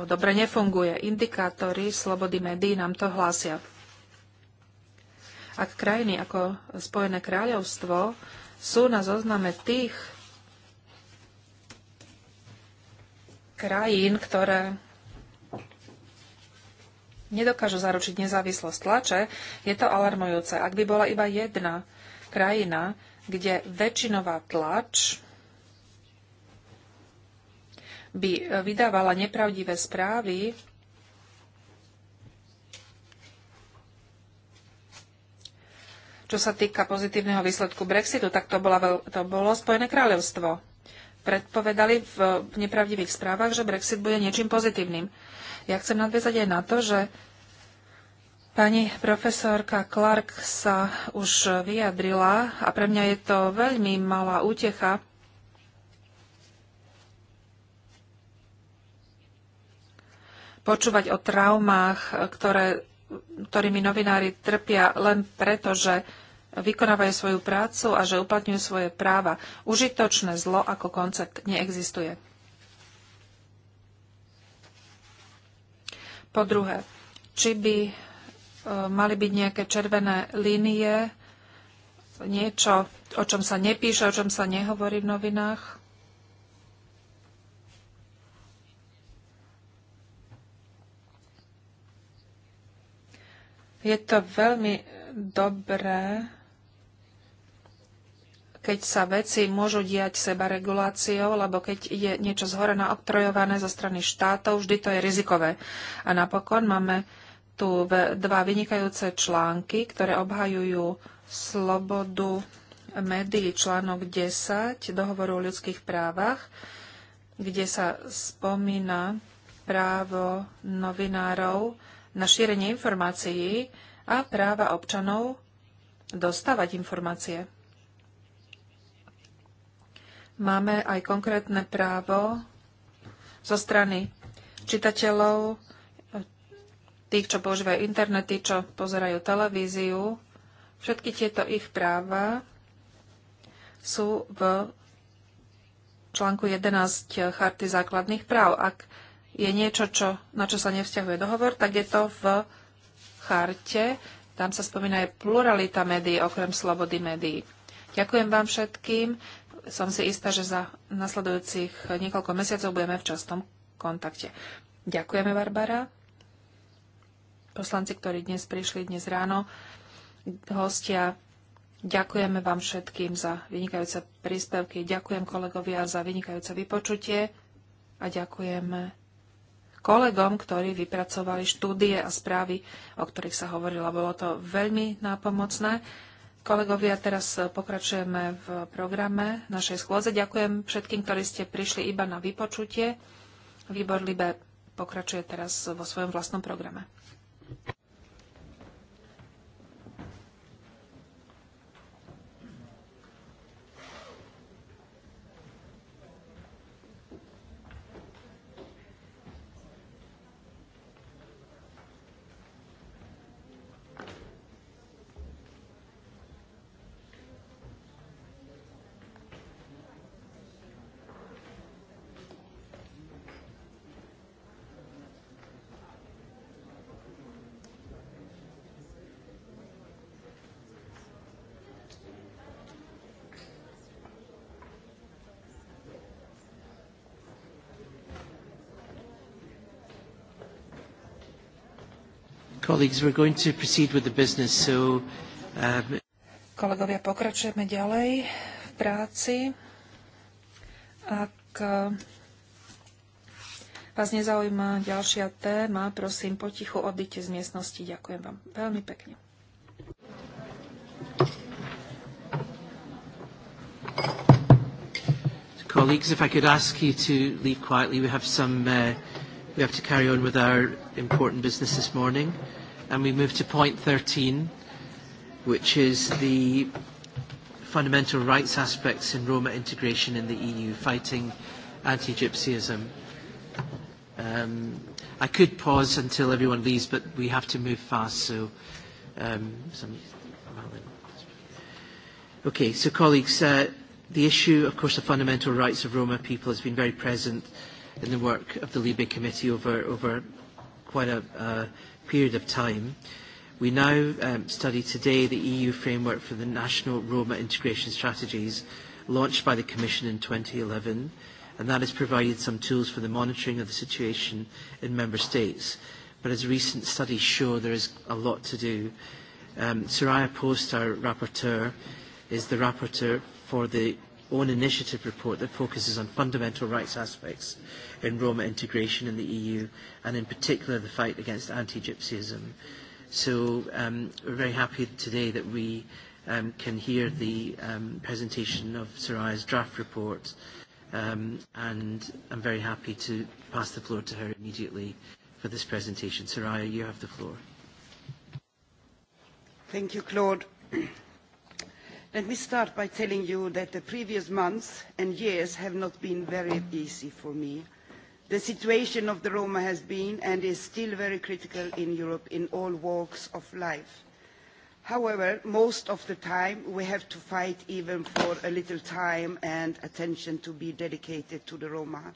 dobre nefunguje. Indikátory slobody médií nám to hlásia. Ak krajiny ako Spojené kráľovstvo sú na zozname tých krajín, ktoré nedokážu zaručiť nezávislosť tlače, je to alarmujúce. Ak by bola iba jedna krajina, kde väčšinová tlač by vydávala nepravdivé správy, čo sa týka pozitívneho výsledku Brexitu, tak to, bola veľ... to bolo Spojené kráľovstvo predpovedali v nepravdivých správach, že Brexit bude niečím pozitívnym. Ja chcem nadviezať aj na to, že pani profesorka Clark sa už vyjadrila a pre mňa je to veľmi malá útecha. Počúvať o traumách, ktoré, ktorými novinári trpia len preto, že vykonávajú svoju prácu a že uplatňujú svoje práva. Užitočné zlo ako koncept neexistuje. Po druhé, či by e, mali byť nejaké červené línie, niečo, o čom sa nepíše, o čom sa nehovorí v novinách. Je to veľmi dobré keď sa veci môžu diať seba reguláciou, lebo keď je niečo zhora naoktrojované zo strany štátov, vždy to je rizikové. A napokon máme tu dva vynikajúce články, ktoré obhajujú slobodu médií, článok 10 dohovoru o ľudských právach, kde sa spomína právo novinárov na šírenie informácií a práva občanov dostávať informácie máme aj konkrétne právo zo strany čitateľov, tých, čo používajú internet, čo pozerajú televíziu. Všetky tieto ich práva sú v článku 11 Charty základných práv. Ak je niečo, čo, na čo sa nevzťahuje dohovor, tak je to v charte. Tam sa spomína aj pluralita médií, okrem slobody médií. Ďakujem vám všetkým som si istá, že za nasledujúcich niekoľko mesiacov budeme v častom kontakte. Ďakujeme, Barbara. Poslanci, ktorí dnes prišli, dnes ráno, hostia, ďakujeme vám všetkým za vynikajúce príspevky, ďakujem kolegovia za vynikajúce vypočutie a ďakujem kolegom, ktorí vypracovali štúdie a správy, o ktorých sa hovorila. Bolo to veľmi nápomocné. Kolegovia, teraz pokračujeme v programe našej schôdze. Ďakujem všetkým, ktorí ste prišli iba na vypočutie. Výbor Libe pokračuje teraz vo svojom vlastnom programe. colleagues, we're going to proceed with the business, so... Um... Kolegovia, pokračujeme ďalej v práci. Ak eh, vás nezaujíma ďalšia téma, prosím, potichu odíte z miestnosti. Ďakujem vám veľmi pekne. Colleagues, if I could ask you to leave quietly, we have some, uh, we have to carry on with our important business this morning and we move to point 13, which is the fundamental rights aspects in Roma integration in the EU, fighting anti-Gypsyism. Um, I could pause until everyone leaves, but we have to move fast, so... Um, some... Okay, so colleagues, uh, the issue, of course, of fundamental rights of Roma people has been very present in the work of the Libe Committee over, over quite a, a period of time. We now um, study today the EU framework for the national Roma integration strategies launched by the Commission in 2011, and that has provided some tools for the monitoring of the situation in Member States. But as recent studies show, there is a lot to do. Um, Soraya Post, our rapporteur, is the rapporteur for the own initiative report that focuses on fundamental rights aspects in Roma integration in the EU and in particular the fight against anti-Gypsyism. So um, we're very happy today that we um, can hear the um, presentation of Saraya's draft report um, and I'm very happy to pass the floor to her immediately for this presentation. Soraya, you have the floor. Thank you, Claude. Let me start by telling you that the previous months and years have not been very easy for me. The situation of the Roma has been and is still very critical in Europe in all walks of life. However, most of the time we have to fight even for a little time and attention to be dedicated to the Roma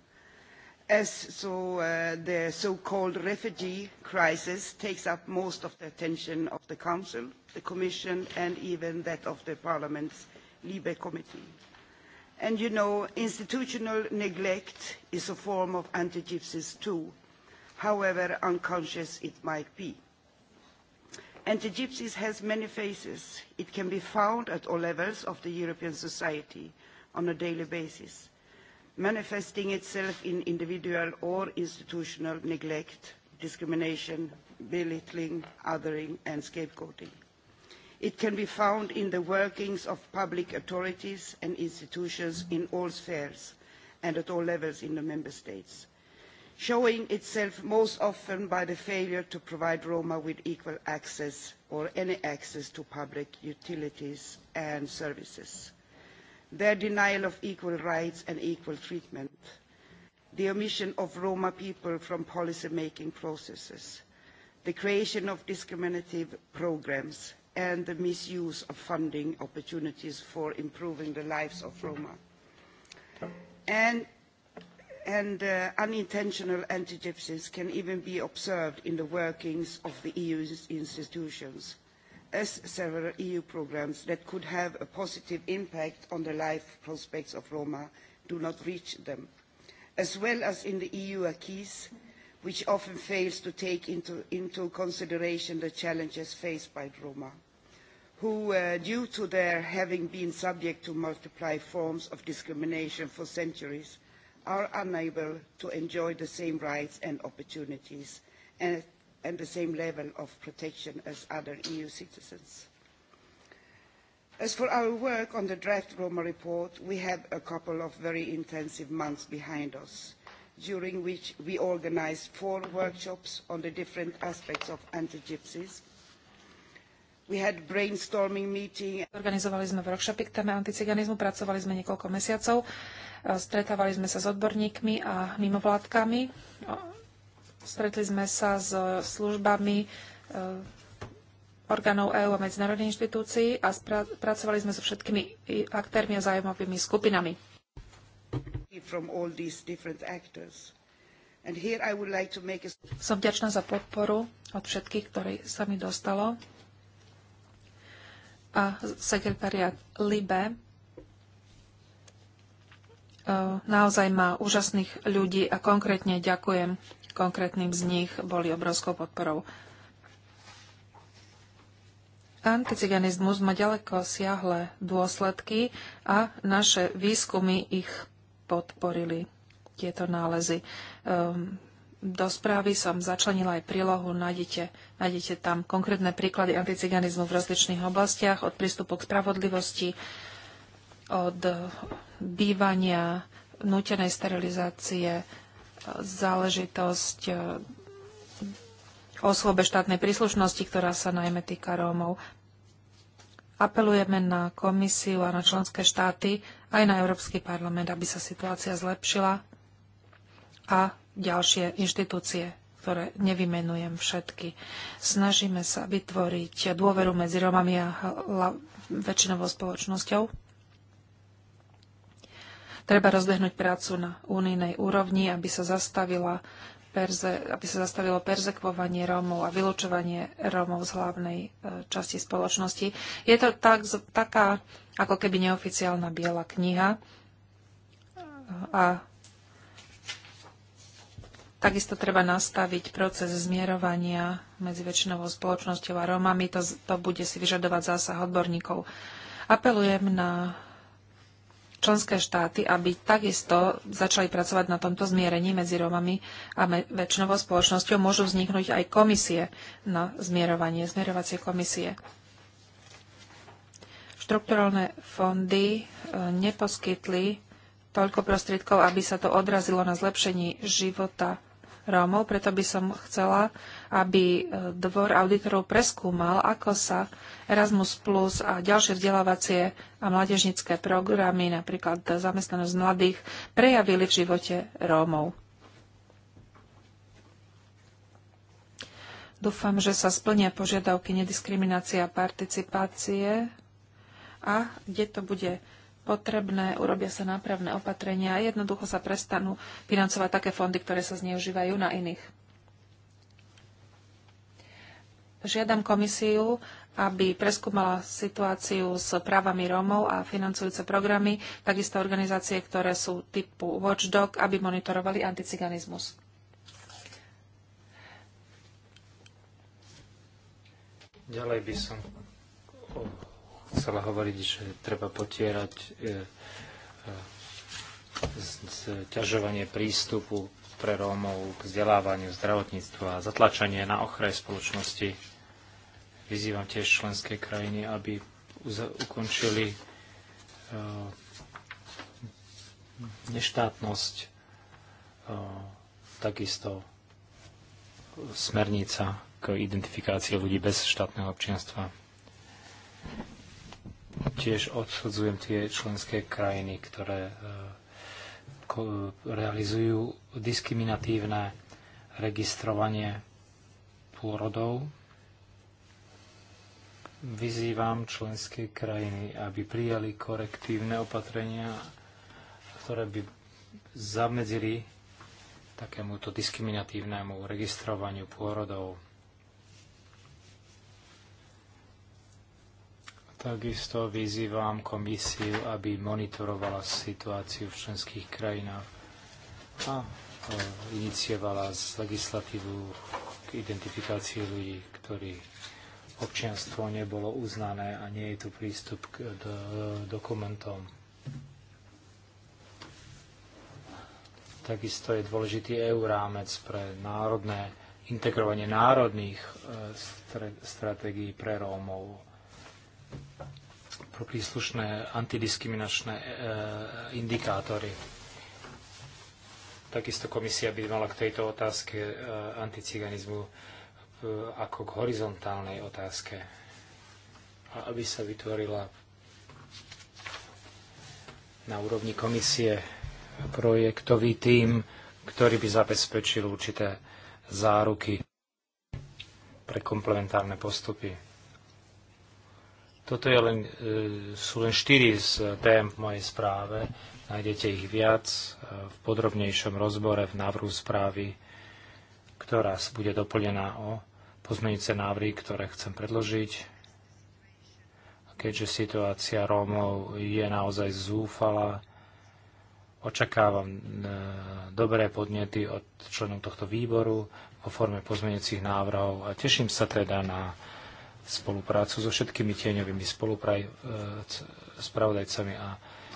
as so, uh, the so-called refugee crisis takes up most of the attention of the Council, the Commission, and even that of the Parliament's Libe Committee. And you know, institutional neglect is a form of anti-Gypsies too, however unconscious it might be. Anti-Gypsies has many faces. It can be found at all levels of the European society on a daily basis manifesting itself in individual or institutional neglect, discrimination, belittling, othering and scapegoating. It can be found in the workings of public authorities and institutions in all spheres and at all levels in the Member States, showing itself most often by the failure to provide Roma with equal access or any access to public utilities and services their denial of equal rights and equal treatment, the omission of Roma people from policy-making processes, the creation of discriminative programmes, and the misuse of funding opportunities for improving the lives of Roma. And, and uh, unintentional anti-gypsies can even be observed in the workings of the EU institutions as several eu programmes that could have a positive impact on the life prospects of roma do not reach them as well as in the eu acquis which often fails to take into, into consideration the challenges faced by roma who uh, due to their having been subject to multiple forms of discrimination for centuries are unable to enjoy the same rights and opportunities and and the same level of protection as other EU citizens. As for our work on the draft Roma report, we have a couple of very intensive months behind us, during which we organised four workshops on the different aspects of anti-gypsies. We had brainstorming meeting. Organizovali sme workshopy k téme anticiganizmu, pracovali sme niekoľko mesiacov, e, stretávali sme sa s odborníkmi a mimovládkami Stretli sme sa s službami e, orgánov EÚ a medzinárodných inštitúcií a pracovali sme so všetkými aktérmi a zájmovými skupinami. Som vďačná za podporu od všetkých, ktorí sa mi dostalo a sekretariat LIBE e, naozaj má úžasných ľudí a konkrétne ďakujem konkrétnym z nich boli obrovskou podporou. Anticiganizmus má ďaleko siahle dôsledky a naše výskumy ich podporili, tieto nálezy. Um, do správy som začlenila aj prílohu, nájdete, nájdete tam konkrétne príklady anticiganizmu v rozličných oblastiach, od prístupu k spravodlivosti, od bývania, nutenej sterilizácie, záležitosť e, osôbe štátnej príslušnosti, ktorá sa najmä týka Rómov. Apelujeme na komisiu a na členské štáty, aj na Európsky parlament, aby sa situácia zlepšila a ďalšie inštitúcie, ktoré nevymenujem všetky. Snažíme sa vytvoriť dôveru medzi Romami a väčšinovou spoločnosťou. Treba rozbehnúť prácu na unijnej úrovni, aby sa zastavila perze, aby sa zastavilo perzekvovanie Rómov a vylúčovanie Rómov z hlavnej e, časti spoločnosti. Je to tak, taká ako keby neoficiálna biela kniha a takisto treba nastaviť proces zmierovania medzi väčšinovou spoločnosťou a Rómami. To, to bude si vyžadovať zásah odborníkov. Apelujem na členské štáty, aby takisto začali pracovať na tomto zmierení medzi Rómami a väčšinovou spoločnosťou. Môžu vzniknúť aj komisie na zmierovanie, zmierovacie komisie. Štrukturálne fondy e, neposkytli toľko prostriedkov, aby sa to odrazilo na zlepšení života Rómov, preto by som chcela, aby e, dvor auditorov preskúmal, ako sa Erasmus Plus a ďalšie vzdelávacie a mládežnické programy, napríklad zamestnanosť mladých, prejavili v živote Rómov. Dúfam, že sa splnia požiadavky nediskriminácia a participácie a kde to bude potrebné, urobia sa nápravné opatrenia a jednoducho sa prestanú financovať také fondy, ktoré sa zneužívajú na iných. Žiadam komisiu, aby preskúmala situáciu s právami Rómov a financujúce programy, takisto organizácie, ktoré sú typu Watchdog, aby monitorovali anticiganizmus. Ďalej by som chcela hovoriť, že treba potierať e, e, zťažovanie prístupu pre Rómov k vzdelávaniu, zdravotníctvu a zatlačenie na ochraj spoločnosti. Vyzývam tiež členské krajiny, aby ukončili e, neštátnosť, takisto smernica k identifikácii ľudí bez štátneho občianstva. Tiež odsudzujem tie členské krajiny, ktoré e, realizujú diskriminatívne registrovanie pôrodov. Vyzývam členské krajiny, aby prijali korektívne opatrenia, ktoré by zamedzili takémuto diskriminatívnemu registrovaniu pôrodov Takisto vyzývam komisiu, aby monitorovala situáciu v členských krajinách a e, iniciovala legislatívu k identifikácii ľudí, ktorí občianstvo nebolo uznané a nie je tu prístup k e, e, dokumentom. Takisto je dôležitý EU rámec pre národné, integrovanie národných stratégií pre Rómov príslušné antidiskriminačné e, e, indikátory. Takisto komisia by mala k tejto otázke e, anticiganizmu ako k horizontálnej otázke. A aby sa vytvorila na úrovni komisie projektový tím, ktorý by zabezpečil určité záruky pre komplementárne postupy. Toto je len, e, sú len štyri z tém v mojej správe. Nájdete ich viac e, v podrobnejšom rozbore v návrhu správy, ktorá bude doplnená o pozmeňujúce návrhy, ktoré chcem predložiť. A keďže situácia Rómov je naozaj zúfala, očakávam e, dobré podnety od členov tohto výboru o forme pozmeňujúcich návrhov a teším sa teda na spoluprácu so všetkými tieňovými e, spravodajcami a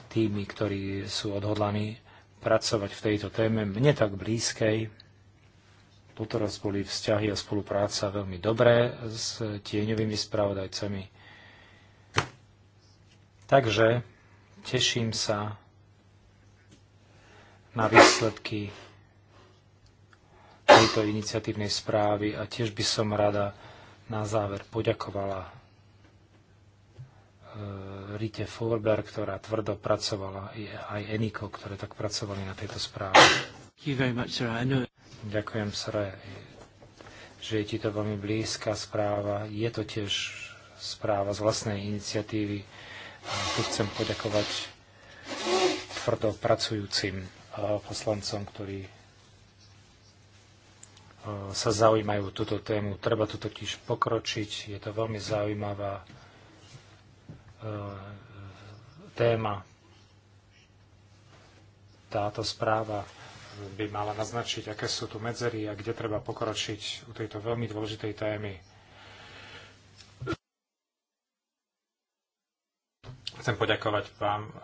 tými, ktorí sú odhodlaní pracovať v tejto téme, mne tak blízkej. Doteraz boli vzťahy a spolupráca veľmi dobré s tieňovými spravodajcami. Takže teším sa na výsledky tejto iniciatívnej správy a tiež by som rada na záver poďakovala e, Rite Forber, ktorá tvrdo pracovala, aj Eniko, ktoré tak pracovali na tejto správe. Ďakujem, Sra, že je ti to veľmi blízka správa. Je to tiež správa z vlastnej iniciatívy. A tu chcem poďakovať tvrdo pracujúcim e, poslancom, ktorí sa zaujímajú túto tému. Treba tu totiž pokročiť. Je to veľmi zaujímavá e, téma. Táto správa by mala naznačiť, aké sú tu medzery a kde treba pokročiť u tejto veľmi dôležitej témy. Chcem poďakovať vám e, e,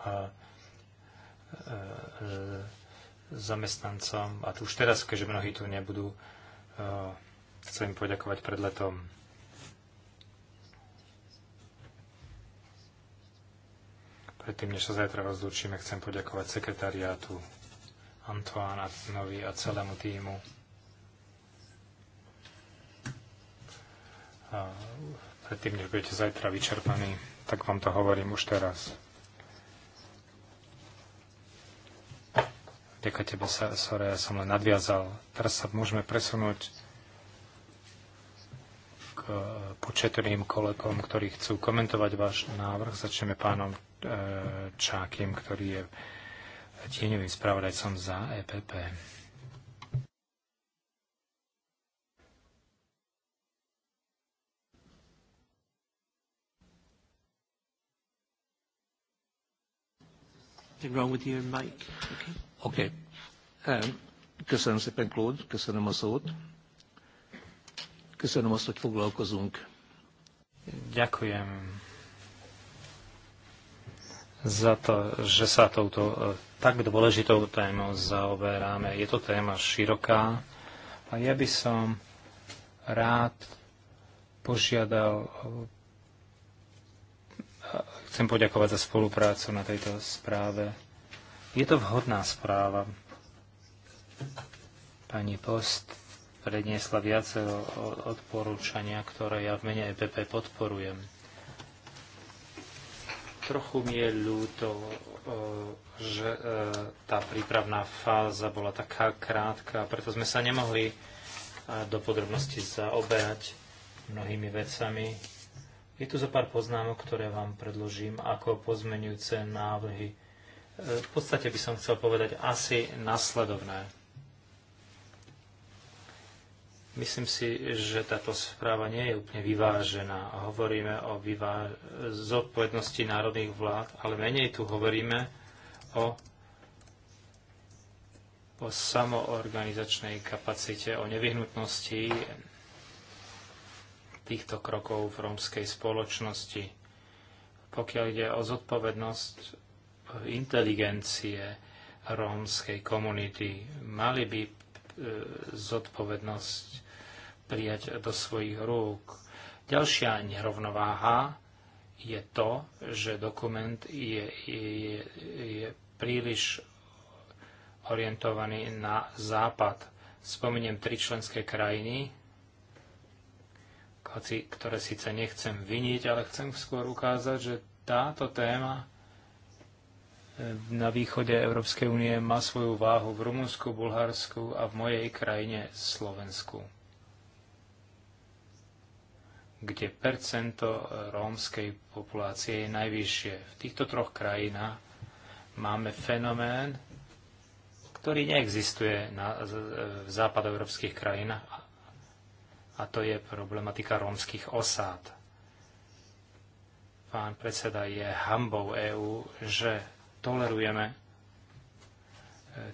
zamestnancom a tu už teraz, keďže mnohí tu nebudú, Chcem poďakovať pred letom. Predtým, než sa zajtra rozlúčime, chcem poďakovať sekretariátu Novi a celému týmu. predtým, než budete zajtra vyčerpaní, tak vám to hovorím už teraz. Ďakujem tebe, Sore, ja som len nadviazal. Teraz sa môžeme presunúť k eh, početným kolegom, ktorí chcú komentovať váš návrh. Začneme pánom eh, Čákim, ktorý je tieňovým spravodajcom za EPP. Wrong with your mic. Okay. Oké. Köszönöm szépen, Claude, köszönöm a szót. Köszönöm azt, hogy foglalkozunk. Ďakujem za to, že sa touto e, tak dôležitou témou zaoberáme. Je to téma široká a ja by som rád požiadal, e, chcem poďakovať za spoluprácu na tejto správe je to vhodná správa. Pani Post predniesla viacero odporúčania, ktoré ja v mene EPP podporujem. Trochu mi je ľúto, že e, tá prípravná fáza bola taká krátka, preto sme sa nemohli e, do podrobnosti zaoberať mnohými vecami. Je tu za pár poznámok, ktoré vám predložím ako pozmenujúce návrhy v podstate by som chcel povedať asi nasledovné. Myslím si, že táto správa nie je úplne vyvážená. Hovoríme o vyvá... zodpovednosti národných vlád, ale menej tu hovoríme o, o samoorganizačnej kapacite, o nevyhnutnosti týchto krokov v rómskej spoločnosti. Pokiaľ ide o zodpovednosť inteligencie rómskej komunity. Mali by e, zodpovednosť prijať do svojich rúk. Ďalšia nerovnováha je to, že dokument je, je, je príliš orientovaný na západ. Spomeniem tri členské krajiny, ktoré síce nechcem viniť, ale chcem skôr ukázať, že táto téma na východe Európskej únie má svoju váhu v Rumunsku, Bulharsku a v mojej krajine Slovensku, kde percento rómskej populácie je najvyššie. V týchto troch krajinách máme fenomén, ktorý neexistuje na, v západoeurópskych krajinách, a to je problematika rómskych osád. Pán predseda, je hambou EÚ, že tolerujeme e,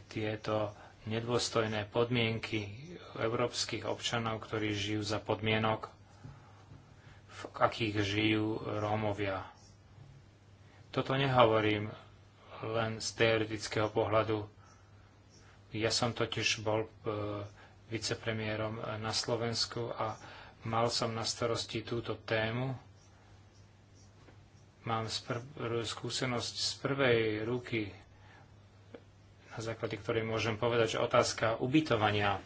tieto nedôstojné podmienky európskych občanov, ktorí žijú za podmienok, v akých žijú Rómovia. Toto nehovorím len z teoretického pohľadu. Ja som totiž bol e, vicepremiérom na Slovensku a mal som na starosti túto tému Mám skúsenosť z prvej ruky, na základe ktorej môžem povedať, že otázka ubytovania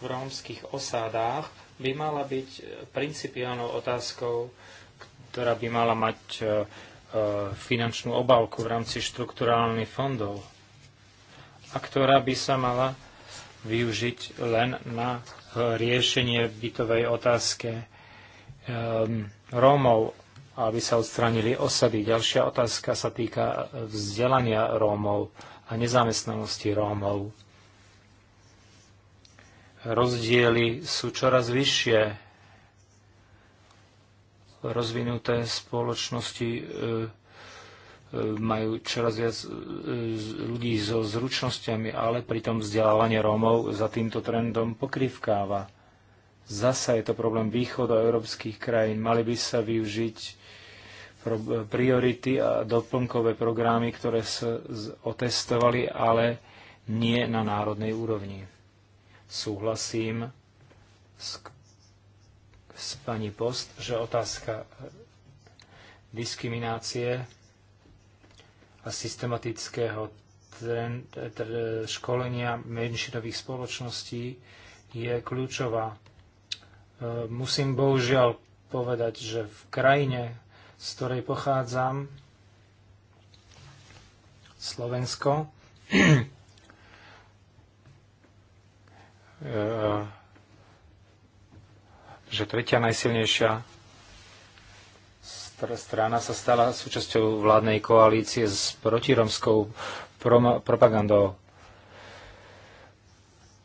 v rómskych osádách by mala byť principiálnou otázkou, ktorá by mala mať e, e, finančnú obálku v rámci štrukturálnych fondov a ktorá by sa mala využiť len na e, riešenie bytovej otázke um, Rómov, aby sa odstranili osady. Ďalšia otázka sa týka vzdelania Rómov a nezamestnanosti Rómov. Rozdiely sú čoraz vyššie. Rozvinuté spoločnosti e, e, majú čoraz viac e, ľudí so zručnosťami, ale pritom vzdelávanie Rómov za týmto trendom pokrývkáva. Zasa je to problém východu európskych krajín. Mali by sa využiť priority a doplnkové programy, ktoré sa otestovali, ale nie na národnej úrovni. Súhlasím s, s pani Post, že otázka diskriminácie a systematického školenia menšinových spoločností je kľúčová. Eh, musím bohužiaľ povedať, že v krajine, z ktorej pochádzam, Slovensko, <clears throat> eh, že tretia najsilnejšia strana sa stala súčasťou vládnej koalície s protiromskou propagandou.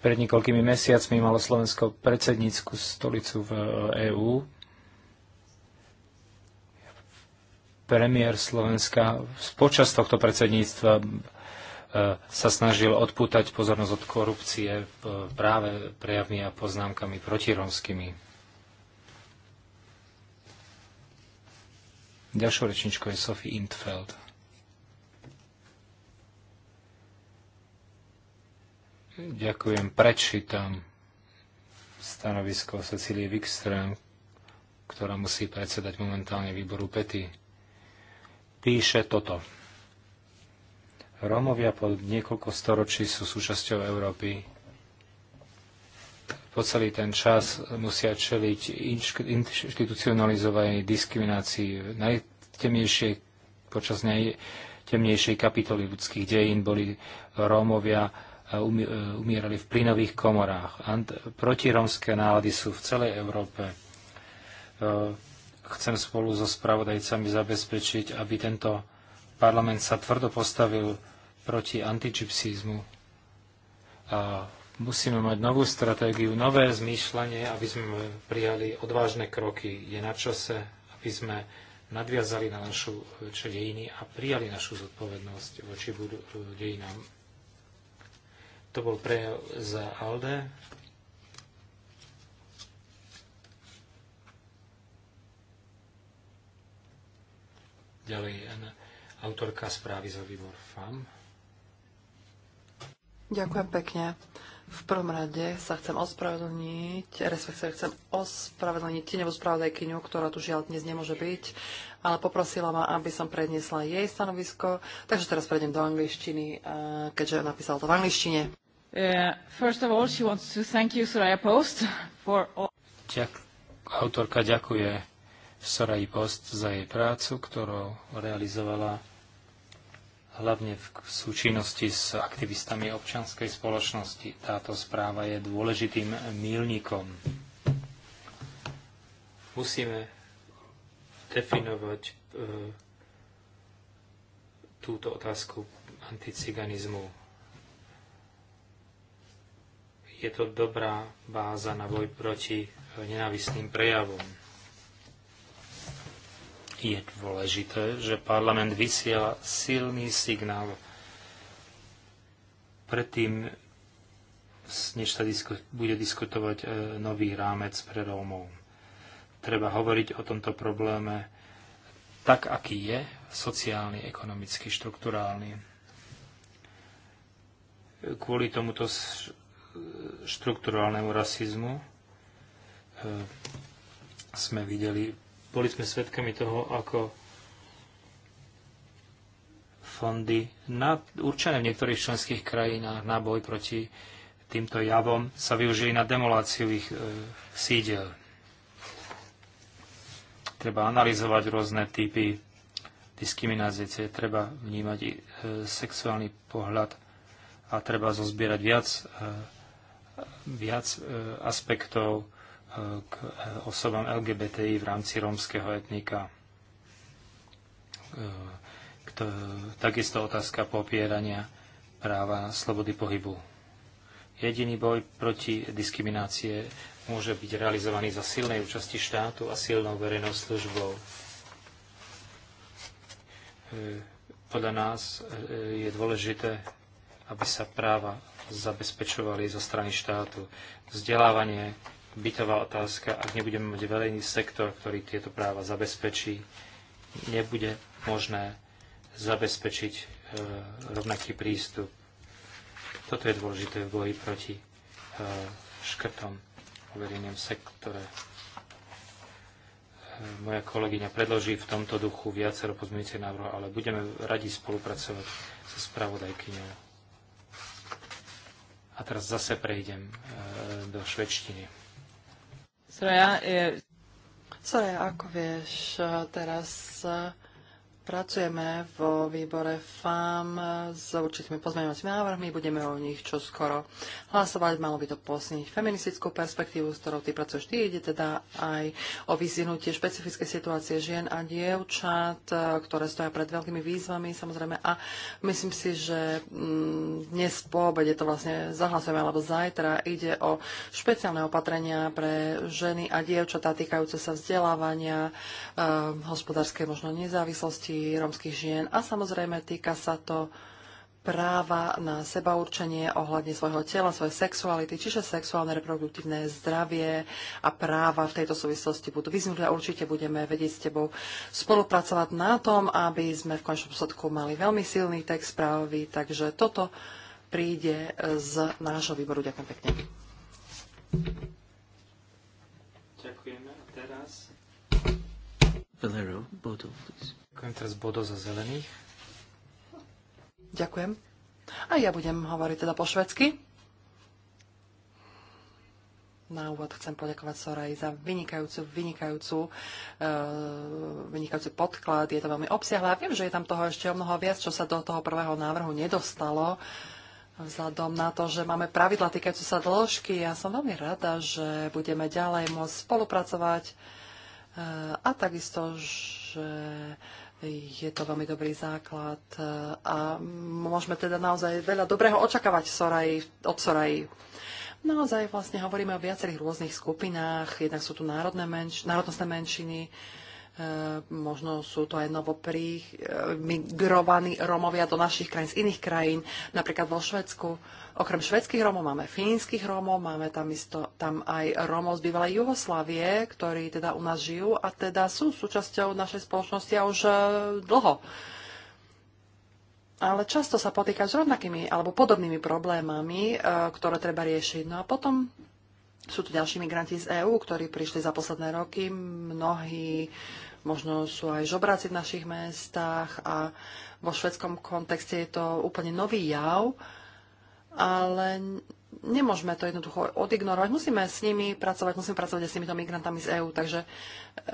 Pred niekoľkými mesiacmi malo Slovensko predsednícku stolicu v EÚ. Eh, e Premiér Slovenska počas tohto predsedníctva eh, sa snažil odpútať pozornosť od korupcie eh, práve prejavmi a poznámkami protirómskymi. Ďalšou rečničkou je Sophie Intfeld. Ďakujem, prečítam stanovisko Cecílie Wikström, ktorá musí predsedať momentálne výboru pety, Píše toto. Rómovia po niekoľko storočí sú súčasťou Európy. Po celý ten čas musia čeliť inštitucionalizovanej diskriminácii. Najtemnejšie, počas najtemnejšej kapitoly ľudských dejín boli Rómovia E, umierali v plynových komorách. Ant- protiromské nálady sú v celej Európe. E, chcem spolu so spravodajcami zabezpečiť, aby tento parlament sa tvrdo postavil proti antičipsizmu. A musíme mať novú stratégiu, nové zmýšľanie, aby sme prijali odvážne kroky. Je na čase, aby sme nadviazali na našu dejiny a prijali našu zodpovednosť voči e, dejinám to bol prejav za ALDE. Ďalej autorka správy za výbor FAM. Ďakujem pekne. V prvom rade sa chcem ospravedlniť, respektíve chcem ospravedlniť tenevú spravodajkyňu, ktorá tu žiaľ dnes nemôže byť, ale poprosila ma, aby som predniesla jej stanovisko, takže teraz prejdem do angličtiny, eh, keďže napísala to v angličtine. Uh, first of all, she wants to thank you, Soraya Post, <laughs> for all... Ďak, autorka ďakuje Soraji Post za jej prácu, ktorú realizovala hlavne v súčinnosti s aktivistami občianskej spoločnosti. Táto správa je dôležitým mílnikom. Musíme definovať e, túto otázku anticiganizmu je to dobrá báza na boj proti nenávistným prejavom. Je dôležité, že parlament vysiela silný signál predtým, než sa disko, bude diskutovať e, nový rámec pre Rómov. Treba hovoriť o tomto probléme tak, aký je, sociálny, ekonomický, štruktúrálny. Kvôli tomuto štrukturálnemu rasizmu. E, sme videli, boli sme svedkami toho, ako fondy na, určené v niektorých členských krajinách na boj proti týmto javom sa využili na demoláciu ich e, sídel. Treba analyzovať rôzne typy diskriminácie, treba vnímať e, sexuálny pohľad a treba zozbierať viac e, viac e, aspektov e, k e, osobám LGBTI v rámci rómskeho etnika. Takisto otázka popierania práva slobody pohybu. Jediný boj proti diskriminácie môže byť realizovaný za silnej účasti štátu a silnou verejnou službou. Podľa nás je dôležité aby sa práva zabezpečovali zo strany štátu. Vzdelávanie, bytová otázka, ak nebudeme mať verejný sektor, ktorý tieto práva zabezpečí, nebude možné zabezpečiť e, rovnaký prístup. Toto je dôležité v boji proti e, škrtom v verejnom sektore. E, moja kolegyňa predloží v tomto duchu viacero pozmeňujúcich návrhov, ale budeme radi spolupracovať so spravodajkyňou. A teraz zase prejdem e, do švedštiny. Soraya, je... Soraya, ako vieš, e, teraz e, Pracujeme vo výbore FAM s určitými pozmeňovacími návrhmi, budeme o nich čo skoro hlasovať. Malo by to posniť feministickú perspektívu, s ktorou ty pracuješ ty, ide teda aj o vyzvinutie špecifické situácie žien a dievčat, ktoré stoja pred veľkými výzvami samozrejme. A myslím si, že mm, dnes po obede to vlastne zahlasujeme, alebo zajtra ide o špeciálne opatrenia pre ženy a dievčatá týkajúce sa vzdelávania, eh, hospodárskej možno nezávislosti situácii rómskych žien a samozrejme týka sa to práva na seba určenie ohľadne svojho tela, svojej sexuality, čiže sexuálne reproduktívne zdravie a práva v tejto súvislosti budú vyznuté a určite budeme vedieť s tebou spolupracovať na tom, aby sme v končnom posledku mali veľmi silný text správy, takže toto príde z nášho výboru. Ďakujem pekne. Ďakujeme. A teraz... Valero, Bodo, please. Ďakujem teraz Bodo za zelených. Ďakujem. A ja budem hovoriť teda po švedsky. Na úvod chcem poďakovať Soraj za vynikajúcu, vynikajúcu, e, vynikajúci podklad. Je to veľmi obsiahle a viem, že je tam toho ešte o mnoho viac, čo sa do toho prvého návrhu nedostalo. Vzhľadom na to, že máme pravidla týkajúce sa dĺžky, ja som veľmi rada, že budeme ďalej môcť spolupracovať e, a takisto, že je to veľmi dobrý základ e, a môžeme teda naozaj veľa dobrého očakávať Soraj, od Soraji. Naozaj vlastne hovoríme o viacerých rôznych skupinách, jednak sú tu národné menš- národnostné menšiny, Eh, možno sú to aj novoprí eh, migrovaní Rómovia do našich krajín, z iných krajín, napríklad vo Švedsku. Okrem švedských Rómov máme fínskych Rómov, máme tam, isto, tam aj Rómov z bývalej Jugoslávie, ktorí teda u nás žijú a teda sú súčasťou našej spoločnosti a už eh, dlho. Ale často sa potýka s rovnakými alebo podobnými problémami, ktoré treba riešiť. No a potom sú tu ďalší migranti z EÚ, ktorí prišli za posledné roky. Mnohí možno sú aj žobráci v našich mestách a vo švedskom kontexte je to úplne nový jav, ale nemôžeme to jednoducho odignorovať. Musíme s nimi pracovať, musíme pracovať s týmito migrantami z EÚ, takže e,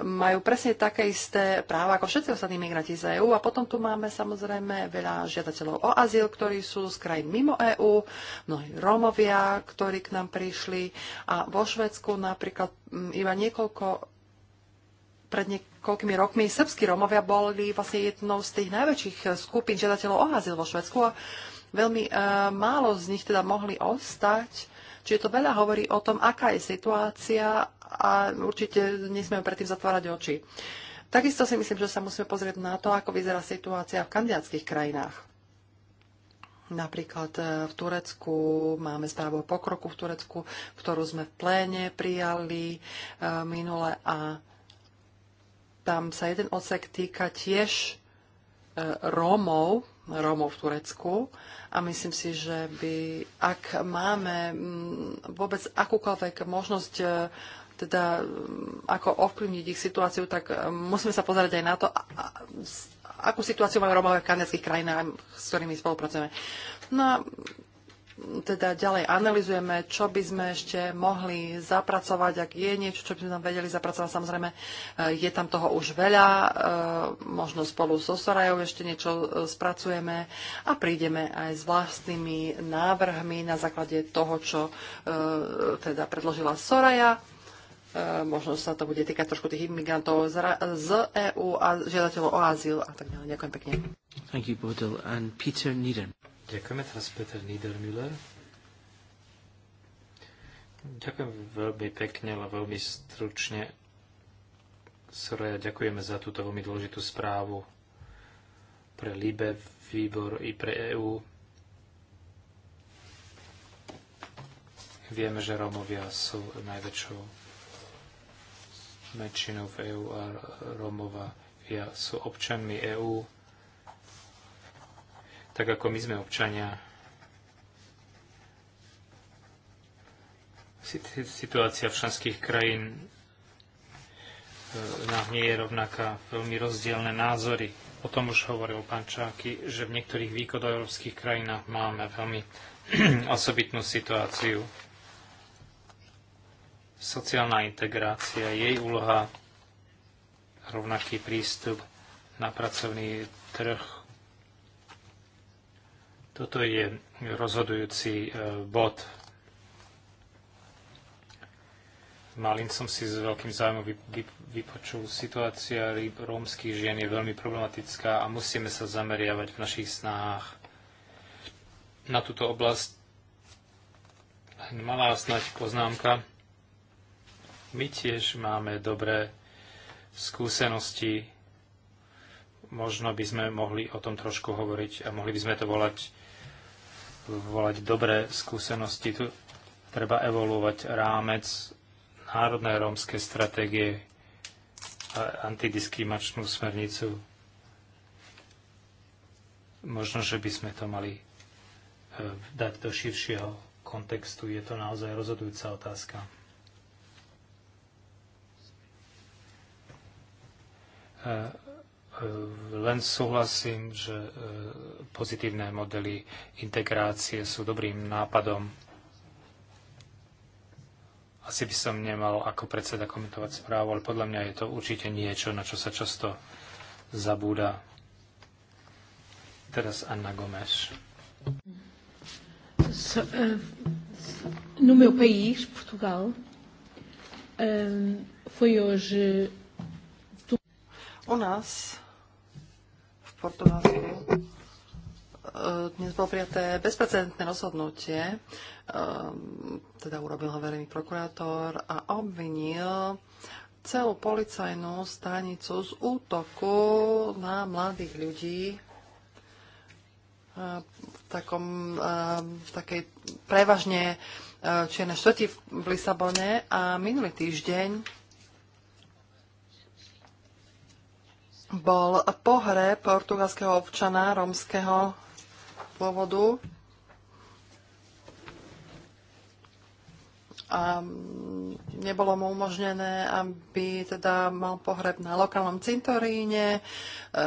majú presne také isté práva ako všetci ostatní migranti z EÚ. A potom tu máme samozrejme veľa žiadateľov o azyl, ktorí sú z krajín mimo EÚ, mnohí Rómovia, ktorí k nám prišli. A vo Švedsku napríklad iba niekoľko pred niekoľkými rokmi srbskí Rómovia boli vlastne jednou z tých najväčších skupín žiadateľov o azyl vo Švedsku. A Veľmi e, málo z nich teda mohli ostať, čiže to veľa hovorí o tom, aká je situácia a určite nesmieme predtým zatvárať oči. Takisto si myslím, že sa musíme pozrieť na to, ako vyzerá situácia v kandidátskych krajinách. Napríklad e, v Turecku máme správu o pokroku v Turecku, ktorú sme v pléne prijali e, minule a tam sa jeden odsek týka tiež e, Rómov, Rómov v Turecku a myslím si, že by, ak máme mm, vôbec akúkoľvek možnosť e, teda mm, ako ovplyvniť ich situáciu, tak e, musíme sa pozerať aj na to, akú situáciu majú Rómovia v kanadských krajinách, s ktorými spolupracujeme. No a teda ďalej analizujeme, čo by sme ešte mohli zapracovať, ak je niečo, čo by sme tam vedeli zapracovať. Samozrejme, eh, je tam toho už veľa, eh, možno spolu so Sorajou ešte niečo eh, spracujeme a prídeme aj s vlastnými návrhmi na základe toho, čo teda predložila Soraja. Možno sa to bude týkať trošku tých imigrantov z EÚ a žiadateľov o azyl a tak ďalej. Ďakujem pekne. Thank you, Bodil. And Peter Needham. Ďakujeme teraz Peter Niedermüller. Ďakujem veľmi pekne, ale veľmi stručne. Soraya, ďakujeme za túto veľmi dôležitú správu pre LIBE výbor i pre EÚ. Vieme, že Rómovia sú najväčšou menšinou v EÚ a Rómovia sú občanmi EÚ tak ako my sme občania. Situácia členských krajín e, nám nie je rovnaká, veľmi rozdielne názory. O tom už hovoril pán Čáky, že v niektorých východoeurópskych krajinách máme veľmi <clears throat> osobitnú situáciu. Sociálna integrácia, jej úloha, rovnaký prístup na pracovný trh, toto je rozhodujúci e, bod. Malin som si s veľkým zájmom vypočul. Situácia rómskych žien je veľmi problematická a musíme sa zameriavať v našich snahách na túto oblasť. Malá snáď poznámka. My tiež máme dobré skúsenosti. Možno by sme mohli o tom trošku hovoriť a mohli by sme to volať volať dobré skúsenosti. Tu treba evolovať rámec národnej rómskej stratégie a antidiskrimačnú smernicu. Možno, že by sme to mali e, dať do širšieho kontextu. Je to naozaj rozhodujúca otázka. Uh, E, len súhlasím, že e, pozitívne modely integrácie sú dobrým nápadom. Asi by som nemal ako predseda komentovať správu, ale podľa mňa je to určite niečo, na čo sa často zabúda. Teraz Anna Gomes. E, no meu país, Portugal, foi hoje. U nás Portugalsku eh, dnes bolo prijaté bezprecedentné rozhodnutie, eh, teda urobil ho verejný prokurátor a obvinil celú policajnú stanicu z útoku na mladých ľudí eh, v, takom, v takej prevažne čierne štvrti v Lisabone a minulý týždeň bol pohreb portugalského občana rómskeho pôvodu. A nebolo mu umožnené, aby teda mal pohreb na lokálnom cintoríne, e,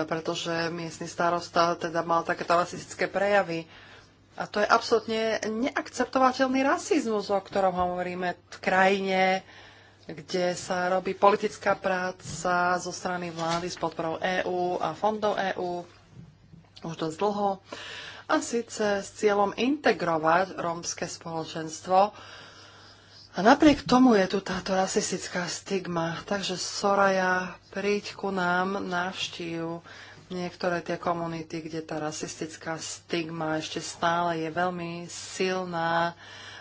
pretože miestny starosta teda mal takéto rasistické prejavy. A to je absolútne neakceptovateľný rasizmus, o ktorom hovoríme v krajine, kde sa robí politická práca zo strany vlády s podporou EÚ a fondov EÚ už dosť dlho. A síce s cieľom integrovať rómske spoločenstvo. A napriek tomu je tu táto rasistická stigma. Takže Soraya, príď ku nám, navštív niektoré tie komunity, kde tá rasistická stigma ešte stále je veľmi silná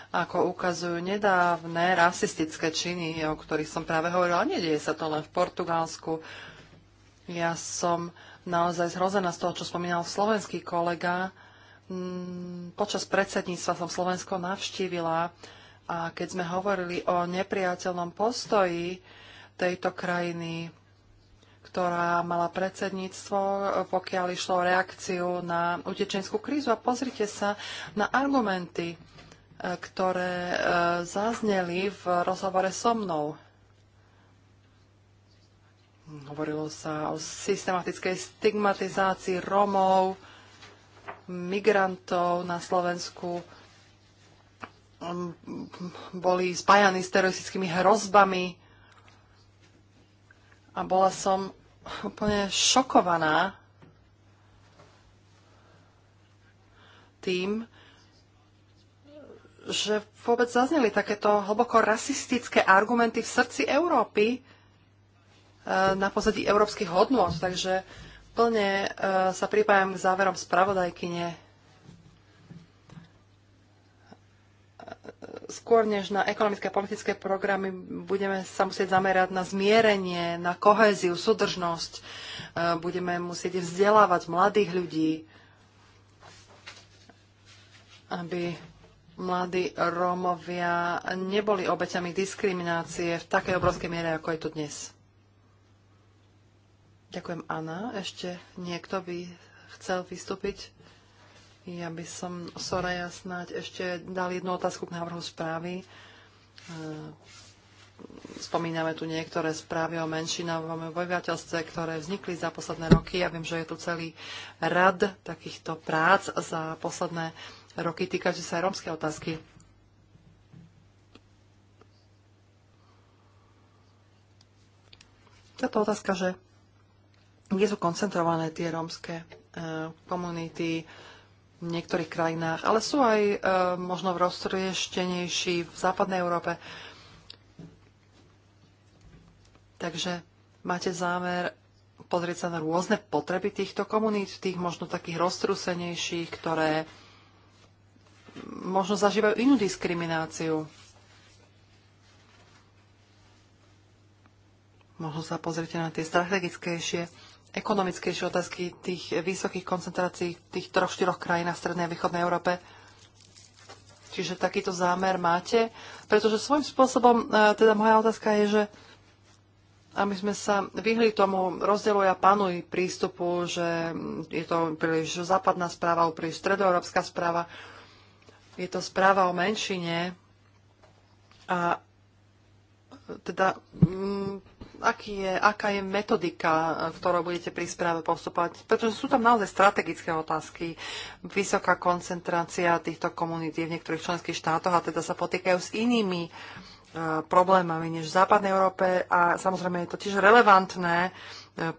ako ukazujú nedávne rasistické činy, o ktorých som práve hovorila. Nedieje sa to len v Portugalsku. Ja som naozaj zhrozená z toho, čo spomínal slovenský kolega. Mm, počas predsedníctva som Slovensko navštívila a keď sme hovorili o nepriateľnom postoji tejto krajiny, ktorá mala predsedníctvo, pokiaľ išlo o reakciu na utečenskú krízu. A pozrite sa na argumenty ktoré e, zazneli v rozhovore so mnou. Hovorilo sa o systematickej stigmatizácii Romov, migrantov na Slovensku. Boli spájani s teroristickými hrozbami. A bola som úplne šokovaná tým, že vôbec zazneli takéto hlboko rasistické argumenty v srdci Európy e, na pozadí európskych hodnot. Takže plne e, sa pripájam k záverom spravodajkyne. Skôr než na ekonomické a politické programy budeme sa musieť zamerať na zmierenie, na kohéziu, súdržnosť. E, budeme musieť vzdelávať mladých ľudí, aby mladí Rómovia neboli obeťami diskriminácie v takej obrovskej miere, ako je tu dnes. Ďakujem, Anna. Ešte niekto by chcel vystúpiť? Ja by som, Soraya, snáď ešte dal jednu otázku k návrhu správy. E, spomíname tu niektoré správy o menšinovom obyvateľstve, ktoré vznikli za posledné roky. Ja viem, že je tu celý rad takýchto prác za posledné roky týkajúce sa rómskej otázky. Táto otázka, že kde sú koncentrované tie rómske e, komunity v niektorých krajinách, ale sú aj e, možno v roztrieštenejší v západnej Európe. Takže máte zámer pozrieť sa na rôzne potreby týchto komunít, tých možno takých roztrúsenejších, ktoré možno zažívajú inú diskrimináciu. Možno sa pozrite na tie strategickejšie, ekonomickejšie otázky tých vysokých koncentrácií v tých troch, štyroch krajinách Strednej a Východnej Európe. Čiže takýto zámer máte? Pretože svojím spôsobom, e, teda moja otázka je, že aby sme sa vyhli tomu rozdielu a panuj prístupu, že je to príliš západná správa, príliš stredoeurópska správa. Je to správa o menšine a teda mm, aký je, aká je metodika, v budete pri správe postupovať? Pretože sú tam naozaj strategické otázky, vysoká koncentrácia týchto komunít v niektorých členských štátoch a teda sa potýkajú s inými e, problémami než v západnej Európe a samozrejme je to tiež relevantné. E,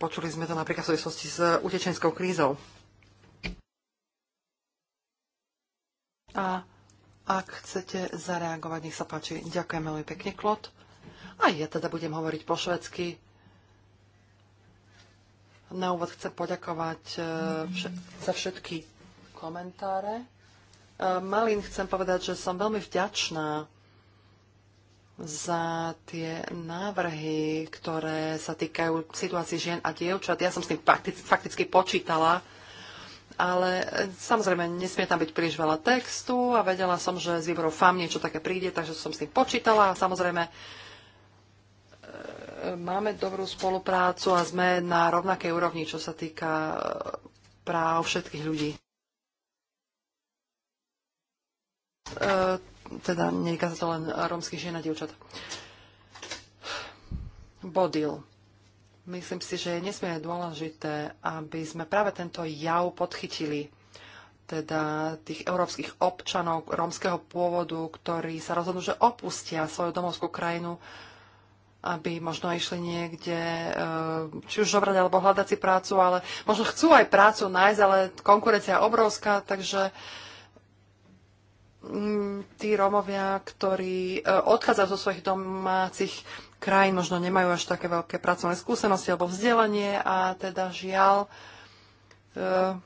počuli sme to napríklad v súvislosti s utečenskou krízou. a ak chcete zareagovať, nech sa páči. Ďakujem veľmi pekne, Klot. A ja teda budem hovoriť po švedsky. Na úvod chcem poďakovať eh, vš- za všetky komentáre. Eh, Malin chcem povedať, že som veľmi vďačná za tie návrhy, ktoré sa týkajú situácií žien a dievčat. Ja som s tým fakticky počítala ale e, samozrejme nesmie tam byť príliš veľa textu a vedela som, že z výborov FAM niečo také príde, takže som s tým počítala a samozrejme e, máme dobrú spoluprácu a sme na rovnakej úrovni, čo sa týka e, práv všetkých ľudí. Teda netýka sa to len rómskych žien a dievčat. Bodil. Myslím si, že je nesmierne dôležité, aby sme práve tento jav podchytili teda tých európskych občanov rómskeho pôvodu, ktorí sa rozhodnú, že opustia svoju domovskú krajinu, aby možno išli niekde, e, či už žobrať alebo hľadať si prácu, ale možno chcú aj prácu nájsť, ale konkurencia je obrovská, takže mm, tí Rómovia, ktorí e, odchádzajú zo svojich domácich krajín možno nemajú až také veľké pracovné skúsenosti alebo vzdelanie a teda žiaľ e,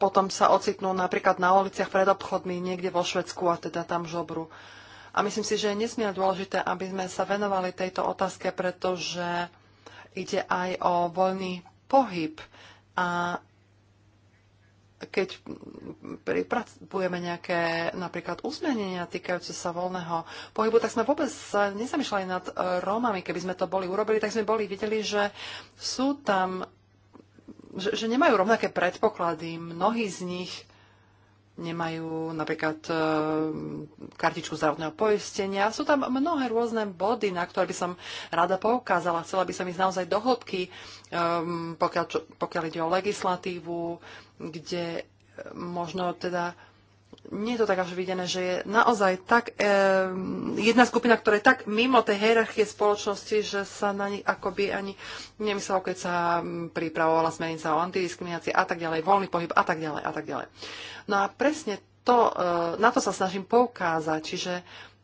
potom sa ocitnú napríklad na uliciach pred obchodmi niekde vo Švedsku a teda tam žobru. A myslím si, že je nesmierne dôležité, aby sme sa venovali tejto otázke, pretože ide aj o voľný pohyb. A keď pripracujeme nejaké napríklad uzmenenia týkajúce sa voľného pohybu, tak sme vôbec nezamýšľali nad e, Rómami. Keby sme to boli urobili, tak sme boli videli, že sú tam, že, že nemajú rovnaké predpoklady. Mnohí z nich nemajú napríklad e, kartičku zdravotného poistenia. Sú tam mnohé rôzne body, na ktoré by som rada poukázala. Chcela by som ísť naozaj do hĺbky, e, pokiaľ, pokiaľ ide o legislatívu, kde e, možno teda nie je to tak až videné, že je naozaj tak e, jedna skupina, ktorá je tak mimo tej hierarchie spoločnosti, že sa na nich akoby ani nemyslelo, keď sa pripravovala smernica o antidiskriminácii a tak ďalej, voľný pohyb a tak ďalej a tak ďalej. No a presne to, e, na to sa snažím poukázať, čiže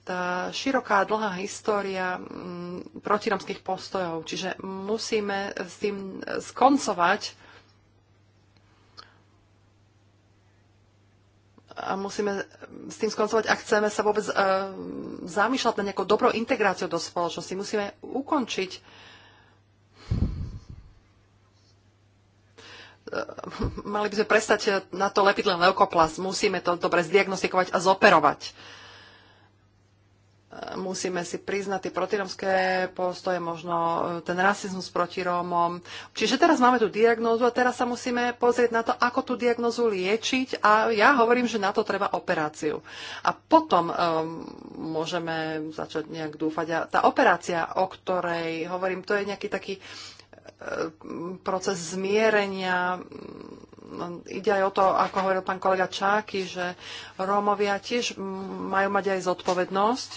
tá široká dlhá história protiromských postojov, čiže musíme s tým skoncovať a musíme s tým skoncovať, ak chceme sa vôbec uh, zamýšľať na nejakou dobrou integráciu do spoločnosti. Musíme ukončiť eh, <laughs> mali by sme prestať na to lepiť len leukoplast. Musíme to dobre zdiagnostikovať a zoperovať. Uh, musíme si priznať tie protiromské postoje, možno e, ten rasizmus proti Rómom. Čiže teraz máme tú diagnózu a teraz sa musíme pozrieť na to, ako tú diagnózu liečiť a ja hovorím, že na to treba operáciu. A potom um, môžeme začať nejak dúfať. A tá operácia, o ktorej hovorím, to je nejaký taký e, proces zmierenia ide aj o to, ako hovoril pán kolega Čáky, že Rómovia tiež majú mať aj zodpovednosť.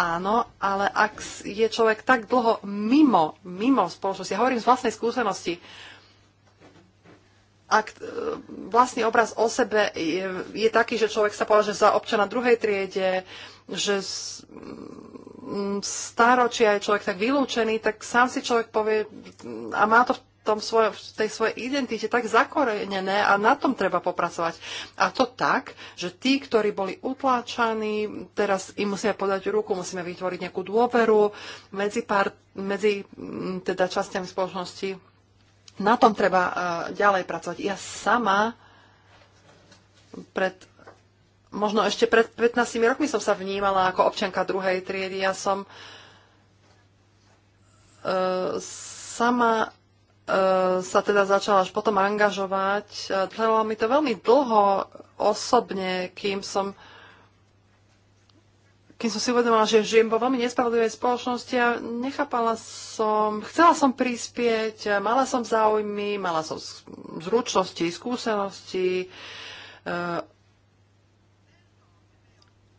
Áno, ale ak je človek tak dlho mimo, mimo spoločnosti, ja hovorím z vlastnej skúsenosti, ak e, vlastný obraz o sebe je, je taký, že človek sa považuje za občana druhej triede, že staročia je človek tak vylúčený, tak sám si človek povie a má to tom svojom, tej svojej identite tak zakorenené a na tom treba popracovať. A to tak, že tí, ktorí boli utláčaní, teraz im musíme podať ruku, musíme vytvoriť nejakú dôveru medzi, pár, medzi mm, teda častiami spoločnosti. Na tom treba e, ďalej pracovať. Ja sama pred možno ešte pred 15 rokmi som sa vnímala ako občanka druhej triedy. Ja som e, sama E, sa teda začala až potom angažovať. E, trvalo mi to veľmi dlho osobne, kým som kým som si uvedomila, že žijem vo veľmi nespravodlivej spoločnosti a nechápala som, chcela som prispieť, e, mala som záujmy, mala som zručnosti, skúsenosti.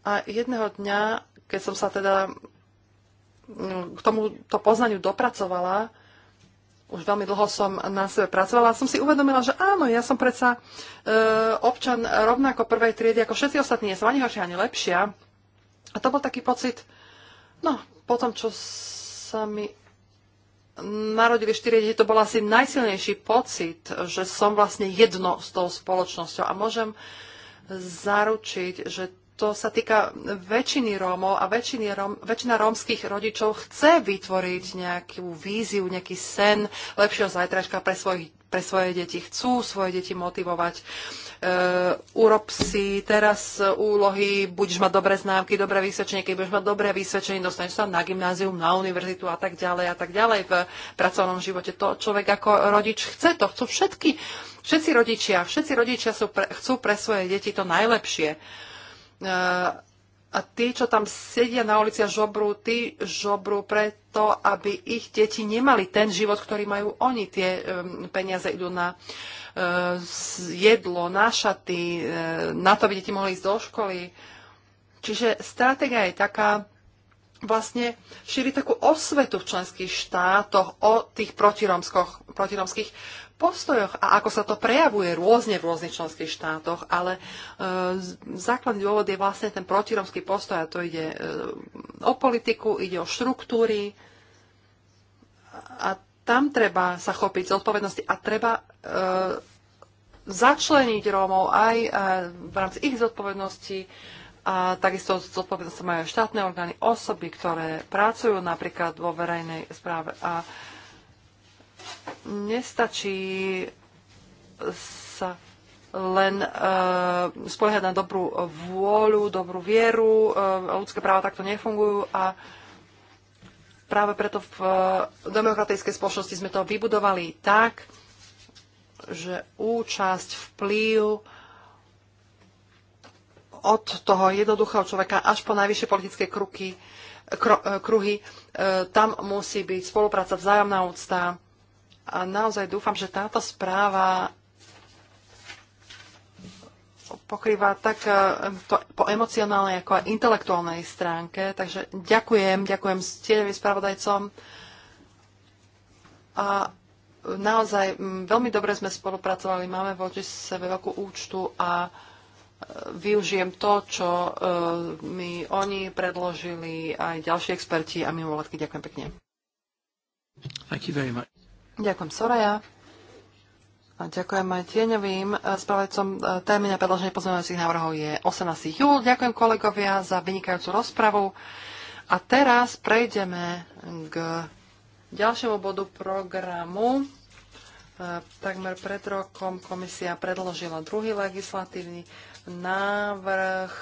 A jedného dňa, keď som sa teda k tomuto poznaniu dopracovala, už veľmi dlho som na sebe pracovala a som si uvedomila, že áno, ja som predsa e, občan rovnako prvej triedy ako všetci ostatní. Ja som ani horšia, ani lepšia. A to bol taký pocit, no, po tom, čo sa mi narodili štyri deti, to bol asi najsilnejší pocit, že som vlastne jedno s tou spoločnosťou a môžem zaručiť, že to sa týka väčšiny Rómov a väčšiny Róm, väčšina rómskych rodičov chce vytvoriť nejakú víziu, nejaký sen lepšieho zajtražka pre, svoj, pre svoje deti. Chcú svoje deti motivovať. E, urob si teraz úlohy, budeš mať dobré známky, dobré vysvedčenie, keď budeš mať dobré vysvedčenie, dostaneš sa na gymnázium, na univerzitu a tak ďalej a tak ďalej v pracovnom živote. To človek ako rodič chce, to chcú všetky, všetci rodičia, všetci rodičia sú pre, chcú pre svoje deti to najlepšie. E, a tí, čo tam sedia na ulici a žobrú, tí žobrú preto, aby ich deti nemali ten život, ktorý majú oni. Tie peniaze idú na e, jedlo, na šaty, e, na to, aby deti mohli ísť do školy. Čiže stratégia je taká, vlastne šíri takú osvetu v členských štátoch o tých protiromských postojoch a ako sa to prejavuje rôzne v rôznych členských štátoch, ale e, základný dôvod je vlastne ten protiromský postoj a to ide e, o politiku, ide o štruktúry a tam treba sa chopiť zodpovednosti a treba e, začleniť Rómov aj e, v rámci ich zodpovednosti a takisto zodpovednosti majú štátne orgány, osoby, ktoré pracujú napríklad vo verejnej správe a e, nestačí sa len uh, e, spoliehať na dobrú vôľu, dobrú vieru. Uh, ľudské práva takto nefungujú a práve preto v uh, demokratickej spoločnosti sme to vybudovali tak, že účasť, vplyv od toho jednoduchého človeka až po najvyššie politické kruky, kro, kruhy, tam musí byť spolupráca, vzájomná úcta, a naozaj dúfam, že táto správa pokrýva tak e, to, po emocionálnej ako aj intelektuálnej stránke. Takže ďakujem, ďakujem stieľovým spravodajcom. A naozaj veľmi dobre sme spolupracovali, máme voči sebe veľkú účtu a e, využijem to, čo e, mi oni predložili aj ďalší experti a mimovoľadky. Ďakujem pekne. Thank you very much. Ďakujem Soraya. A ďakujem aj tieňovým eh, spravedcom. Eh, termín na predloženie návrhov je 18. júl. Ďakujem kolegovia za vynikajúcu rozpravu. A teraz prejdeme k ďalšiemu bodu programu. Eh, takmer pred rokom komisia predložila druhý legislatívny návrh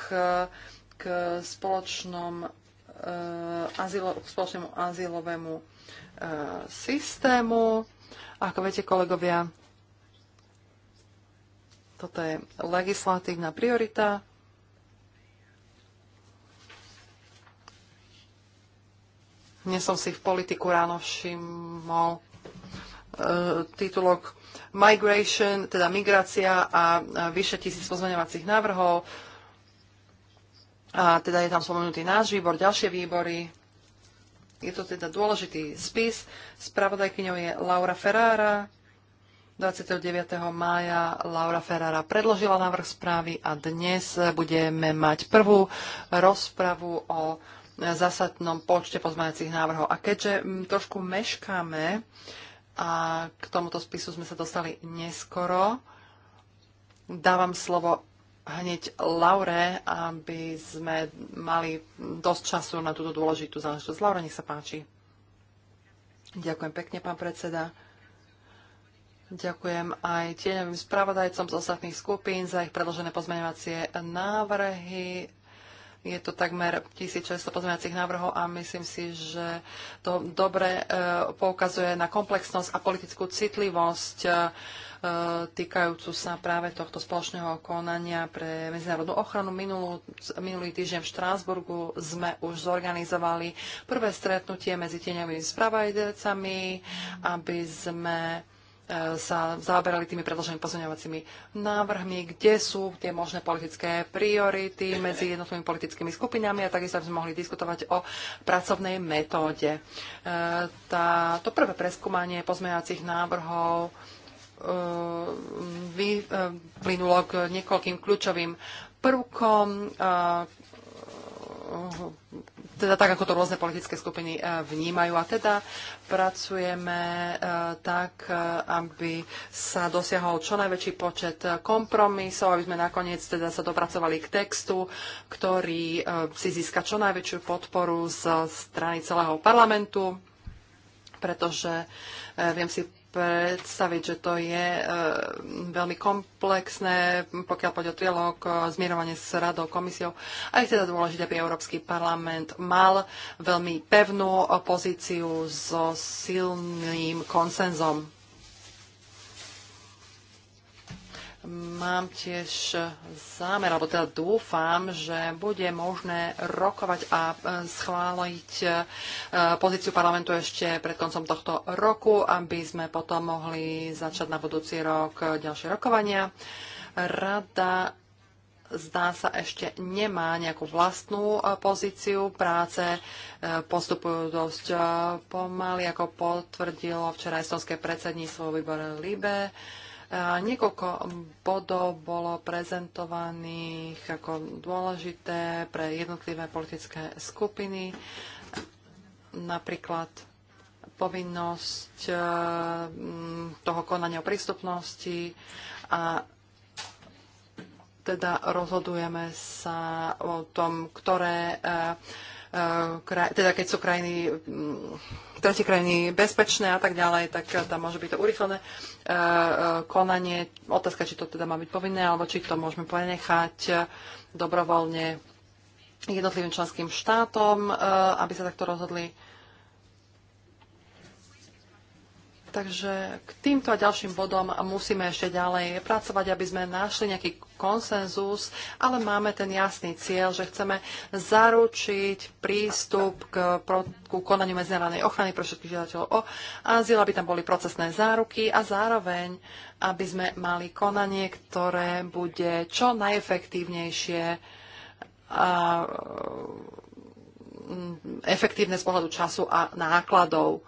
k spoločnom azylo, spoločnému azylovému systému. Ako viete, kolegovia, toto je legislatívna priorita. Dnes som si v politiku ráno všimol e, titulok Migration, teda migrácia a, a vyše tisíc pozmeňovacích návrhov. A teda je tam spomenutý náš výbor, ďalšie výbory. Je to teda dôležitý spis. Spravodajkyňou je Laura Ferrara. 29. mája Laura Ferrara predložila návrh správy a dnes budeme mať prvú rozpravu o zásadnom počte pozmeňacích návrhov. A keďže mm, trošku meškáme a k tomuto spisu sme sa dostali neskoro, dávam slovo hneď Laure, aby sme mali dosť času na túto dôležitú záležitosť. Laura, nech sa páči. Ďakujem pekne, pán predseda. Ďakujem aj tieňovým spravodajcom z ostatných skupín za ich predložené pozmeňovacie návrhy. Je to takmer 1600 pozmeňovacích návrhov a myslím si, že to dobre e, poukazuje na komplexnosť a politickú citlivosť e, E, týkajúcu sa práve tohto spoločného konania pre medzinárodnú ochranu. Minulú, minulý týždeň v Štrásburgu sme už zorganizovali prvé stretnutie medzi tieňovými spravodajcami, aby sme e, sa zaoberali tými predloženými pozmeňovacími návrhmi, kde sú tie možné politické priority medzi jednotlivými politickými skupinami a takisto by sme mohli diskutovať o pracovnej metóde. E, tá, to prvé preskúmanie pozmeňovacích návrhov Eh, vyplynulo eh, k niekoľkým kľúčovým prvkom, eh, teda tak, ako to rôzne politické skupiny vnímajú. A teda pracujeme tak, aby sa dosiahol čo najväčší počet kompromisov, aby sme nakoniec teda sa dopracovali k textu, ktorý si získa čo najväčšiu podporu z strany celého parlamentu, pretože viem si predstaviť, že to je e, veľmi komplexné, pokiaľ pôjde o trilog, e, zmierovanie s radou, komisiou. A je teda dôležité, aby Európsky parlament mal veľmi pevnú pozíciu so silným konsenzom. Mám tiež zámer, alebo teda dúfam, že bude možné rokovať a e, schváliť e, pozíciu parlamentu ešte pred koncom tohto roku, aby sme potom mohli začať na budúci rok e, ďalšie rokovania. Rada zdá sa ešte nemá nejakú vlastnú pozíciu. Práce postupujú dosť pomaly, ako potvrdilo včera estonské predsedníctvo výbor Libe Niekoľko bodov bolo prezentovaných ako dôležité pre jednotlivé politické skupiny, napríklad povinnosť e, toho konania o prístupnosti a teda rozhodujeme sa o tom, ktoré e, Eh, teda keď sú krajiny, mm, tretie krajiny bezpečné a tak ďalej, tak eh, tam môže byť to urychlené eh, konanie. Otázka, či to teda má byť povinné, alebo či to môžeme ponechať dobrovoľne jednotlivým členským štátom, aby sa takto rozhodli. Takže k týmto a ďalším bodom musíme ešte ďalej pracovať, aby sme našli nejaký konsenzus, ale máme ten jasný cieľ, že chceme zaručiť prístup k, k konaniu medzinárodnej ochrany pre všetkých žiadateľov o azyl, aby tam boli procesné záruky a zároveň, aby sme mali konanie, ktoré bude čo najefektívnejšie a mm, efektívne z pohľadu času a nákladov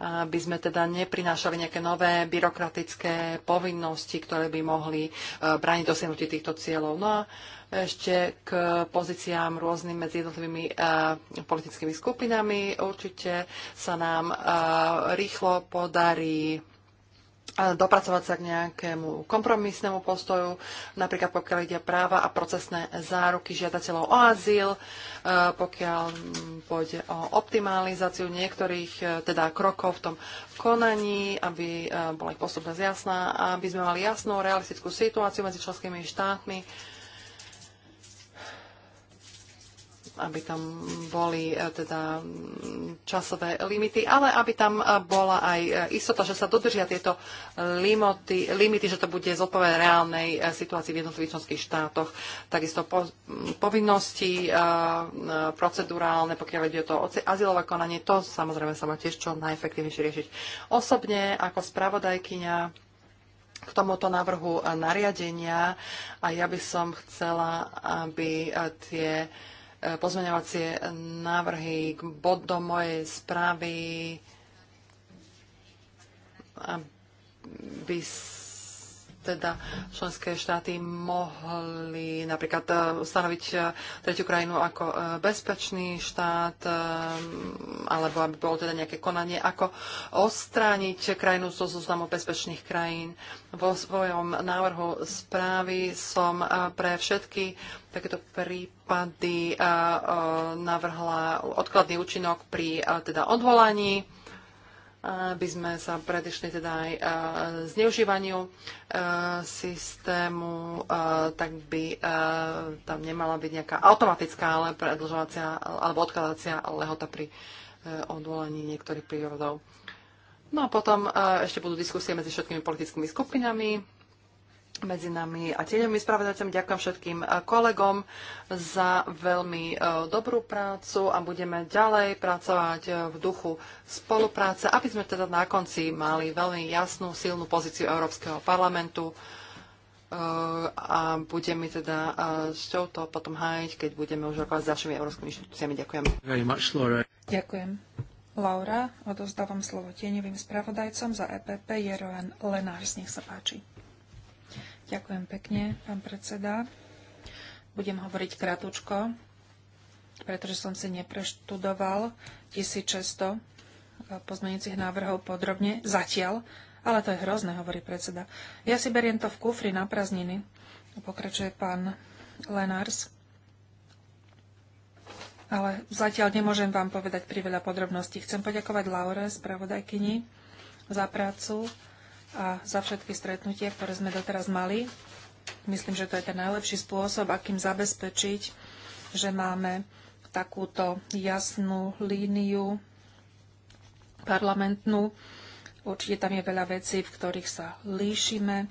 aby sme teda neprinášali nejaké nové byrokratické povinnosti, ktoré by mohli e, brániť dosiahnutí týchto cieľov. No a ešte k pozíciám rôznym medzi jednotlivými e, politickými skupinami. Určite sa nám e, rýchlo podarí dopracovať sa k nejakému kompromisnému postoju, napríklad pokiaľ ide práva a procesné záruky žiadateľov o azyl, e, pokiaľ pôjde o optimalizáciu niektorých e, teda krokov v tom konaní, aby e, bola ich postupnosť jasná, aby sme mali jasnú realistickú situáciu medzi členskými štátmi, aby tam boli e, teda časové limity, ale aby tam e, bola aj e, istota, že sa dodržia tieto limity, limity že to bude zodpovedať reálnej situácii v jednotlivých členských štátoch. Takisto po, povinnosti procedurálne, pokiaľ ide o to azylové konanie, to samozrejme sa má tiež čo najefektívnejšie riešiť. Osobne ako spravodajkyňa k tomuto návrhu nariadenia a ja by som chcela, aby tie E, pozmeňovacie návrhy k bodom mojej správy, aby teda členské štáty mohli napríklad e, stanoviť e, tretiu krajinu ako e, bezpečný štát, alebo aby bolo teda nejaké konanie, ako ostrániť krajinu zo so zoznamu bezpečných krajín. Vo svojom návrhu správy som pre všetky takéto prípady navrhla odkladný účinok pri teda odvolaní aby sme sa predišli teda aj zneužívaniu systému, tak by tam nemala byť nejaká automatická, ale predlžovacia alebo odkladacia lehota pri e, odvolení niektorých prírodov. No a potom ešte budú diskusie medzi všetkými politickými skupinami medzi nami a tieňovými spravodajcami. Ďakujem všetkým eh, kolegom za veľmi eh, dobrú prácu a budeme ďalej pracovať eh, v duchu spolupráce, aby sme teda na konci mali veľmi jasnú, silnú pozíciu Európskeho parlamentu a budeme mi teda s touto potom hájiť, keď budeme už rokovať s ďalšími európskymi inštitúciami. Ďakujem. Ďakujem. Laura, odozdávam slovo tieňovým spravodajcom za EPP Jeroen Lenárs. Nech sa páči. Ďakujem pekne, pán predseda. Budem hovoriť kratučko, pretože som si nepreštudoval 1600 eh, pozmeňujúcich návrhov podrobne zatiaľ, ale to je hrozné, hovorí predseda. Ja si beriem to v kufri na prázdniny, pokračuje pán Lenars. Ale zatiaľ nemôžem vám povedať priveľa podrobností. Chcem poďakovať Laure, spravodajkyni, za prácu a za všetky stretnutia, ktoré sme doteraz mali. Myslím, že to je ten najlepší spôsob, akým zabezpečiť, že máme takúto jasnú líniu parlamentnú. Určite tam je veľa vecí, v ktorých sa líšime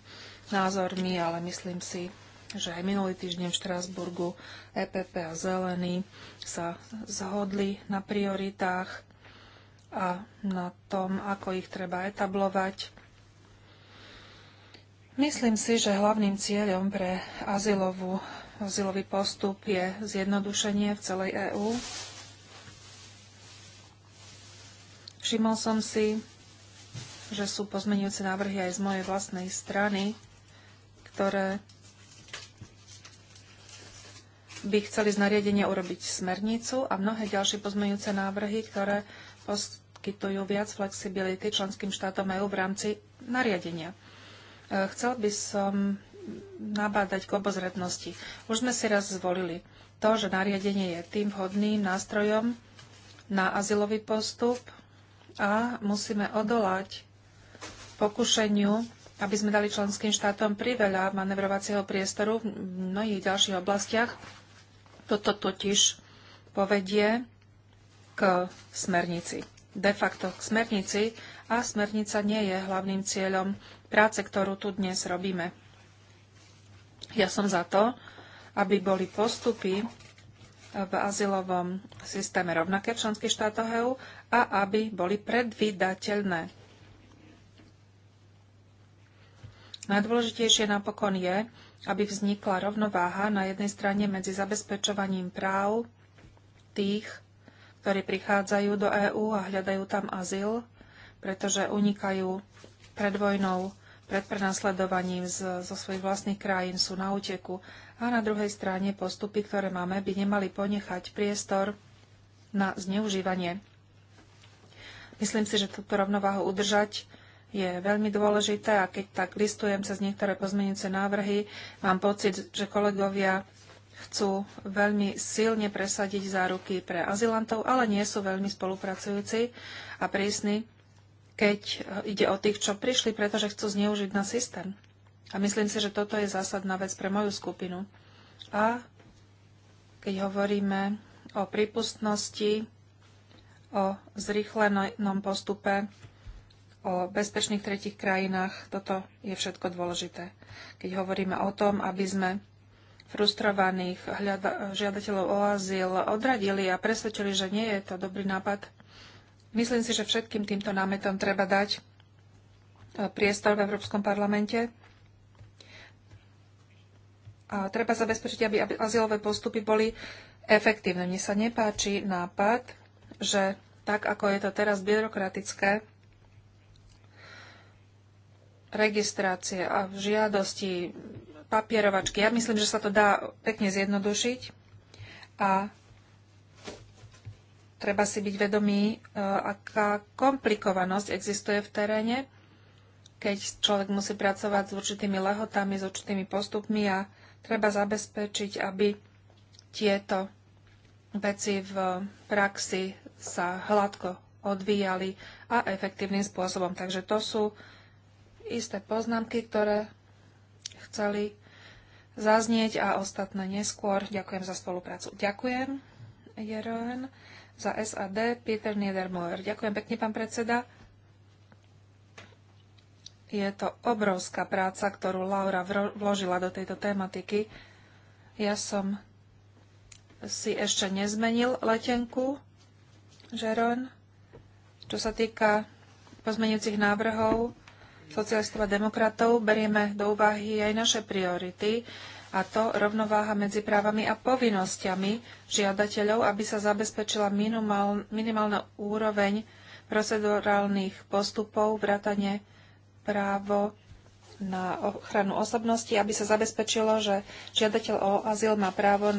názormi, ale myslím si, že aj minulý týždeň v Štrásburgu EPP a Zelení sa zhodli na prioritách a na tom, ako ich treba etablovať Myslím si, že hlavným cieľom pre azylovú, azylový postup je zjednodušenie v celej EÚ. Všimol som si, že sú pozmenujúce návrhy aj z mojej vlastnej strany, ktoré by chceli z nariadenia urobiť smernicu a mnohé ďalšie pozmenujúce návrhy, ktoré poskytujú viac flexibility členským štátom EU v rámci nariadenia. Chcel by som nabádať k obozretnosti. Už sme si raz zvolili to, že nariadenie je tým vhodným nástrojom na azylový postup a musíme odolať pokušeniu, aby sme dali členským štátom priveľa manevrovacieho priestoru v mnohých ďalších oblastiach. Toto totiž povedie k smernici. De facto k smernici, a smernica nie je hlavným cieľom práce, ktorú tu dnes robíme. Ja som za to, aby boli postupy v azylovom systéme rovnaké v členských štátoch EÚ a aby boli predvydateľné. Najdôležitejšie napokon je, aby vznikla rovnováha na jednej strane medzi zabezpečovaním práv tých, ktorí prichádzajú do EÚ a hľadajú tam azyl, pretože unikajú pred vojnou, pred prenasledovaním z, zo svojich vlastných krajín, sú na úteku. A na druhej strane postupy, ktoré máme, by nemali ponechať priestor na zneužívanie. Myslím si, že túto rovnováhu udržať je veľmi dôležité a keď tak listujem cez niektoré pozmenujúce návrhy, mám pocit, že kolegovia chcú veľmi silne presadiť záruky pre azylantov, ale nie sú veľmi spolupracujúci a prísni keď e, ide o tých, čo prišli, pretože chcú zneužiť na systém. A myslím si, že toto je zásadná vec pre moju skupinu. A keď hovoríme o prípustnosti, o zrýchlenom postupe, o bezpečných tretich krajinách, toto je všetko dôležité. Keď hovoríme o tom, aby sme frustrovaných žiadateľov o azyl odradili a presvedčili, že nie je to dobrý nápad, Myslím si, že všetkým týmto námetom treba dať e, priestor v Európskom parlamente. A treba zabezpečiť, aby azylové postupy boli efektívne. Mne sa nepáči nápad, že tak, ako je to teraz byrokratické, registrácie a žiadosti, papierovačky. Ja myslím, že sa to dá pekne zjednodušiť a treba si byť vedomý, e, aká komplikovanosť existuje v teréne, keď človek musí pracovať s určitými lehotami, s určitými postupmi a treba zabezpečiť, aby tieto veci v praxi sa hladko odvíjali a efektívnym spôsobom. Takže to sú isté poznámky, ktoré chceli zaznieť a ostatné neskôr. Ďakujem za spoluprácu. Ďakujem, Jeroen za SAD Peter Niedermoyer. Ďakujem pekne, pán predseda. Je to obrovská práca, ktorú Laura vložila do tejto tematiky. Ja som si ešte nezmenil letenku, Žeron. Čo sa týka pozmenujúcich návrhov socialistov a demokratov, berieme do úvahy aj naše priority a to rovnováha medzi právami a povinnosťami žiadateľov, aby sa zabezpečila minimál, minimálna úroveň procedurálnych postupov, vrátane právo na ochranu osobnosti, aby sa zabezpečilo, že žiadateľ o azyl má právo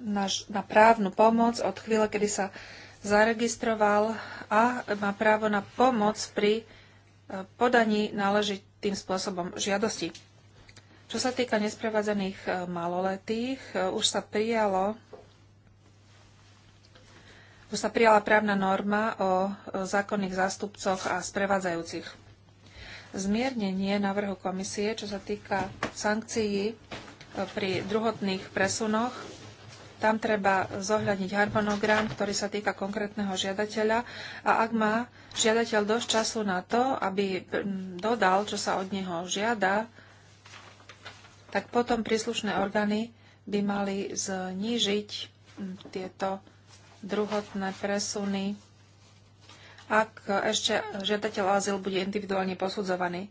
na, na právnu pomoc od chvíle, kedy sa zaregistroval a má právo na pomoc pri eh, podaní náležitým spôsobom žiadosti. Čo sa týka nesprevádzaných e, maloletých, e, už sa prijalo už sa prijala právna norma o e, zákonných zástupcoch a sprevádzajúcich. Zmiernenie návrhu komisie, čo sa týka sankcií pri druhotných presunoch, tam treba zohľadniť harmonogram, ktorý sa týka konkrétneho žiadateľa a ak má žiadateľ dosť času na to, aby dodal, čo sa od neho žiada, tak potom príslušné orgány by mali znížiť hm, tieto druhotné presuny, ak ešte žiadateľ azyl bude individuálne posudzovaný.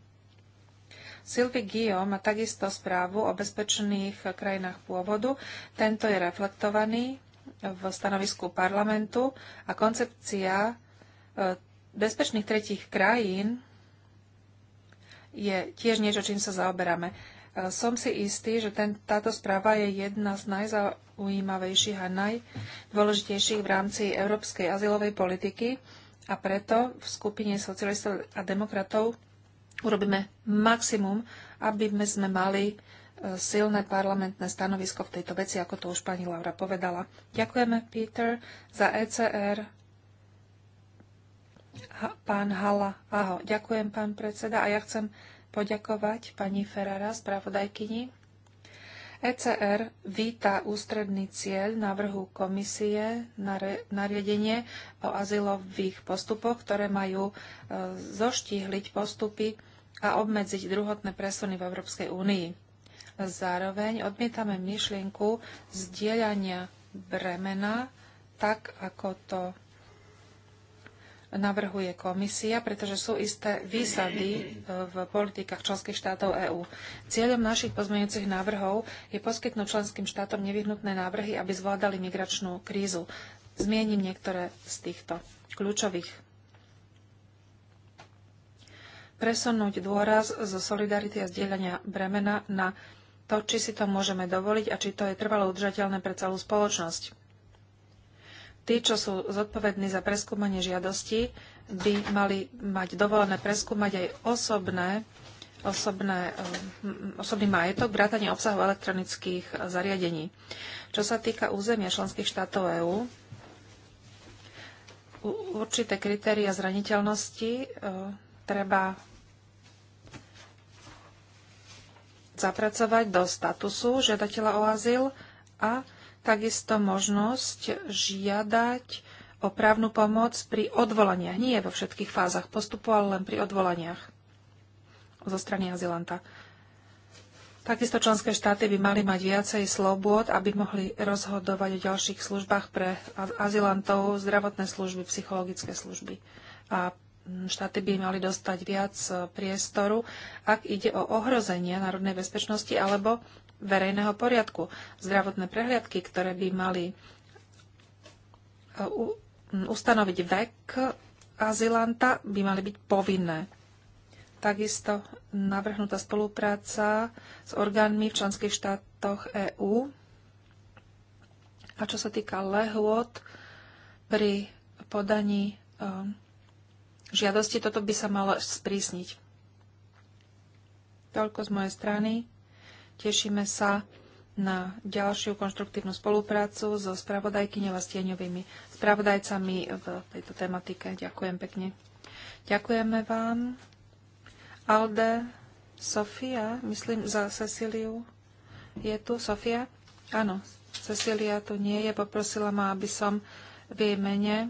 Sylvie Guillaume má takisto správu o bezpečných krajinách pôvodu. Tento je reflektovaný v stanovisku parlamentu a koncepcia e, bezpečných tretích krajín je tiež niečo, čím sa zaoberáme. Som si istý, že ten, táto správa je jedna z najzaujímavejších a najdôležitejších v rámci európskej azylovej politiky a preto v skupine socialistov a demokratov urobíme maximum, aby sme mali e, silné parlamentné stanovisko v tejto veci, ako to už pani Laura povedala. Ďakujeme, Peter, za ECR. Ha, pán Hala, aho, ďakujem, pán predseda. A ja chcem poďakovať pani Ferrara, spravodajkyni. ECR víta ústredný cieľ návrhu komisie na nariadenie o azylových postupoch, ktoré majú e, zoštihliť postupy a obmedziť druhotné presuny v Európskej únii. Zároveň odmietame myšlienku zdieľania bremena, tak ako to navrhuje komisia, pretože sú isté výsady e, v politikách členských štátov EÚ. Cieľom našich pozmeňujúcich návrhov je poskytnúť členským štátom nevyhnutné návrhy, aby zvládali migračnú krízu. Zmiením niektoré z týchto kľúčových. Presunúť dôraz zo solidarity a zdieľania bremena na to, či si to môžeme dovoliť a či to je trvalo udržateľné pre celú spoločnosť tí, čo sú zodpovední za preskúmanie žiadosti, by mali mať dovolené preskúmať aj osobné, osobné, eh, osobný majetok, vrátanie obsahu elektronických eh, zariadení. Čo sa týka územia členských štátov EÚ, určité kritéria zraniteľnosti eh, treba zapracovať do statusu žiadateľa o azyl a takisto možnosť žiadať o právnu pomoc pri odvolaniach. Nie vo všetkých fázach postupu, ale len pri odvolaniach zo strany azylanta. Takisto členské štáty by mali mať viacej slobôd, aby mohli rozhodovať o ďalších službách pre azylantov, zdravotné služby, psychologické služby. A štáty by mali dostať viac e, priestoru, ak ide o ohrozenie národnej bezpečnosti alebo verejného poriadku. Zdravotné prehliadky, ktoré by mali e, ustanoviť vek azylanta, by mali byť povinné. Takisto navrhnutá spolupráca s orgánmi v členských štátoch EÚ. A čo sa týka lehôd pri podaní e, žiadosti, toto by sa malo sprísniť. Toľko z mojej strany. Tešíme sa na ďalšiu konštruktívnu spoluprácu so spravodajkyňou a stieňovými spravodajcami v tejto tematike. Ďakujem pekne. Ďakujeme vám. Alde, Sofia, myslím za Cecíliu. Je tu Sofia? Áno, Cecília tu nie je. Poprosila ma, aby som v jej mene e,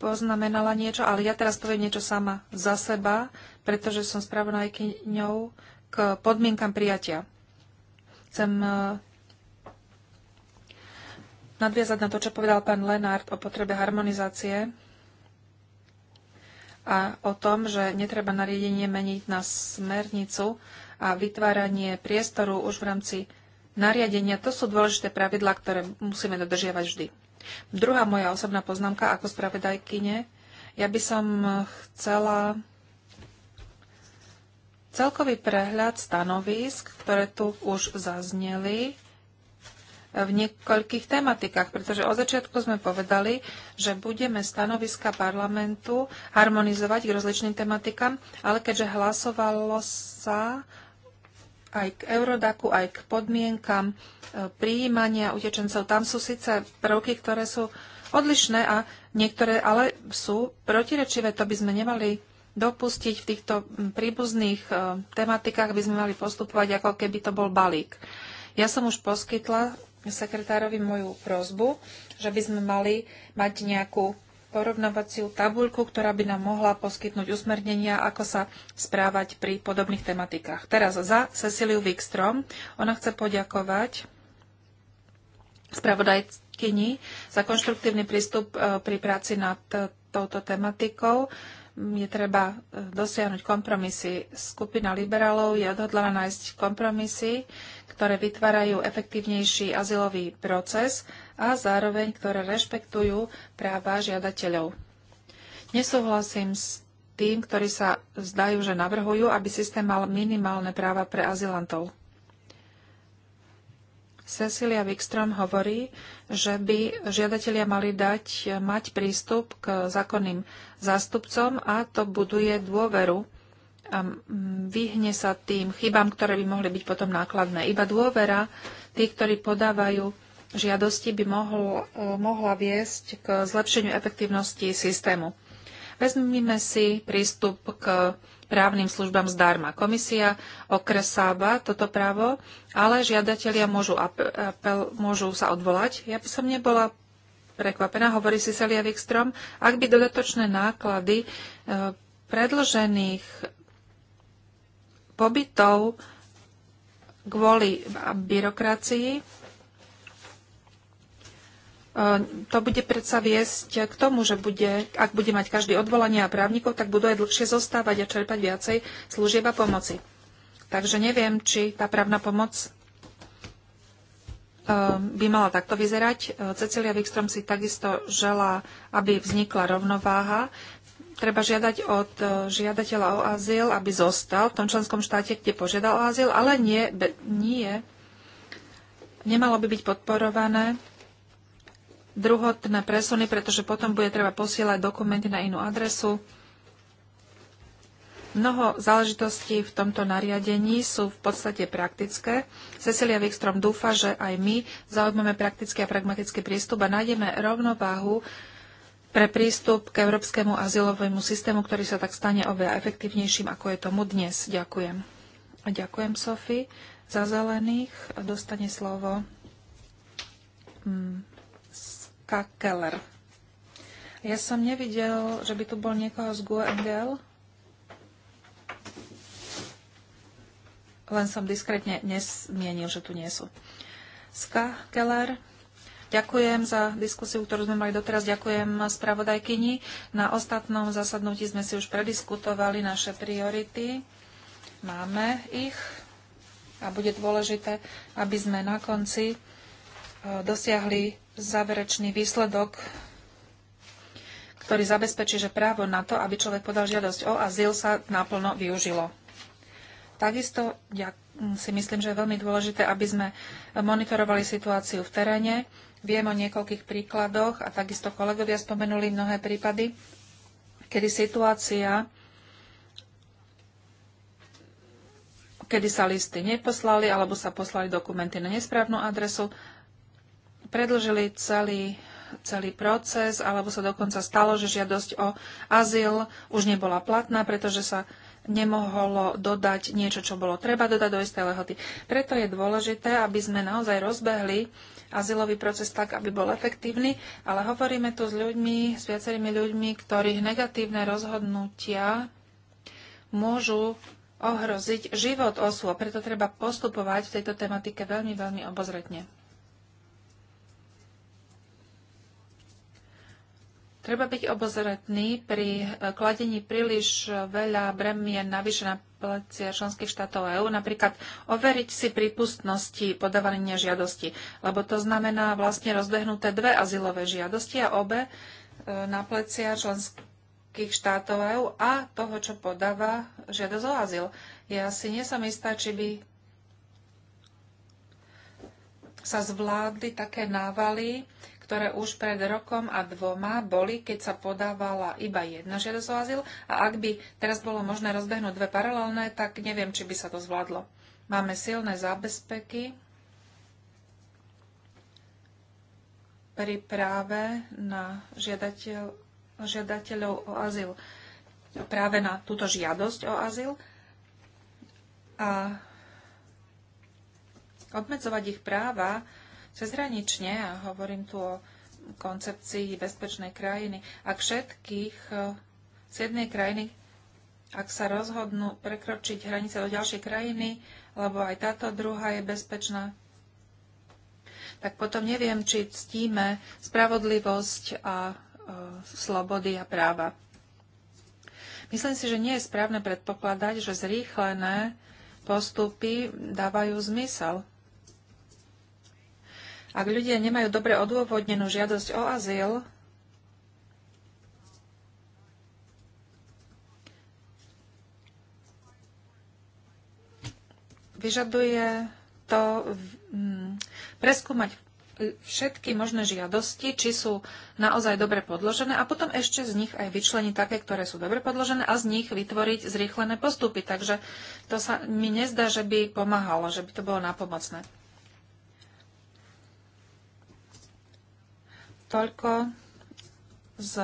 poznamenala niečo, ale ja teraz poviem niečo sama za seba, pretože som spravodajkyňou k podmienkam prijatia. Chcem e, nadviazať na to, čo povedal pán Lenard o potrebe harmonizácie a o tom, že netreba nariadenie meniť na smernicu a vytváranie priestoru už v rámci nariadenia. To sú dôležité pravidlá, ktoré musíme dodržiavať vždy. Druhá moja osobná poznámka ako spravedajkyne. Ja by som chcela Celkový prehľad stanovisk, ktoré tu už zazneli v niekoľkých tematikách, pretože od začiatku sme povedali, že budeme stanoviska parlamentu harmonizovať k rozličným tematikám, ale keďže hlasovalo sa aj k Eurodaku, aj k podmienkam e, prijímania utečencov, tam sú síce prvky, ktoré sú odlišné a niektoré ale sú protirečivé. To by sme nemali dopustiť v týchto príbuzných e, tematikách, by sme mali postupovať, ako keby to bol balík. Ja som už poskytla sekretárovi moju prozbu, že by sme mali mať nejakú porovnávaciu tabuľku, ktorá by nám mohla poskytnúť usmernenia, ako sa správať pri podobných tematikách. Teraz za Ceciliu Wikstrom. Ona chce poďakovať spravodajkyni za konštruktívny prístup e, pri práci nad e, touto tematikou je treba e, dosiahnuť kompromisy. Skupina liberálov je odhodlaná nájsť kompromisy, ktoré vytvárajú efektívnejší azylový proces a zároveň ktoré rešpektujú práva žiadateľov. Nesúhlasím s tým, ktorí sa zdajú, že navrhujú, aby systém mal minimálne práva pre azylantov. Cecilia Wikström hovorí, že by žiadatelia mali dať, mať prístup k zákonným zástupcom a to buduje dôveru a vyhne sa tým chybám, ktoré by mohli byť potom nákladné. Iba dôvera tých, ktorí podávajú žiadosti, by mohol, eh, mohla viesť k zlepšeniu efektívnosti systému. Vezmime si prístup k právnym službám zdarma. Komisia okresáva toto právo, ale žiadatelia môžu, apel, môžu sa odvolať. Ja by som nebola prekvapená, hovorí si Celia Wikstrom, ak by dodatočné náklady e, predlžených pobytov kvôli byrokracii e, to bude predsa viesť k tomu, že bude, ak bude mať každý odvolanie a právnikov, tak budú aj dlhšie zostávať a čerpať viacej služieb a pomoci. Takže neviem, či tá právna pomoc Ehm, by mala takto vyzerať. Ehm, Cecilia Wikström si takisto žela, aby vznikla rovnováha. Treba žiadať od ehm, žiadateľa o azyl, aby zostal v tom členskom štáte, kde požiadal o azyl, ale nie, be, nie. Nemalo by byť podporované druhotné presuny, pretože potom bude treba posielať dokumenty na inú adresu. Mnoho záležitostí v tomto nariadení sú v podstate praktické. Cecilia Wikstrom dúfa, že aj my zaujmeme praktický a pragmatický prístup a nájdeme rovnováhu pre prístup k európskemu azylovému systému, ktorý sa tak stane oveľa efektívnejším, ako je tomu dnes. Ďakujem. A ďakujem, Sofi. Za zelených dostane slovo mm, Ska Keller. Ja som nevidel, že by tu bol niekoho z GUE len som diskrétne nesmienil, že tu nie sú. Ska Keller, ďakujem za diskusiu, ktorú sme mali doteraz. Ďakujem spravodajkyni. Na ostatnom zasadnutí sme si už prediskutovali naše priority. Máme ich a bude dôležité, aby sme na konci e, dosiahli záverečný výsledok, ktorý zabezpečí, že právo na to, aby človek podal žiadosť o azyl, sa naplno využilo. Takisto ja si myslím, že je veľmi dôležité, aby sme monitorovali situáciu v teréne. Viem o niekoľkých príkladoch a takisto kolegovia spomenuli mnohé prípady, kedy situácia, kedy sa listy neposlali alebo sa poslali dokumenty na nesprávnu adresu, predlžili celý celý proces, alebo sa dokonca stalo, že žiadosť o azyl už nebola platná, pretože sa nemohlo dodať niečo, čo bolo treba dodať do istej lehoty. Preto je dôležité, aby sme naozaj rozbehli azylový proces tak, aby bol efektívny, ale hovoríme tu s ľuďmi, s viacerými ľuďmi, ktorých negatívne rozhodnutia môžu ohroziť život osôb. Preto treba postupovať v tejto tematike veľmi, veľmi obozretne. Treba byť obozretný pri eh, kladení príliš eh, veľa bremien navyše na plecia členských štátov EÚ, napríklad overiť si prípustnosti podávania žiadosti, lebo to znamená vlastne rozbehnuté dve azylové žiadosti a obe eh, na plecia členských štátov EÚ a toho, čo podáva žiadosť o azyl. Ja si nie som istá, či by sa zvládli také návaly, ktoré už pred rokom a dvoma boli, keď sa podávala iba jedna žiadosť o azyl a ak by teraz bolo možné rozbehnúť dve paralelné, tak neviem, či by sa to zvládlo. Máme silné zábezpeky pri práve na žiadateľ, žiadateľov o azyl, práve na túto žiadosť o azyl a obmedzovať ich práva cezhranične a hovorím tu o koncepcii bezpečnej krajiny. Ak všetkých eh, z jednej krajiny, ak sa rozhodnú prekročiť hranice do ďalšej krajiny, lebo aj táto druhá je bezpečná, tak potom neviem, či ctíme spravodlivosť a e, slobody a práva. Myslím si, že nie je správne predpokladať, že zrýchlené postupy dávajú zmysel. Ak ľudia nemajú dobre odôvodnenú žiadosť o azyl, vyžaduje to mm, preskúmať všetky možné žiadosti, či sú naozaj dobre podložené a potom ešte z nich aj vyčleniť také, ktoré sú dobre podložené a z nich vytvoriť zrýchlené postupy. Takže to sa mi nezdá, že by pomáhalo, že by to bolo napomocné. Toľko z,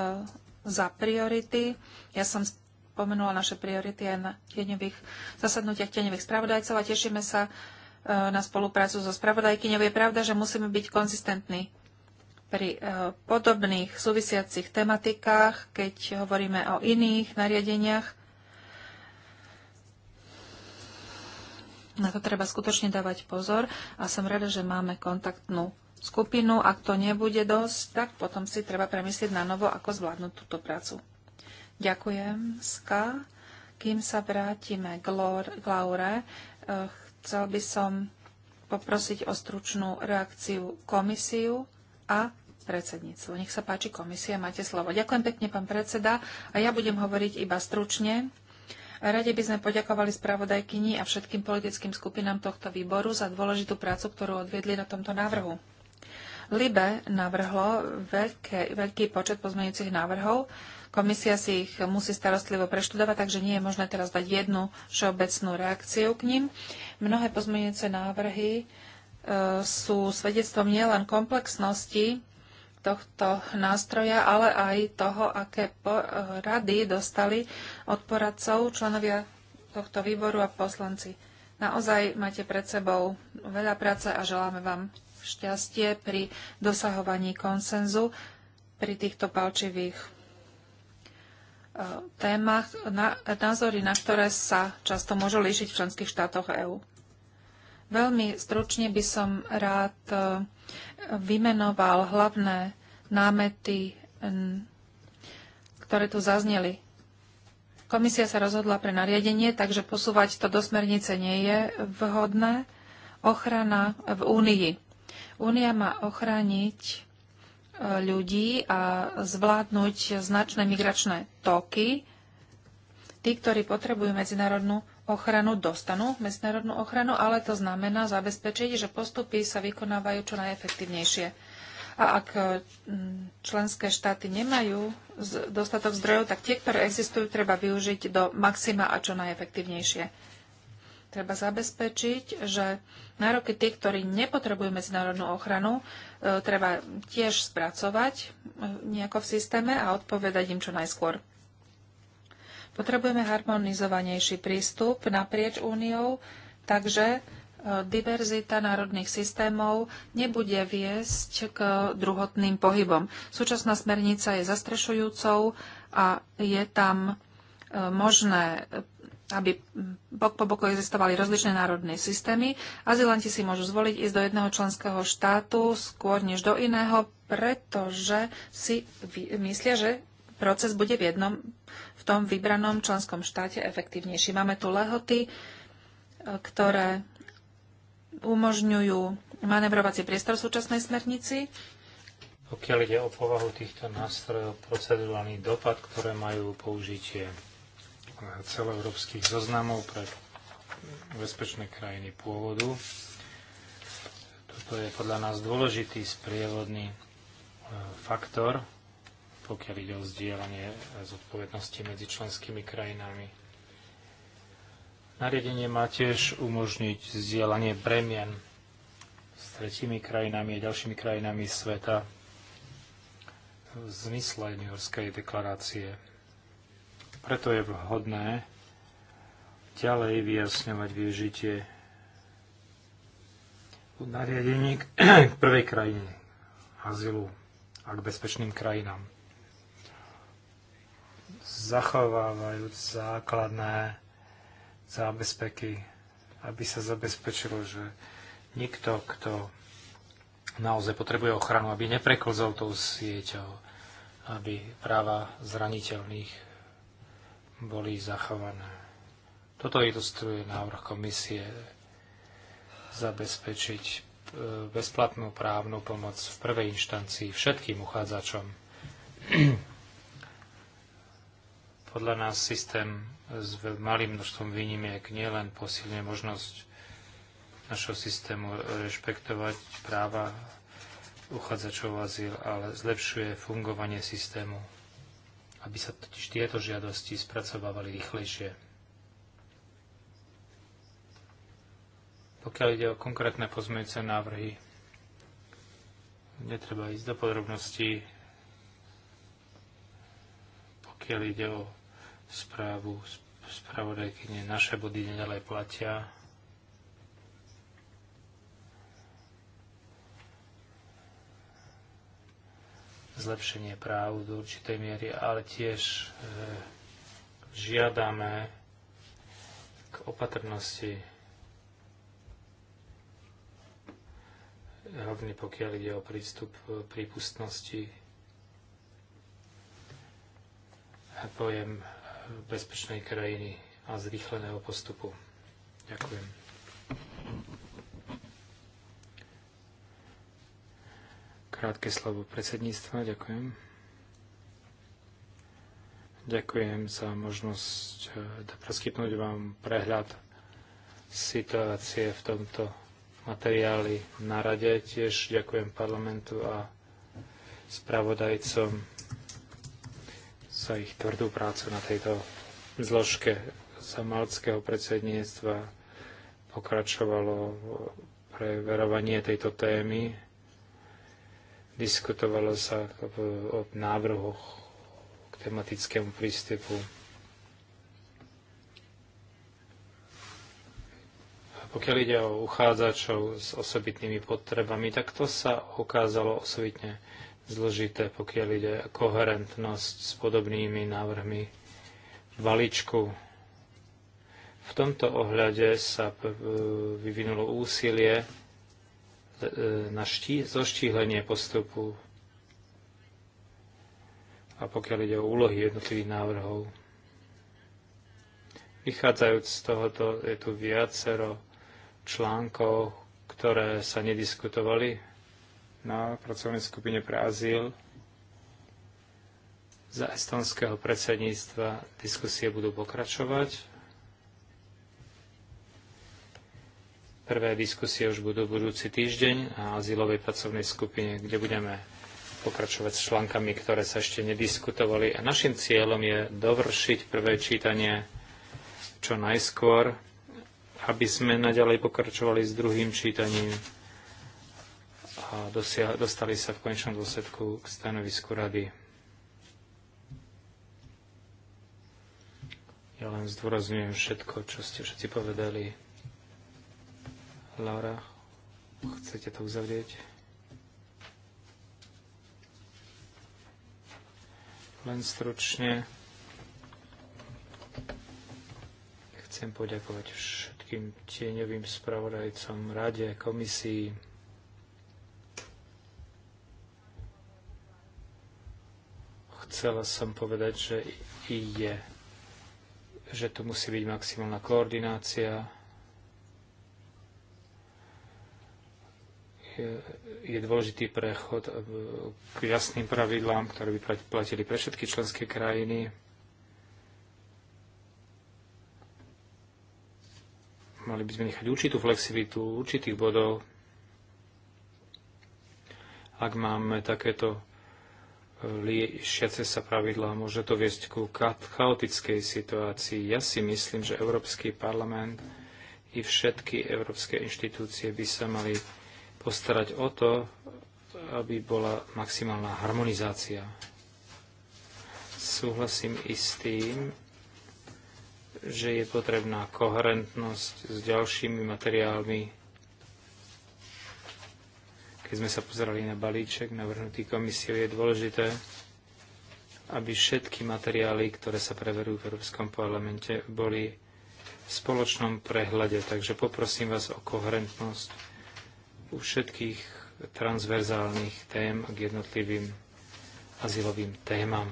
za priority. Ja som spomenula naše priority aj na tieňových zasadnutiach tieňových spravodajcov a tešíme sa e, na spoluprácu so spravodajkyňou. Je pravda, že musíme byť konzistentní pri e, podobných súvisiacich tematikách, keď hovoríme o iných nariadeniach. Na to treba skutočne dávať pozor a som rada, že máme kontaktnú skupinu. Ak to nebude dosť, tak potom si treba premyslieť na novo, ako zvládnuť túto prácu. Ďakujem, Ska. Kým sa vrátime k Laure, eh, chcel by som poprosiť o stručnú reakciu komisiu a predsedníctvo. Nech sa páči komisia, máte slovo. Ďakujem pekne, pán predseda, a ja budem hovoriť iba stručne. Rade by sme poďakovali spravodajkyni a všetkým politickým skupinám tohto výboru za dôležitú prácu, ktorú odviedli na tomto návrhu. Libe navrhlo veľké, veľký počet pozmeňujúcich návrhov. Komisia si ich musí starostlivo preštudovať, takže nie je možné teraz dať jednu všeobecnú reakciu k ním. Mnohé pozmeňujúce návrhy e, sú svedectvom nielen komplexnosti tohto nástroja, ale aj toho, aké rady dostali od poradcov členovia tohto výboru a poslanci. Naozaj máte pred sebou veľa práce a želáme vám šťastie pri dosahovaní konsenzu pri týchto palčivých e, témach, na, názory, na ktoré sa často môžu líšiť v členských štátoch EÚ. Veľmi stručne by som rád e, vymenoval hlavné námety, ktoré tu zazneli. Komisia sa rozhodla pre nariadenie, takže posúvať to do smernice nie je vhodné. Ochrana v Únii. Únia má ochrániť e, ľudí a zvládnuť značné migračné toky. Tí, ktorí potrebujú medzinárodnú ochranu, dostanú medzinárodnú ochranu, ale to znamená zabezpečiť, že postupy sa vykonávajú čo najefektívnejšie. A ak e, členské štáty nemajú dostatok zdrojov, tak tie, ktoré existujú, treba využiť do maxima a čo najefektívnejšie. Treba zabezpečiť, že nároky tí, ktorí nepotrebujú medzinárodnú ochranu, e, treba tiež spracovať e, nejako v systéme a odpovedať im čo najskôr. Potrebujeme harmonizovanejší prístup naprieč úniou, takže e, diverzita národných systémov nebude viesť k druhotným pohybom. Súčasná smernica je zastrešujúcou a je tam možné aby bok po boku existovali rozličné národné systémy. Azylanti si môžu zvoliť ísť do jedného členského štátu skôr než do iného, pretože si myslia, že proces bude v jednom, v tom vybranom členskom štáte efektívnejší. Máme tu lehoty, e, ktoré umožňujú manevrovací priestor v súčasnej smernici. Pokiaľ ide o povahu týchto nástrojov, procedurálny dopad, ktoré majú použitie celoeurópskych zoznamov pre bezpečné krajiny pôvodu. Toto je podľa nás dôležitý sprievodný e, faktor, pokiaľ ide o zdieľanie zodpovednosti medzi členskými krajinami. Nariadenie má tiež umožniť zdieľanie bremien s tretími krajinami a ďalšími krajinami sveta v zmysle New Yorkskej deklarácie preto je vhodné ďalej vyjasňovať využitie nariadení k <clears throat> prvej krajine azylu a k bezpečným krajinám. Zachovávajúc základné zábezpeky, aby sa zabezpečilo, že nikto, kto naozaj potrebuje ochranu, aby nepreklzol tou sieťou, aby práva zraniteľných boli zachované. Toto ilustruje návrh komisie zabezpečiť e, bezplatnú právnu pomoc v prvej inštancii všetkým uchádzačom. <clears throat> Podľa nás systém s malým množstvom výnimiek nielen posilňuje možnosť našho systému rešpektovať práva uchádzačov azyl, ale zlepšuje fungovanie systému aby sa totiž tieto žiadosti spracovávali rýchlejšie. Pokiaľ ide o konkrétne pozmeňujúce návrhy, netreba ísť do podrobností, pokiaľ ide o správu spravodajkyne, naše body nedalej platia. zlepšenie práv do určitej miery, ale tiež e, žiadame k opatrnosti, hlavne pokiaľ ide o prístup e, prípustnosti a e, pojem e, bezpečnej krajiny a zrýchleného postupu. Ďakujem. krátke slovo predsedníctva. Ďakujem. Ďakujem za možnosť eh, poskytnúť vám prehľad situácie v tomto materiáli na rade. Tiež ďakujem parlamentu a spravodajcom za ich tvrdú prácu na tejto zložke za malckého predsedníctva pokračovalo preverovanie tejto témy Diskutovalo sa o návrhoch k tematickému prístupu. Pokiaľ ide o uchádzačov s osobitnými potrebami, tak to sa ukázalo osobitne zložité, pokiaľ ide o koherentnosť s podobnými návrhmi valičku. V tomto ohľade sa e, vyvinulo úsilie E, na ští, zoštíhlenie postupu a pokiaľ ide o úlohy jednotlivých návrhov. Vychádzajúc z tohoto je tu viacero článkov, ktoré sa nediskutovali na pracovnej skupine pre azyl. Za estonského predsedníctva diskusie budú pokračovať. Prvé diskusie už budú budúci týždeň na azylovej pracovnej skupine, kde budeme pokračovať s článkami, ktoré sa ešte nediskutovali. A našim cieľom je dovršiť prvé čítanie čo najskôr, aby sme naďalej pokračovali s druhým čítaním a dosia- dostali sa v konečnom dôsledku k stanovisku rady. Ja len zdôrazňujem všetko, čo ste všetci povedali. Laura, chcete to uzavrieť? Len stručne chcem poďakovať všetkým tieňovým spravodajcom, rade, komisii, chcela som povedať, že je, že tu musí byť maximálna koordinácia, je dôležitý prechod k jasným pravidlám, ktoré by platili pre všetky členské krajiny. Mali by sme nechať určitú flexibilitu určitých bodov. Ak máme takéto liešiace sa pravidlá, môže to viesť ku chaotickej situácii. Ja si myslím, že Európsky parlament i všetky európske inštitúcie by sa mali postarať o to, aby bola maximálna harmonizácia. Súhlasím i s tým, že je potrebná koherentnosť s ďalšími materiálmi. Keď sme sa pozerali na balíček navrhnutý komisiou, je dôležité, aby všetky materiály, ktoré sa preverujú v Európskom parlamente, boli v spoločnom prehľade. Takže poprosím vás o koherentnosť u všetkých transverzálnych tém a k jednotlivým azylovým témam.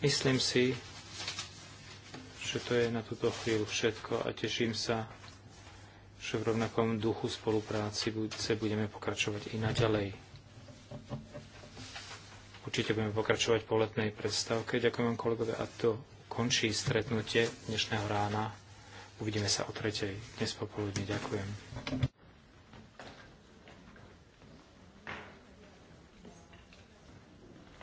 Myslím si, že to je na túto chvíľu všetko a teším sa, že v rovnakom duchu spolupráci budeme pokračovať i naďalej. Určite budeme pokračovať po letnej predstavke. Ďakujem vám kolegové a to končí stretnutie dnešného rána. Uvidíme sa o tretej dnes popoludne. Ďakujem.